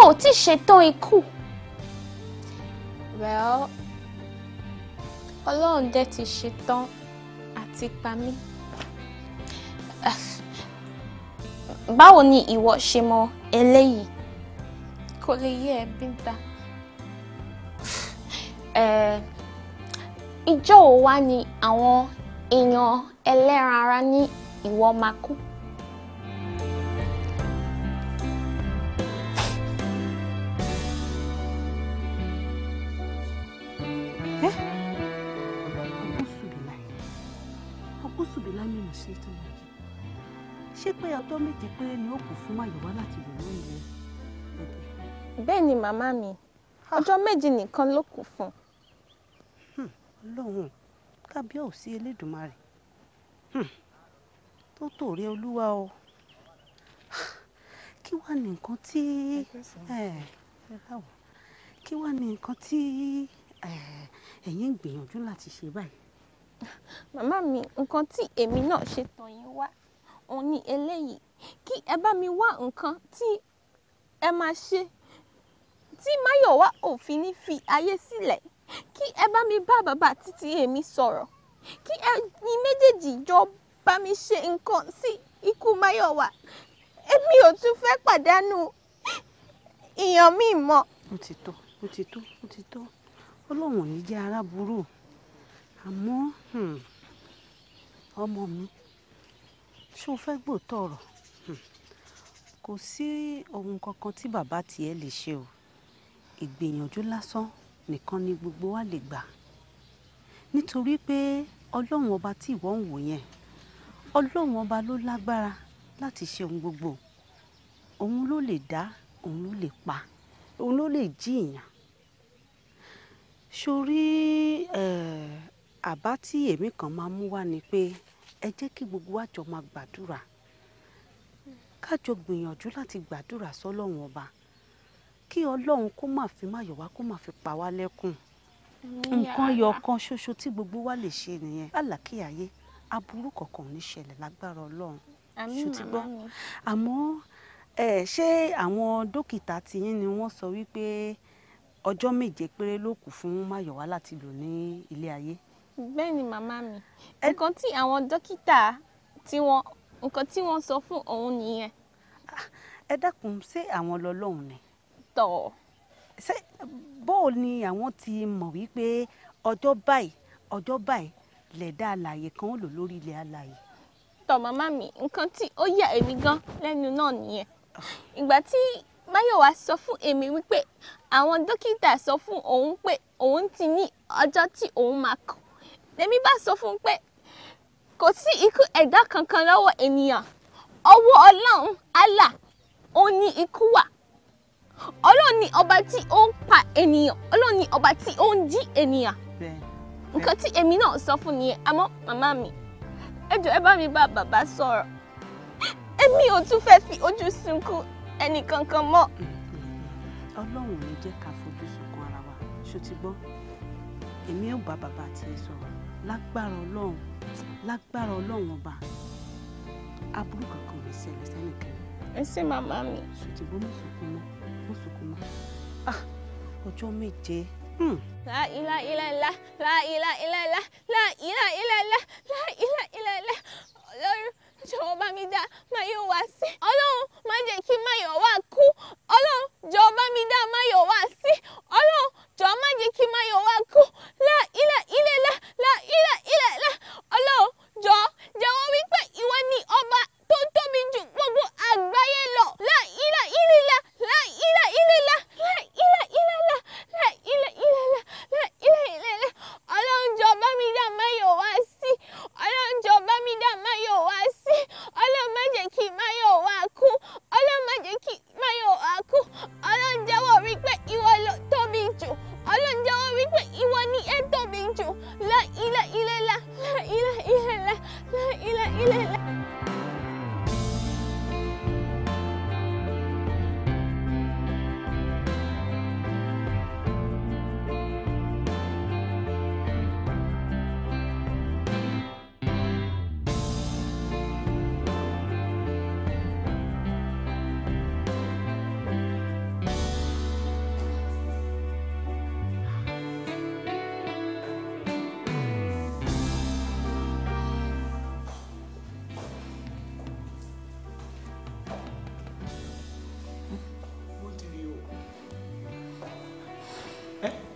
ó ti ṣetán ikú. well ọlọ́run dẹ̀ ti ṣetán àti pa mí. báwo ni ìwọ ṣe mọ eléyìí. kò lè yé ẹ bí n ta. Ìjọ́ wo wá ni àwọn èèyàn ẹlẹ́ran ara ní ìwọ máa kú? ṣé pé ọtọ méje péré ni ó kù fún àyẹ̀wò láti lè lóyún rẹ. bẹ́ẹ̀ ni màmá mi ah. ọjọ́ méjì nìkan ló kù fún un ọlọ́run kábíyèsí elédùnmarè hmm, tó tòrè olúwa o kí wá ní nǹkan tí kí wá ní nǹkan tí ẹ̀yin ń gbìyànjú láti ṣe báyìí. màmá mi nǹkan tí èmi náà ṣe tàn yín wá òun ni eléyìí kí ẹ bá mi wá nǹkan tí ẹ máa ṣe tí máyọ̀wá òfin ní fi ayé sílẹ̀. Si kí ẹ bá mi bá bàbá títí èmi sọ̀rọ̀ kí ẹ̀yin méjèèjì jọ bá mi ṣe nǹkan sí ikú Máyọ̀wá èmi ò tún fẹ́ pàdánù èèyàn mi mọ́. ó ti tó ó ti tó ó ti tó ọlọ́run ò jẹ́ aráburú àmọ́ hmm, ọmọ mi ṣó fẹ́ gbòòtọ̀ ọ̀rọ̀ hmm, kò sí ohun kankan tí bàbá tiẹ̀ lè ṣe o ìgbìyànjú lásán nìkan ni gbogbo wa lè gbà nítorí pé ọlọ́run ọba tí ìwọ ń wò yẹn ọlọ́run ọba ló lágbára láti ṣe ohun gbogbo òun ló lè dá òun ló lè pa òun ló lè jíìyàn sórí àbá tí èmi kan máa mú wá ni pé ẹ jẹ́ kí gbogbo wa máa gbàdúrà ká gbìyànjú láti gbàdúrà sọ́lọ́run ọba. So kí ọlọ́run kó má fi má yọ̀ wá kó má fi pa wá lẹ́kùn nǹkan yọ kan ṣoṣo tí gbogbo wa lè ṣe nìyẹn alákìyàyé aburú kankan ò ní ṣẹlẹ̀ lágbára ọlọ́run ṣùtìgbọ́ àmọ́ ṣé àwọn dókítà tiyín ni wọ́n sọ wípé ọjọ́ méje péré ló kù fún Máyọ̀wá láti lò ní ilé ayé. bẹ́ẹ̀ ni màmá mi nǹkan tí àwọn dókítà tí wọ́n nǹkan tí wọ́n sọ fún òun nìyẹn. Ah, ẹ dákun ṣé àwọn lọlọ́run ni store. ṣé bóò ni àwọn ti mọ̀ wípé ọjọ́ báyìí ọjọ́ báyìí lẹ̀dá alàyè kan ó lò lórí ilẹ̀ alàyè. tọ màmá mi nǹkan tí ó yà èmi gan lẹ́nu náà nìyẹn ìgbà tí Máyọ̀wá sọ fún èmi wípé àwọn dókítà sọ fún òun pé òun ti ní ọjọ́ tí òun máa kọ̀ lèmi bá sọ fún un pé kò sí ikú ẹ̀dá kankan lọ́wọ́ ènìyàn ọwọ́ Ọlọ́run Allah ó ní ikú wà ọlọ́run ni ọba tí ó ń pa ènìyàn ọlọ́run ni ọba tí ó ń jí ènìyàn nǹkan tí èmi náà sọ fún nìyẹn àmọ́ màmá mi ẹ jọ̀ọ́ ẹ bá mi bá bàbá sọ̀rọ̀ èmi ò tún fẹ́ fi ojú sunkún ẹnì kankan mọ́. ọlọ́run ò ní jẹ́ ká fojú sunkún ara wa ṣó ti gbọ́ èmi ò bá bàbá àti ẹ sọ̀rọ̀ lágbára ọlọ́run lágbára ọlọ́run ọba aburú kankan ò ní ṣẹlẹ̀ sẹ́nìkan. ẹ ṣé màmá mi. ṣùtì bómi sunkún náà mọ́ sunkún mọ́ ah, ọjọ́ méje. Hmm. La ilaha illallah, la ilaha illallah, la ilaha illallah, la ilaha illallah. Ọlọ́run jọ̀wọ́ bá mi dá Máyọ̀wá sí. Ọlọ́run má jẹ́ kí Máyọ̀wá kú. Ọlọ́run jọ̀wọ́ bá mi dá Máyọ̀wá sí. Ọlọ́run jọ̀wọ́ má jẹ́ kí Máyọ̀wá kú. La ilaha illallah, la ilaha Ọlọ́run jọ̀ọ́ jẹ́wọ́ wípé ìwọ ni ọba pontong minjuk wabu abaya lo. La ila ila la. La ila ila la. La ila ila la. La ila ila la. La ila ila la. Alang jaba mida mayo wasi. Alang jaba mida mayo wasi. Alang majeki mayo waku. Alang majeki mayo waku. Alang jawa rikwe iwa lo to minjuk. Alang jawa rikwe iwa ni e to minjuk. La ila ila la. La ila ila la. La ila ila la. La ila ila la.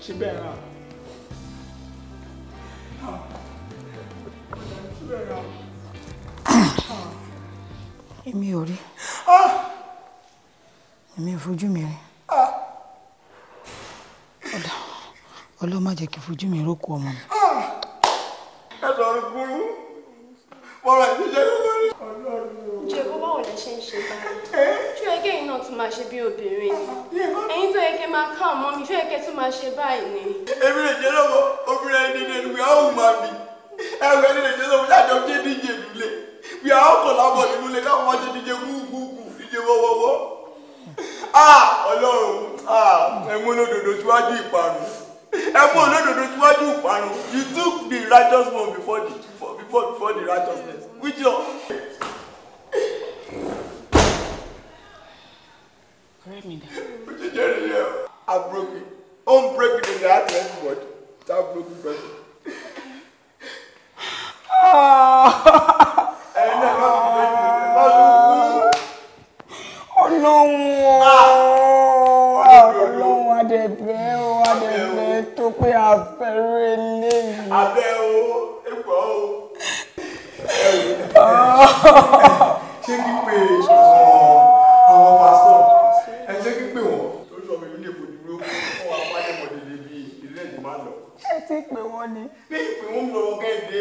ṣe bẹ́ẹ̀ rà. èmi ò rí èmi ò fojú mi rí ọ̀dà ọlọ́mọ jẹ́ kí fojú mi rókò ọmọ mi. ẹ sọ̀rọ̀ gbúrú bọ́rọ̀ ẹ̀mí jẹ́ kókó rí. jẹ́kọ́ báwo lẹ ṣe ń ṣe báyìí eh? ṣé ẹ kẹ́yìn náà tún máa ṣe bí obìnrin ni ah, ẹ̀yin tó yẹ kẹ́ máa ká ọmọ mi ṣé ẹ kẹ́ tún máa ṣe báyìí ni. èmi lè jẹ́ lọ́wọ́ obìnrin ẹni ní ẹnu ìyá òun máa bì ẹ̀rù ẹni lè jẹ́ lọ́wọ́ láti ọjọ́ díje nílé bí àwọn kò lábọ̀ nínú ilé káwọn máa ṣe díje gúgúgù díje wọ́wọ́wọ́. ọlọ́run ah, ẹ̀mú olódodo síwájú ìparun ẹ̀mú ìparun you took the righteous one before the fought for the righteousness which your. ọ̀rẹ́ mi dà. o ti jẹ́ rẹ̀ yẹ unbroken in the heart of everybody that broken person. ẹ̀yin náà lọ́wọ́ mi bẹ́ẹ̀ abẹ́ o. ṣé kí pé àwọn pásítọ̀ ẹ jẹ́ kí pé wọ́n torí ọmọ ìlú lè fojú ró fún wa wáyé mọ̀lẹ́lẹ́ bíi ìlú ẹ̀dùn máa lọ. ẹ ti pè wọ́n ni. bí ìpè wọn lọ kẹ́hìndé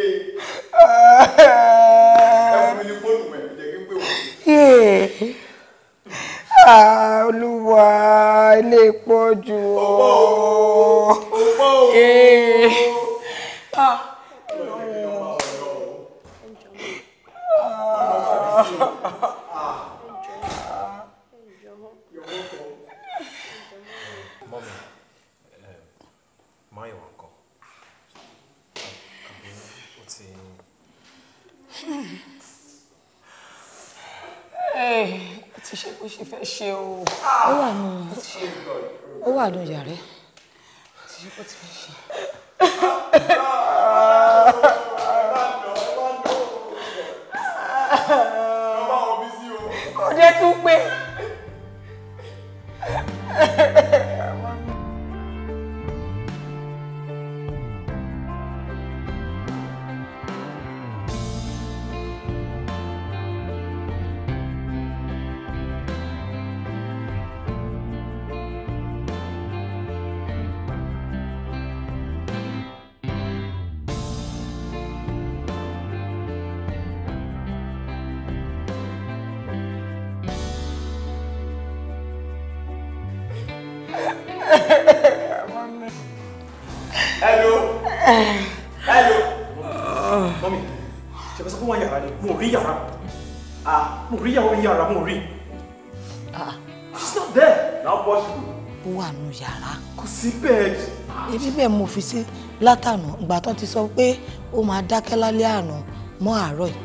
fi sí látànà ìgbà tán ti sọ pé ó máa dákẹ́ lálẹ́ àná mọ́ àárọ̀ yìí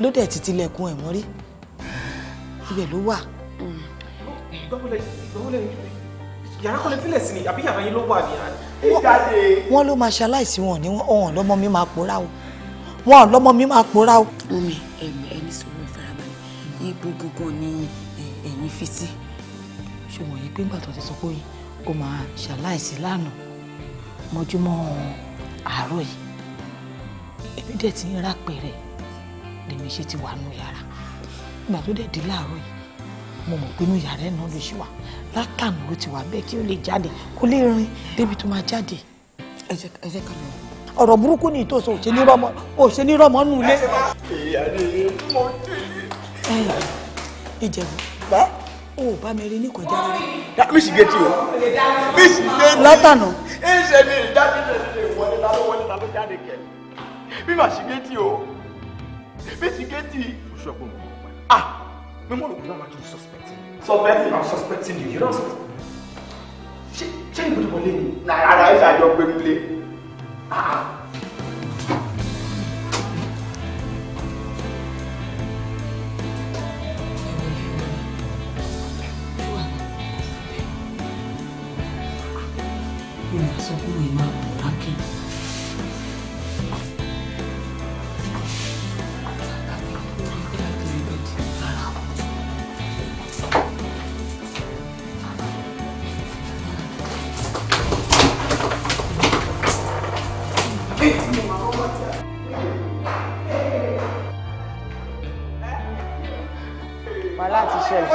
ló dẹ̀ ti tilẹ̀kùn ẹ̀ mọ́rí ibẹ̀ ló wà. yàrá kan lè sílẹ̀ sí ni àbí yàrá yín ló wà ní àná. wọ́n ló máa ṣaláìsí wọn ní ọ̀hún lọ́mọ mi máa pòórá o wọn lọ́mọ mi máa pòórá o. omi ẹni sọ̀rọ̀ ìfarabalẹ̀ yí gbogbo gan ni ẹ̀yìn fi sí. ṣùgbọ́n yìí pé ńgbà tó ti sọ pé ó máa ṣaláìsí lánàá mọ́júmọ́ àárọ̀ yìí èmi dẹ̀ ti ń rà pẹ̀rẹ̀ lèmi ṣe ti wà nù yàrá ìgbà tó dẹ̀ dé láàárọ̀ yìí mo mọ̀ pé inú yàrá ẹ̀ náà ló ṣì wà látàánú ló ti wà bẹ́ẹ̀ kí ó lè jáde kó lè rìn débi tó máa jáde. ẹ jẹ́ ká lọ. ọ̀rọ̀ burúkú ni ìtòsọ ò ní rọ́mọ ò ní rọ́mọ nù ìyá ni mo dé. ìjẹ̀bú. bẹ́ẹ̀ o ò bá mi rí ní kọjá rẹ. mísì gétí o mísì gétí. látànà. ẹ ń ṣe ní ìdájí ṣe ṣe wọlé ta ló wọlé ta ló jáde kẹ bí mà sí gétí o mísì gétí. o ṣe ọgbọ́n mi ah mi mọ̀ lóko náà wá kí n suspect. suspect na suspecting you you don suspect. ṣé ṣé ìgbọ́dọ̀ wọlé ni. nàrà ẹ̀ ṣàjọ pé nílé.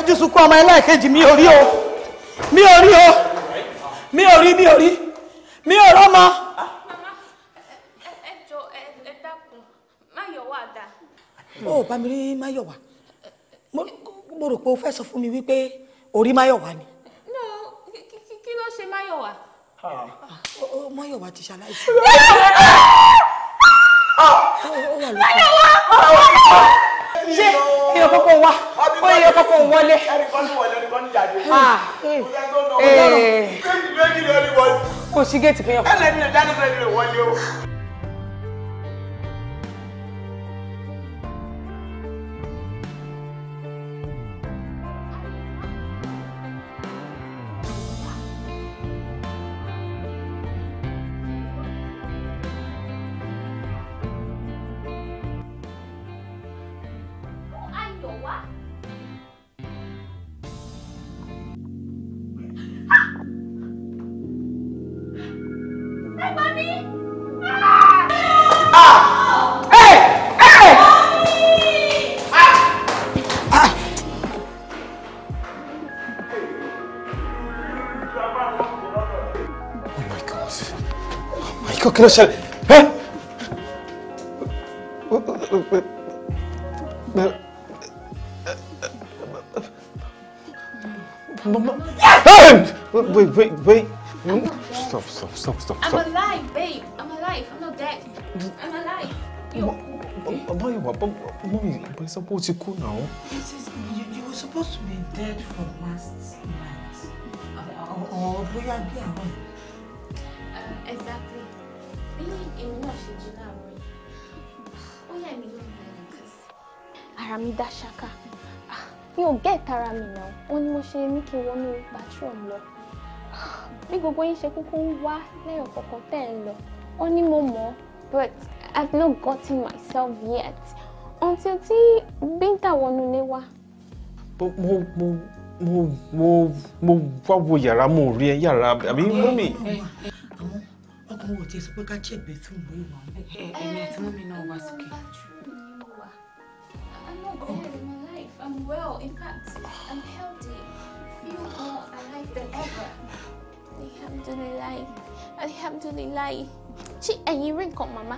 fojú sunkún ọmọ ẹlẹ́ẹ̀kejì mi ò rí o mi ò rí o mi ò rí mi ò rí mi ò rọ́mọ. ó bá mi rí Máyọ̀wá mo rò pé o fẹ́ sọ fún mi wípé o rí Máyọ̀wá ni. kí ló ṣe Máyọ̀wá. Máyọ̀wá ti ṣaláìsí. Máyọ̀wá Máyọ̀wá ṣé èèyàn kọ́kọ́ wá ah, eh. ó yẹ kọ́kọ́ eh. wọlé. kò sí géètì fi hàn. ẹlẹ́ni ò dáná sẹ́ni wọlé o. ló ṣẹlẹ̀ ẹ́ Wait, wait, wait. Stop, stop, stop, stop, stop. I'm alive, babe. I'm alive. I'm not dead. I'm alive. You're Boy, mommy, but it's supposed to cool now. Yes, yes, you, were supposed to be dead from last night. Or, or, or, or, or, or, bí èmi náà ṣe jí láàárọ̀ yìí ó yà mí lórí ẹ̀yìn kan sí. ara mi dá ṣáká mi ò gẹ́ẹ̀tì ara mi náà wọ́n ní mo ṣe ní kí n wọnú bathroom lọ bí gbogbo yín ṣe kúkú ń wá lẹ́yìn kọ̀ọ̀kan tẹ̀ ń lọ wọ́n ní mo mọ̀ but I've not gotten myself yet until tí bíńtà wọnú ilé wa. mo mo mo mo wá wo yàrá mo rí ẹ yàrá àbí mú mi ọkọ wò tí ẹ sọ pé ká check bathroom ìwà ń bẹ. èmi mú mi náà wá sókè. I'm not bad in oh. my life. I'm well. In fact, I'm healthy. Feel more alive than ever. Alhamdulillah. Alhamdulillah. Ṣé ẹ̀yin rí nǹkan màmá?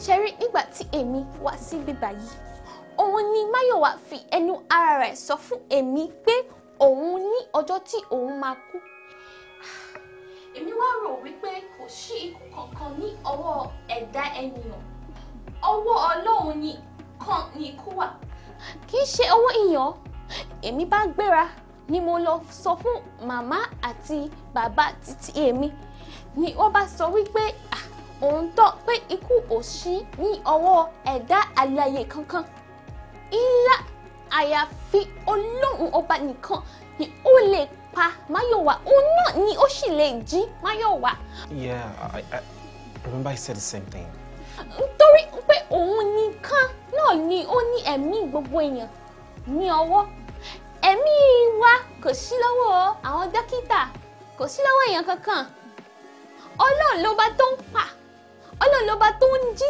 Ṣé rí nígbà tí èmi wá síbí báyìí? Òun ni Máyọ̀wá fi ẹnu ara rẹ̀ sọ fún èmi pé òun ní ọjọ́ tí òun máa kú. Èmi wá rò wípé sí ikú kankan ní ọwọ́ ẹ̀dá ènìyàn ọwọ́ ọlọ́run nìkan ni ikú wà. kì í ṣe ọwọ́ ìyàn èmi bá gbéra ni mo lọ sọ fún màmá àti bàbá títí èmi ni wọ́n bá sọ wípé òótọ́ pé ikú ò sí ní ọwọ́ ẹ̀dá alààyè kankan illa àyàfi ọlọ́run ọba nìkan ni ó lè pa Máyọ̀wá òun náà ni ó sì lè jí Máyọ̀wá. yeah I, I remember I said the same thing. nítorí pé òun nìkan náà ni ó ní ẹ̀mí gbogbo èèyàn ní ọwọ́ ẹ̀mí wa kò sí lọ́wọ́ àwọn dókítà kò sí lọ́wọ́ èèyàn kankan ọlọ́run ló bá tó ń pa ọlọ́run ló bá tó ń jí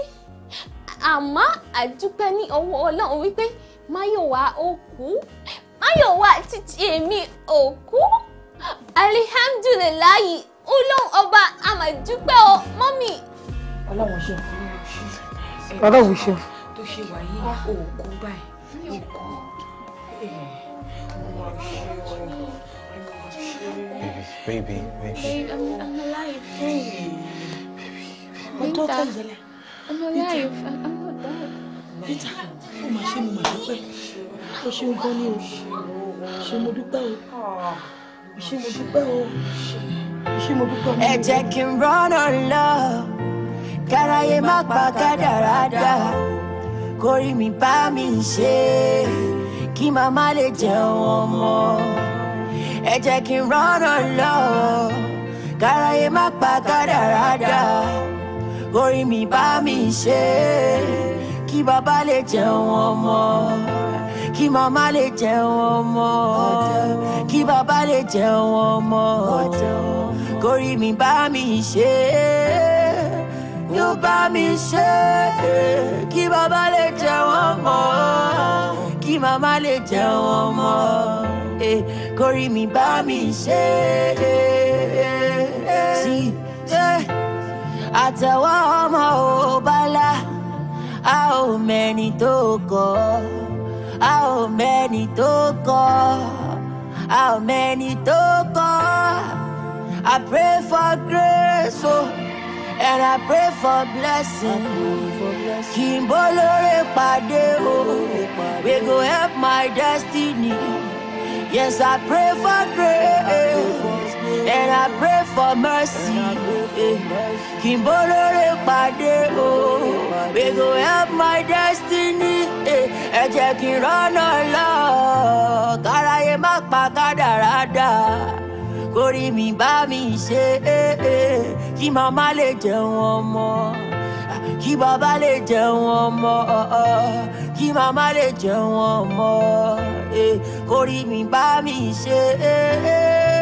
àmọ́ àdúpẹ́ ní ọwọ́ ọlọ́run wípé Máyọ̀wá ó kú Máyọ̀wá títí èmi òkú alihamdulilayi olóhùn ọba àmàdúpẹ́ ọ mọ́mì. ọlọ́run ṣe ọlọ́run ṣe. tó ṣe wà yí òkú báyìí òkú. Baby, baby. baby. I'm, I'm alive. Baby, Baby, baby. My daughter is alive. I'm alive. I'm not dead. Peter, oh my shame, my shame o ṣeun gan ni o ṣe mo dúpẹ́ o ṣe mo dúpẹ́ o ṣe mo dúpẹ́ o. ẹ jẹ́ kí n rọ́nà lọ káráyé má pa kádàrádà kórìí mi bá mi ṣe kí màmá lè jẹun ọmọ ẹ jẹ́ kí n rọ́nà lọ káráyé má pa kádàrádà kórìí mi bá mi ṣe kí bàbá lè jẹun ọmọ kí màmá lè jẹun ọmọ kí bàbá lè jẹun ọmọ kórìí mi bá mi ṣe yóò bá mi ṣe kí bàbá lè jẹun ọmọ kí màmá lè jẹun ọmọ kórìí mi bá mi ṣe. àtẹ̀wọ́ ọmọ ò bá la a ò mẹ́ni tó kọ́. How many to go? How many to go? I pray for grace, oh, and I pray for blessing. Kimbolore pade, oh, we go help my destiny. Yes, I pray for grace. and I pray for mercy. Kí n o, we go help my destiny. Ẹ jẹ́ kí n rọ́nà lọ, káráyé má pa kádàrádà. Kórì mi bá mi ṣe é é, kí màmá lè jẹun ọmọ. Kí bàbá lè jẹun ọmọ, kí màmá lè jẹun ọmọ. Kórì mi bá mi ṣe é é.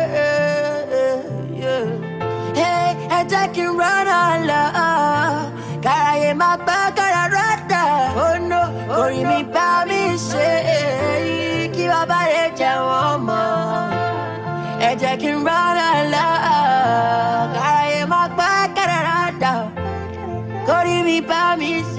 Hey, ẹ jẹ́ kí n rọ́nà lọ. Kàràyè máa gbọ́ kàrà rọ́dà. Oh no, orí mi bá mi ṣe èyí kí bàbá rẹ̀ jẹ́ wọ́n mọ̀. Ẹ jẹ́ kí n rọ́nà lọ. Kàràyè máa gbọ́ kàrà rọ́dà. Orí mi bá mi ṣe.